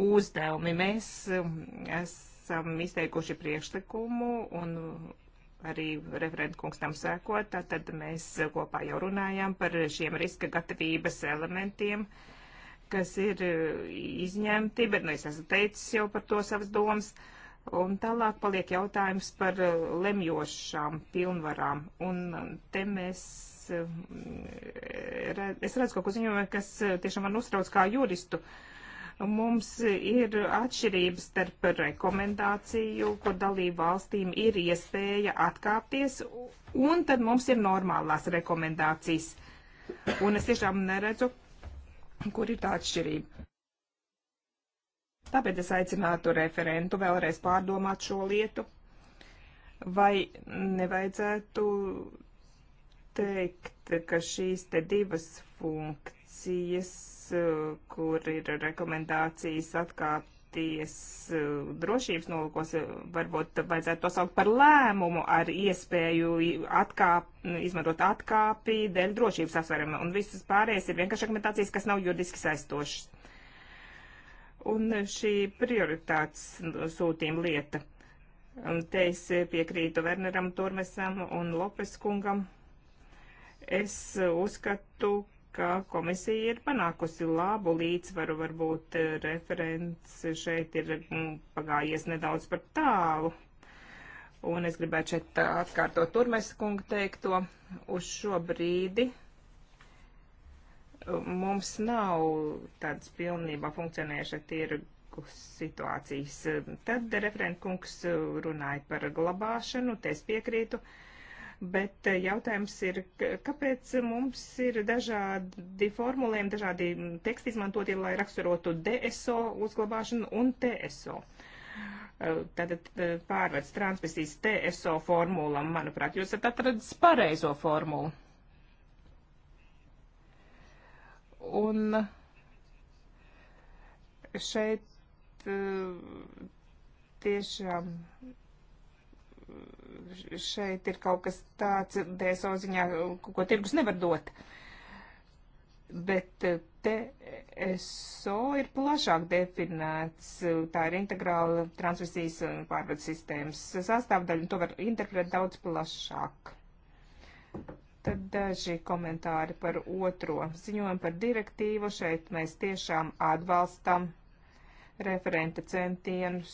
uzdevumi. Mēs eh, esam izteikuši priekšlikumu un arī referentkungs tam sēkot, tātad mēs kopā jau runājām par šiem riska gatavības elementiem kas ir eh, izņemti, bet nu, es esmu teicis jau par to savas domas. Un tālāk paliek jautājums par lemjošām pilnvarām. Un te mēs es redzu kaut ko ziņojumu, kas eh, tiešām man uztrauc kā juristu. Mums ir atšķirības starp rekomendāciju, kur dalību valstīm ir iespēja atkāpties, un tad mums ir normālās rekomendācijas. Un es tiešām neredzu, kur ir tā atšķirība. Tāpēc es aicinātu referentu vēlreiz pārdomāt šo lietu, vai nevajadzētu teikt, ka šīs te divas funkcijas, kur ir rekomendācijas atkāpties drošības nolūkos, varbūt vajadzētu to saukt par lēmumu ar iespēju atkāp, izmantot atkāpi dēļ drošības apsvēruma, un visas pārējās ir vienkārši rekomendācijas, kas nav juridiski saistošas. Un šī prioritātes sūtījuma lieta. Un te es piekrītu Werneram Turmesam un Lopes kungam. Es eh, uzskatu, ka komisija ir panākusi labu līdzsvaru, varbūt eh, referents šeit ir mm, pagājies nedaudz par tālu. Un es gribētu šeit eh, atkārtot Turmes kunga teikto. Uz šo brīdi mums nav tādas pilnībā funkcionējuša tirgus situācijas. Tad referentkungs runāja par glabāšanu, te es piekrītu. Uh, bet eh, jautājums ir, kāpēc mums ir dažādi formulējumi, dažādi teksti izmantoti, lai raksturotu DSO uzglabāšanu un TSO. Eh, tātad eh, pārvērts transmisijas TSO formulam, manuprāt, jūs esat atradis pareizo formulu. Un šeit tiešām šeit ir kaut kas tāds DSO ziņā, ko tirgus nevar dot. Bet eh, TSO ir plašāk definēts, tā ir integrāla transmisijas un pārvades sistēmas sastāvdaļa, un to var interpretēt daudz plašāk. Tad daži komentāri par otro ziņojumu par direktīvu. Šeit mēs tiešām atbalstam referenta centienus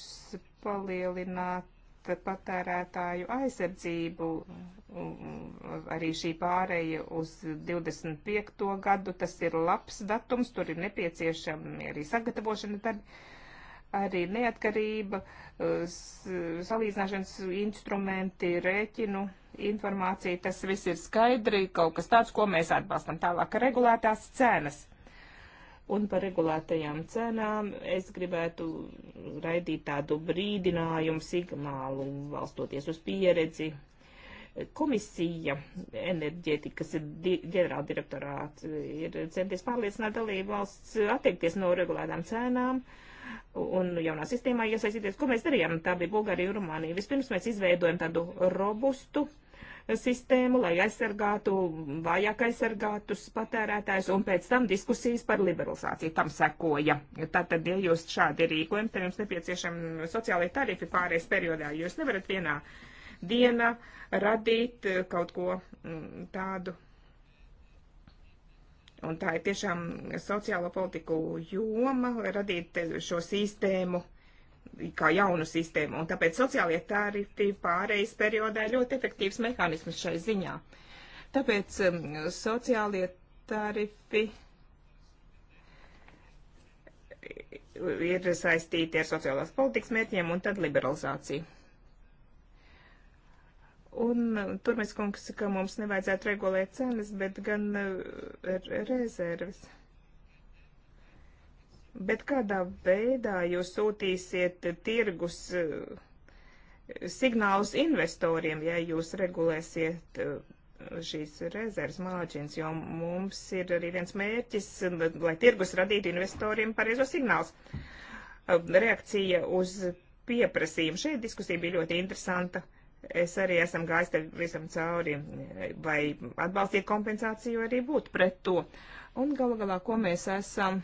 palielināt patērētāju aizsardzību. Arī šī pāreja uz 25. gadu, tas ir labs datums, tur ir nepieciešami arī sagatavošana darbi, arī neatkarība, salīdzināšanas instrumenti, rēķinu informācija, tas viss ir skaidri, kaut kas tāds, ko mēs atbalstam. Tālāk regulētās cenas Un par regulētajām cenām es gribētu raidīt tādu brīdinājumu signālu, valstoties uz pieredzi. Komisija, enerģētikas ģenerāldirektorāts ir centies pārliecināt dalību valsts attiekties no regulētām cenām un jaunā sistēmā iesaistīties. Ko mēs darījām? Tā bija Bulgārija un Rumānija. Vispirms mēs izveidojam tādu robustu uh, sistēmu, lai aizsargātu vajag aizsargātus patērētājus, un pēc tam diskusijas par liberalizāciju tam sekoja. Tātad, ja jūs šādi rīkojam, tad jums nepieciešami sociālai tarifi pārējais periodā, jo jūs nevarat vienā dienā radīt kaut ko mm, tādu. Un tā ir tiešām sociālo politiku joma, radīt šo sistēmu kā jaunu sistēmu. Un tāpēc sociālie tarifi pārejas periodā ir ļoti efektīvs mehānisms šai ziņā. Tāpēc um, sociālie tarifi ir saistīti ar sociālās politikas mērķiem un tad liberalizāciju. Un um, tur mēs kungs, ka mums nevajadzētu regulēt cenas, bet gan uh, rezerves. Re Bet kādā veidā jūs sūtīsiet tirgus eh, signālus investoriem, ja jūs regulēsiet eh, šīs rezerves mārķins, jo mums ir arī viens mērķis, lai tirgus radītu investoriem pareizo signāls. Eh, reakcija uz pieprasījumu. Šeit diskusija bija ļoti interesanta. Es arī esam gājis te visam cauri, vai atbalstīt kompensāciju arī būtu pret to. Un galu galā, ko mēs esam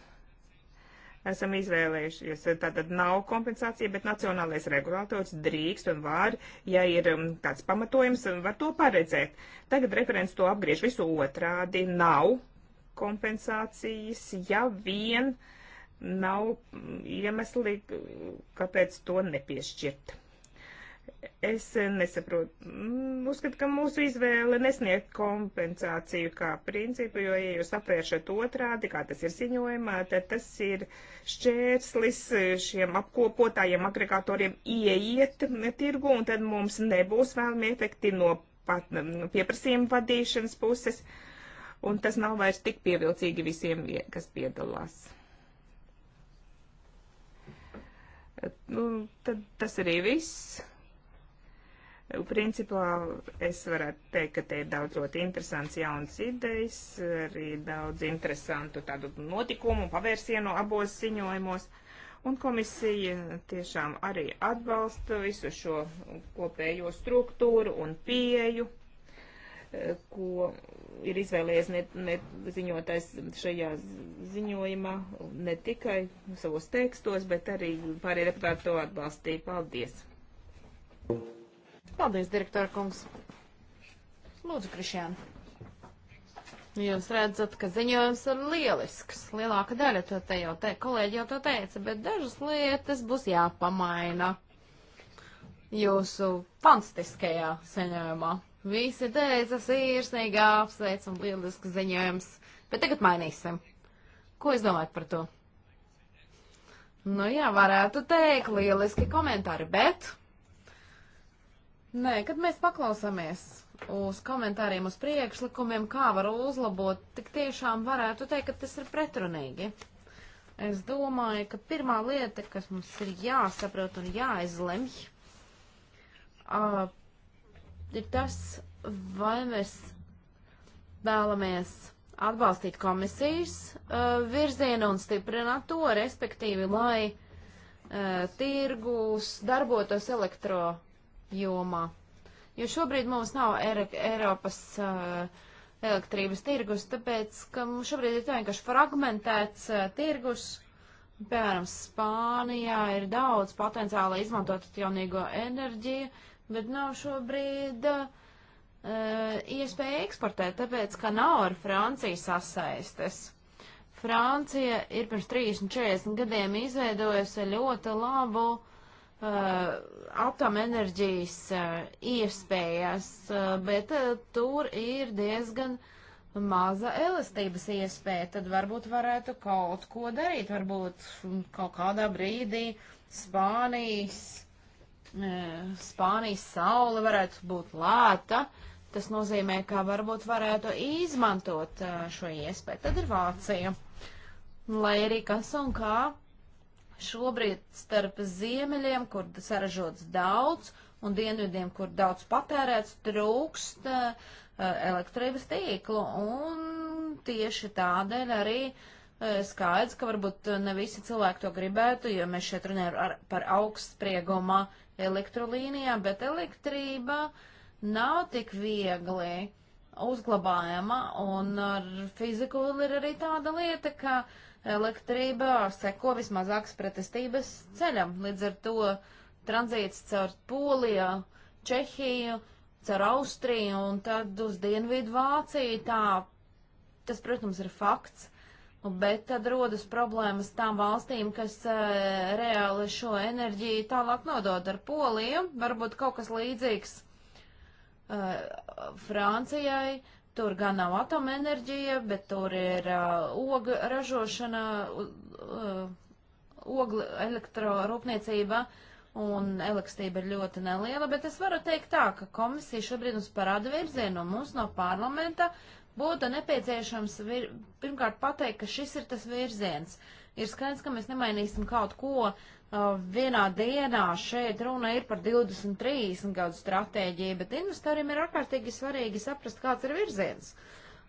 esam izvēlējušies. Tātad nav kompensācija, bet nacionālais regulators drīkst un var, ja ir um, tāds pamatojums, um, var to paredzēt. Tagad referents to apgriež visu otrādi. Nav kompensācijas, ja vien nav mm, iemesli, kāpēc to nepiešķirt. Es eh, nesaprotu. Mm, uzskatu, ka mūsu izvēle nesniegt kompensāciju kā principu, jo, ja jūs apvēršat otrādi, kā tas ir ziņojumā, tad tas ir šķērslis eh, šiem apkopotājiem, agregatoriem ieiet tirgu, un tad mums nebūs vēlmi efekti no pat, mm, pieprasījuma vadīšanas puses, un tas nav vairs tik pievilcīgi visiem, kas piedalās. Eh, nu, tad tas arī viss. Principā es varētu teikt, ka te ir daudz ļoti interesants jauns idejas, arī daudz interesantu tādu notikumu un pavērsienu abos ziņojumos. Un komisija tiešām arī atbalsta visu šo kopējo struktūru un pieju, eh, ko ir izvēlējies ne, ne ziņotais šajā ziņojumā, ne tikai savos tekstos, bet arī pārējie deputāti to atbalstīja. Paldies!
Thank you. Paldies, direktora kungs. Lūdzu, Krišjān. Jūs redzat, ka ziņojums ir lielisks. Lielāka daļa to te jau te, kolēģi jau to teica, bet dažas lietas būs jāpamaina jūsu fantastiskajā ziņojumā. Visi teica, sirsnīgi apsveic un lielisks ziņojums, bet tagad mainīsim. Ko jūs domājat par to? Nu jā, varētu teikt, lieliski komentāri, bet Nē, kad mēs paklausāmies uz komentāriem, uz priekšlikumiem, kā var uzlabot, tik tiešām varētu teikt, ka tas ir pretrunīgi. Es domāju, ka pirmā lieta, kas mums ir jāsaprot un jāizlemj, uh, ir tas, vai mēs vēlamies atbalstīt komisijas uh, virzienu un stiprināt to, respektīvi, lai uh, tirgus darbotos elektro jomā. Jo šobrīd mums nav Eiropas uh, elektrības tirgus, tāpēc, ka mums šobrīd ir vienkārši fragmentēts uh, tirgus. Piemēram, Spānijā ir daudz potenciāli izmantot atjaunīgo enerģiju, bet nav šobrīd uh, iespēja eksportēt, tāpēc, ka nav ar Franciju sasaistes. Francija ir pirms 30-40 gadiem izveidojusi ļoti labu uh, Uh, atomenerģijas uh, iespējas, uh, bet tur ir diezgan maza elastības iespēja. Tad varbūt varētu kaut ko darīt, varbūt kaut kādā brīdī Spānijas, Spānijas saule varētu būt lēta. Tas nozīmē, ka varbūt varētu izmantot šo iespēju. Tad ir Vācija. Lai arī kas un kā šobrīd starp ziemeļiem, kur saražots daudz, un dienvidiem, kur daudz patērēts, trūkst uh, elektrības tīklu. Un tieši tādēļ arī uh, skaidrs, ka varbūt ne visi cilvēki to gribētu, jo mēs šeit runājam ar, par augstsprieguma elektrolīnijām, bet elektrība nav tik viegli uzglabājama, un ar fiziku ir arī tāda lieta, ka uh, elektrība seko vismazākas pretestības ceļam. Līdz ar to tranzīts caur Polijā, Čehiju, caur Austriju un tad uz Dienvidu Vāciju. Tā, tas, protams, ir fakts. Bet tad rodas problēmas tām valstīm, kas e, reāli šo enerģiju tālāk nodod ar Poliju, varbūt kaut kas līdzīgs e, Francijai, Tur gan nav atomenerģija, bet tur ir uh, oga ražošana, uh, ogla elektrorūpniecība un elastība ir ļoti neliela, bet es varu teikt tā, ka komisija šobrīd mums parāda virzienu un mums no parlamenta būtu nepieciešams vir, pirmkārt pateikt, ka šis ir tas virziens. Ir skaidrs, ka mēs nemainīsim kaut ko uh, Uh, vienā dienā šeit runa ir par 20-30 gadu stratēģiju, bet investoriem ir ārkārtīgi svarīgi saprast, kāds ir virziens.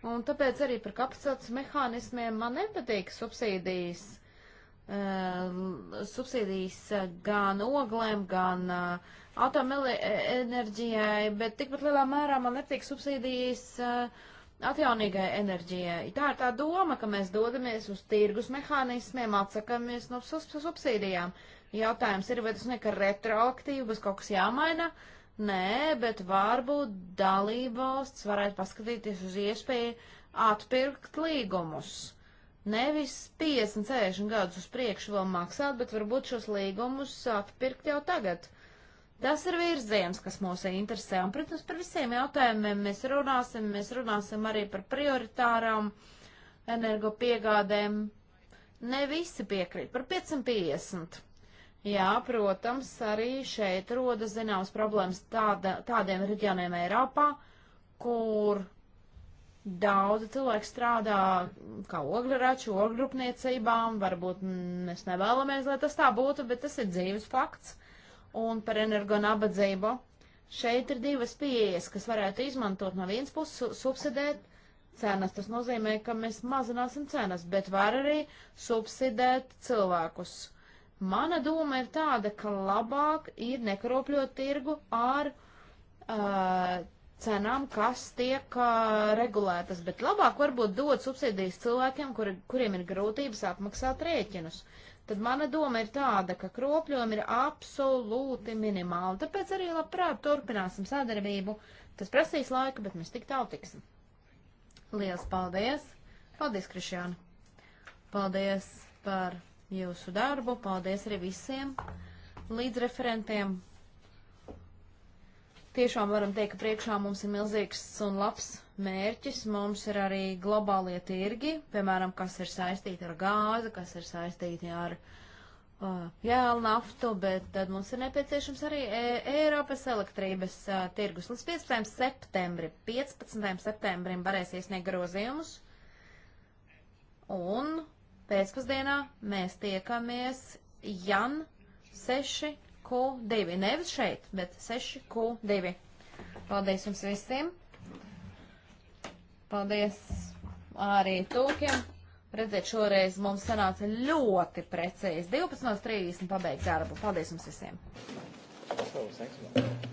Un tāpēc arī par kapacitātes mehānismiem man nepatīk subsīdijas, uh, subsīdijas uh, gan oglēm, gan uh, atomenerģijai, bet tikpat lielā mērā man nepatīk subsīdijas uh, atjaunīgai enerģijai. Tā ir tā doma, ka mēs dodamies uz tirgus mehānismiem, atsakamies no subsīdijām. Jautājums ir, vai tas nekā retroaktīvi būs kaut kas jāmaina? Nē, bet varbūt dalībvalsts varētu paskatīties uz iespēju atpirkt līgumus. Nevis 50, 60 gadus uz priekšu vēl maksāt, bet varbūt šos līgumus atpirkt jau tagad. Tas ir virziens, kas mūs interesē, un, protams, par visiem jautājumiem mēs runāsim, mēs runāsim arī par prioritārām energopiegādēm. Ne visi piekrīt par 550. Jā, protams, arī šeit rodas zināmas problēmas tāda, tādiem reģioniem Eiropā, kur daudzi cilvēki strādā kā ogļraču, ogļrūpniecībām, varbūt mēs nevēlamies, lai tas tā būtu, bet tas ir dzīves fakts un par energonabadzību. Šeit ir divas pieejas, kas varētu izmantot no vienas puses subsidēt cenas. Tas nozīmē, ka mēs mazināsim cenas, bet var arī subsidēt cilvēkus. Mana doma ir tāda, ka labāk ir nekropļot tirgu ar uh, cenām, kas tiek uh, regulētas, bet labāk varbūt dot subsīdijas cilvēkiem, kuri, kuriem ir grūtības apmaksāt rēķinus. Uh, tad mana doma ir tāda, ka kropļojumi ir absolūti minimāli. Tāpēc arī labprāt turpināsim sadarbību. Tas prasīs laika, bet mēs tik tālu tiksim. Lielas paldies! Paldies, Krišjāna! Paldies par jūsu darbu, paldies arī visiem līdzreferentiem. Tiešām varam teikt, ka priekšā mums ir milzīgs un labs mērķis. Mums ir arī globālie tirgi, piemēram, kas ir saistīti ar gāzi, kas ir saistīti ar uh, jēlu naftu, bet tad mums ir nepieciešams arī e Eiropas elektrības uh, tirgus. Līdz 15. septembrim, 15. septembrim varēs iesniegt grozījumus. Un pēcpusdienā mēs tiekamies Jan 6Q2. Nevis šeit, bet 6Q2. Paldies jums visiem! Paldies arī tūkiem. Redziet, šoreiz mums sanāca ļoti precīzi. 12.30 pabeigt darbu. Paldies jums visiem!
Thanks,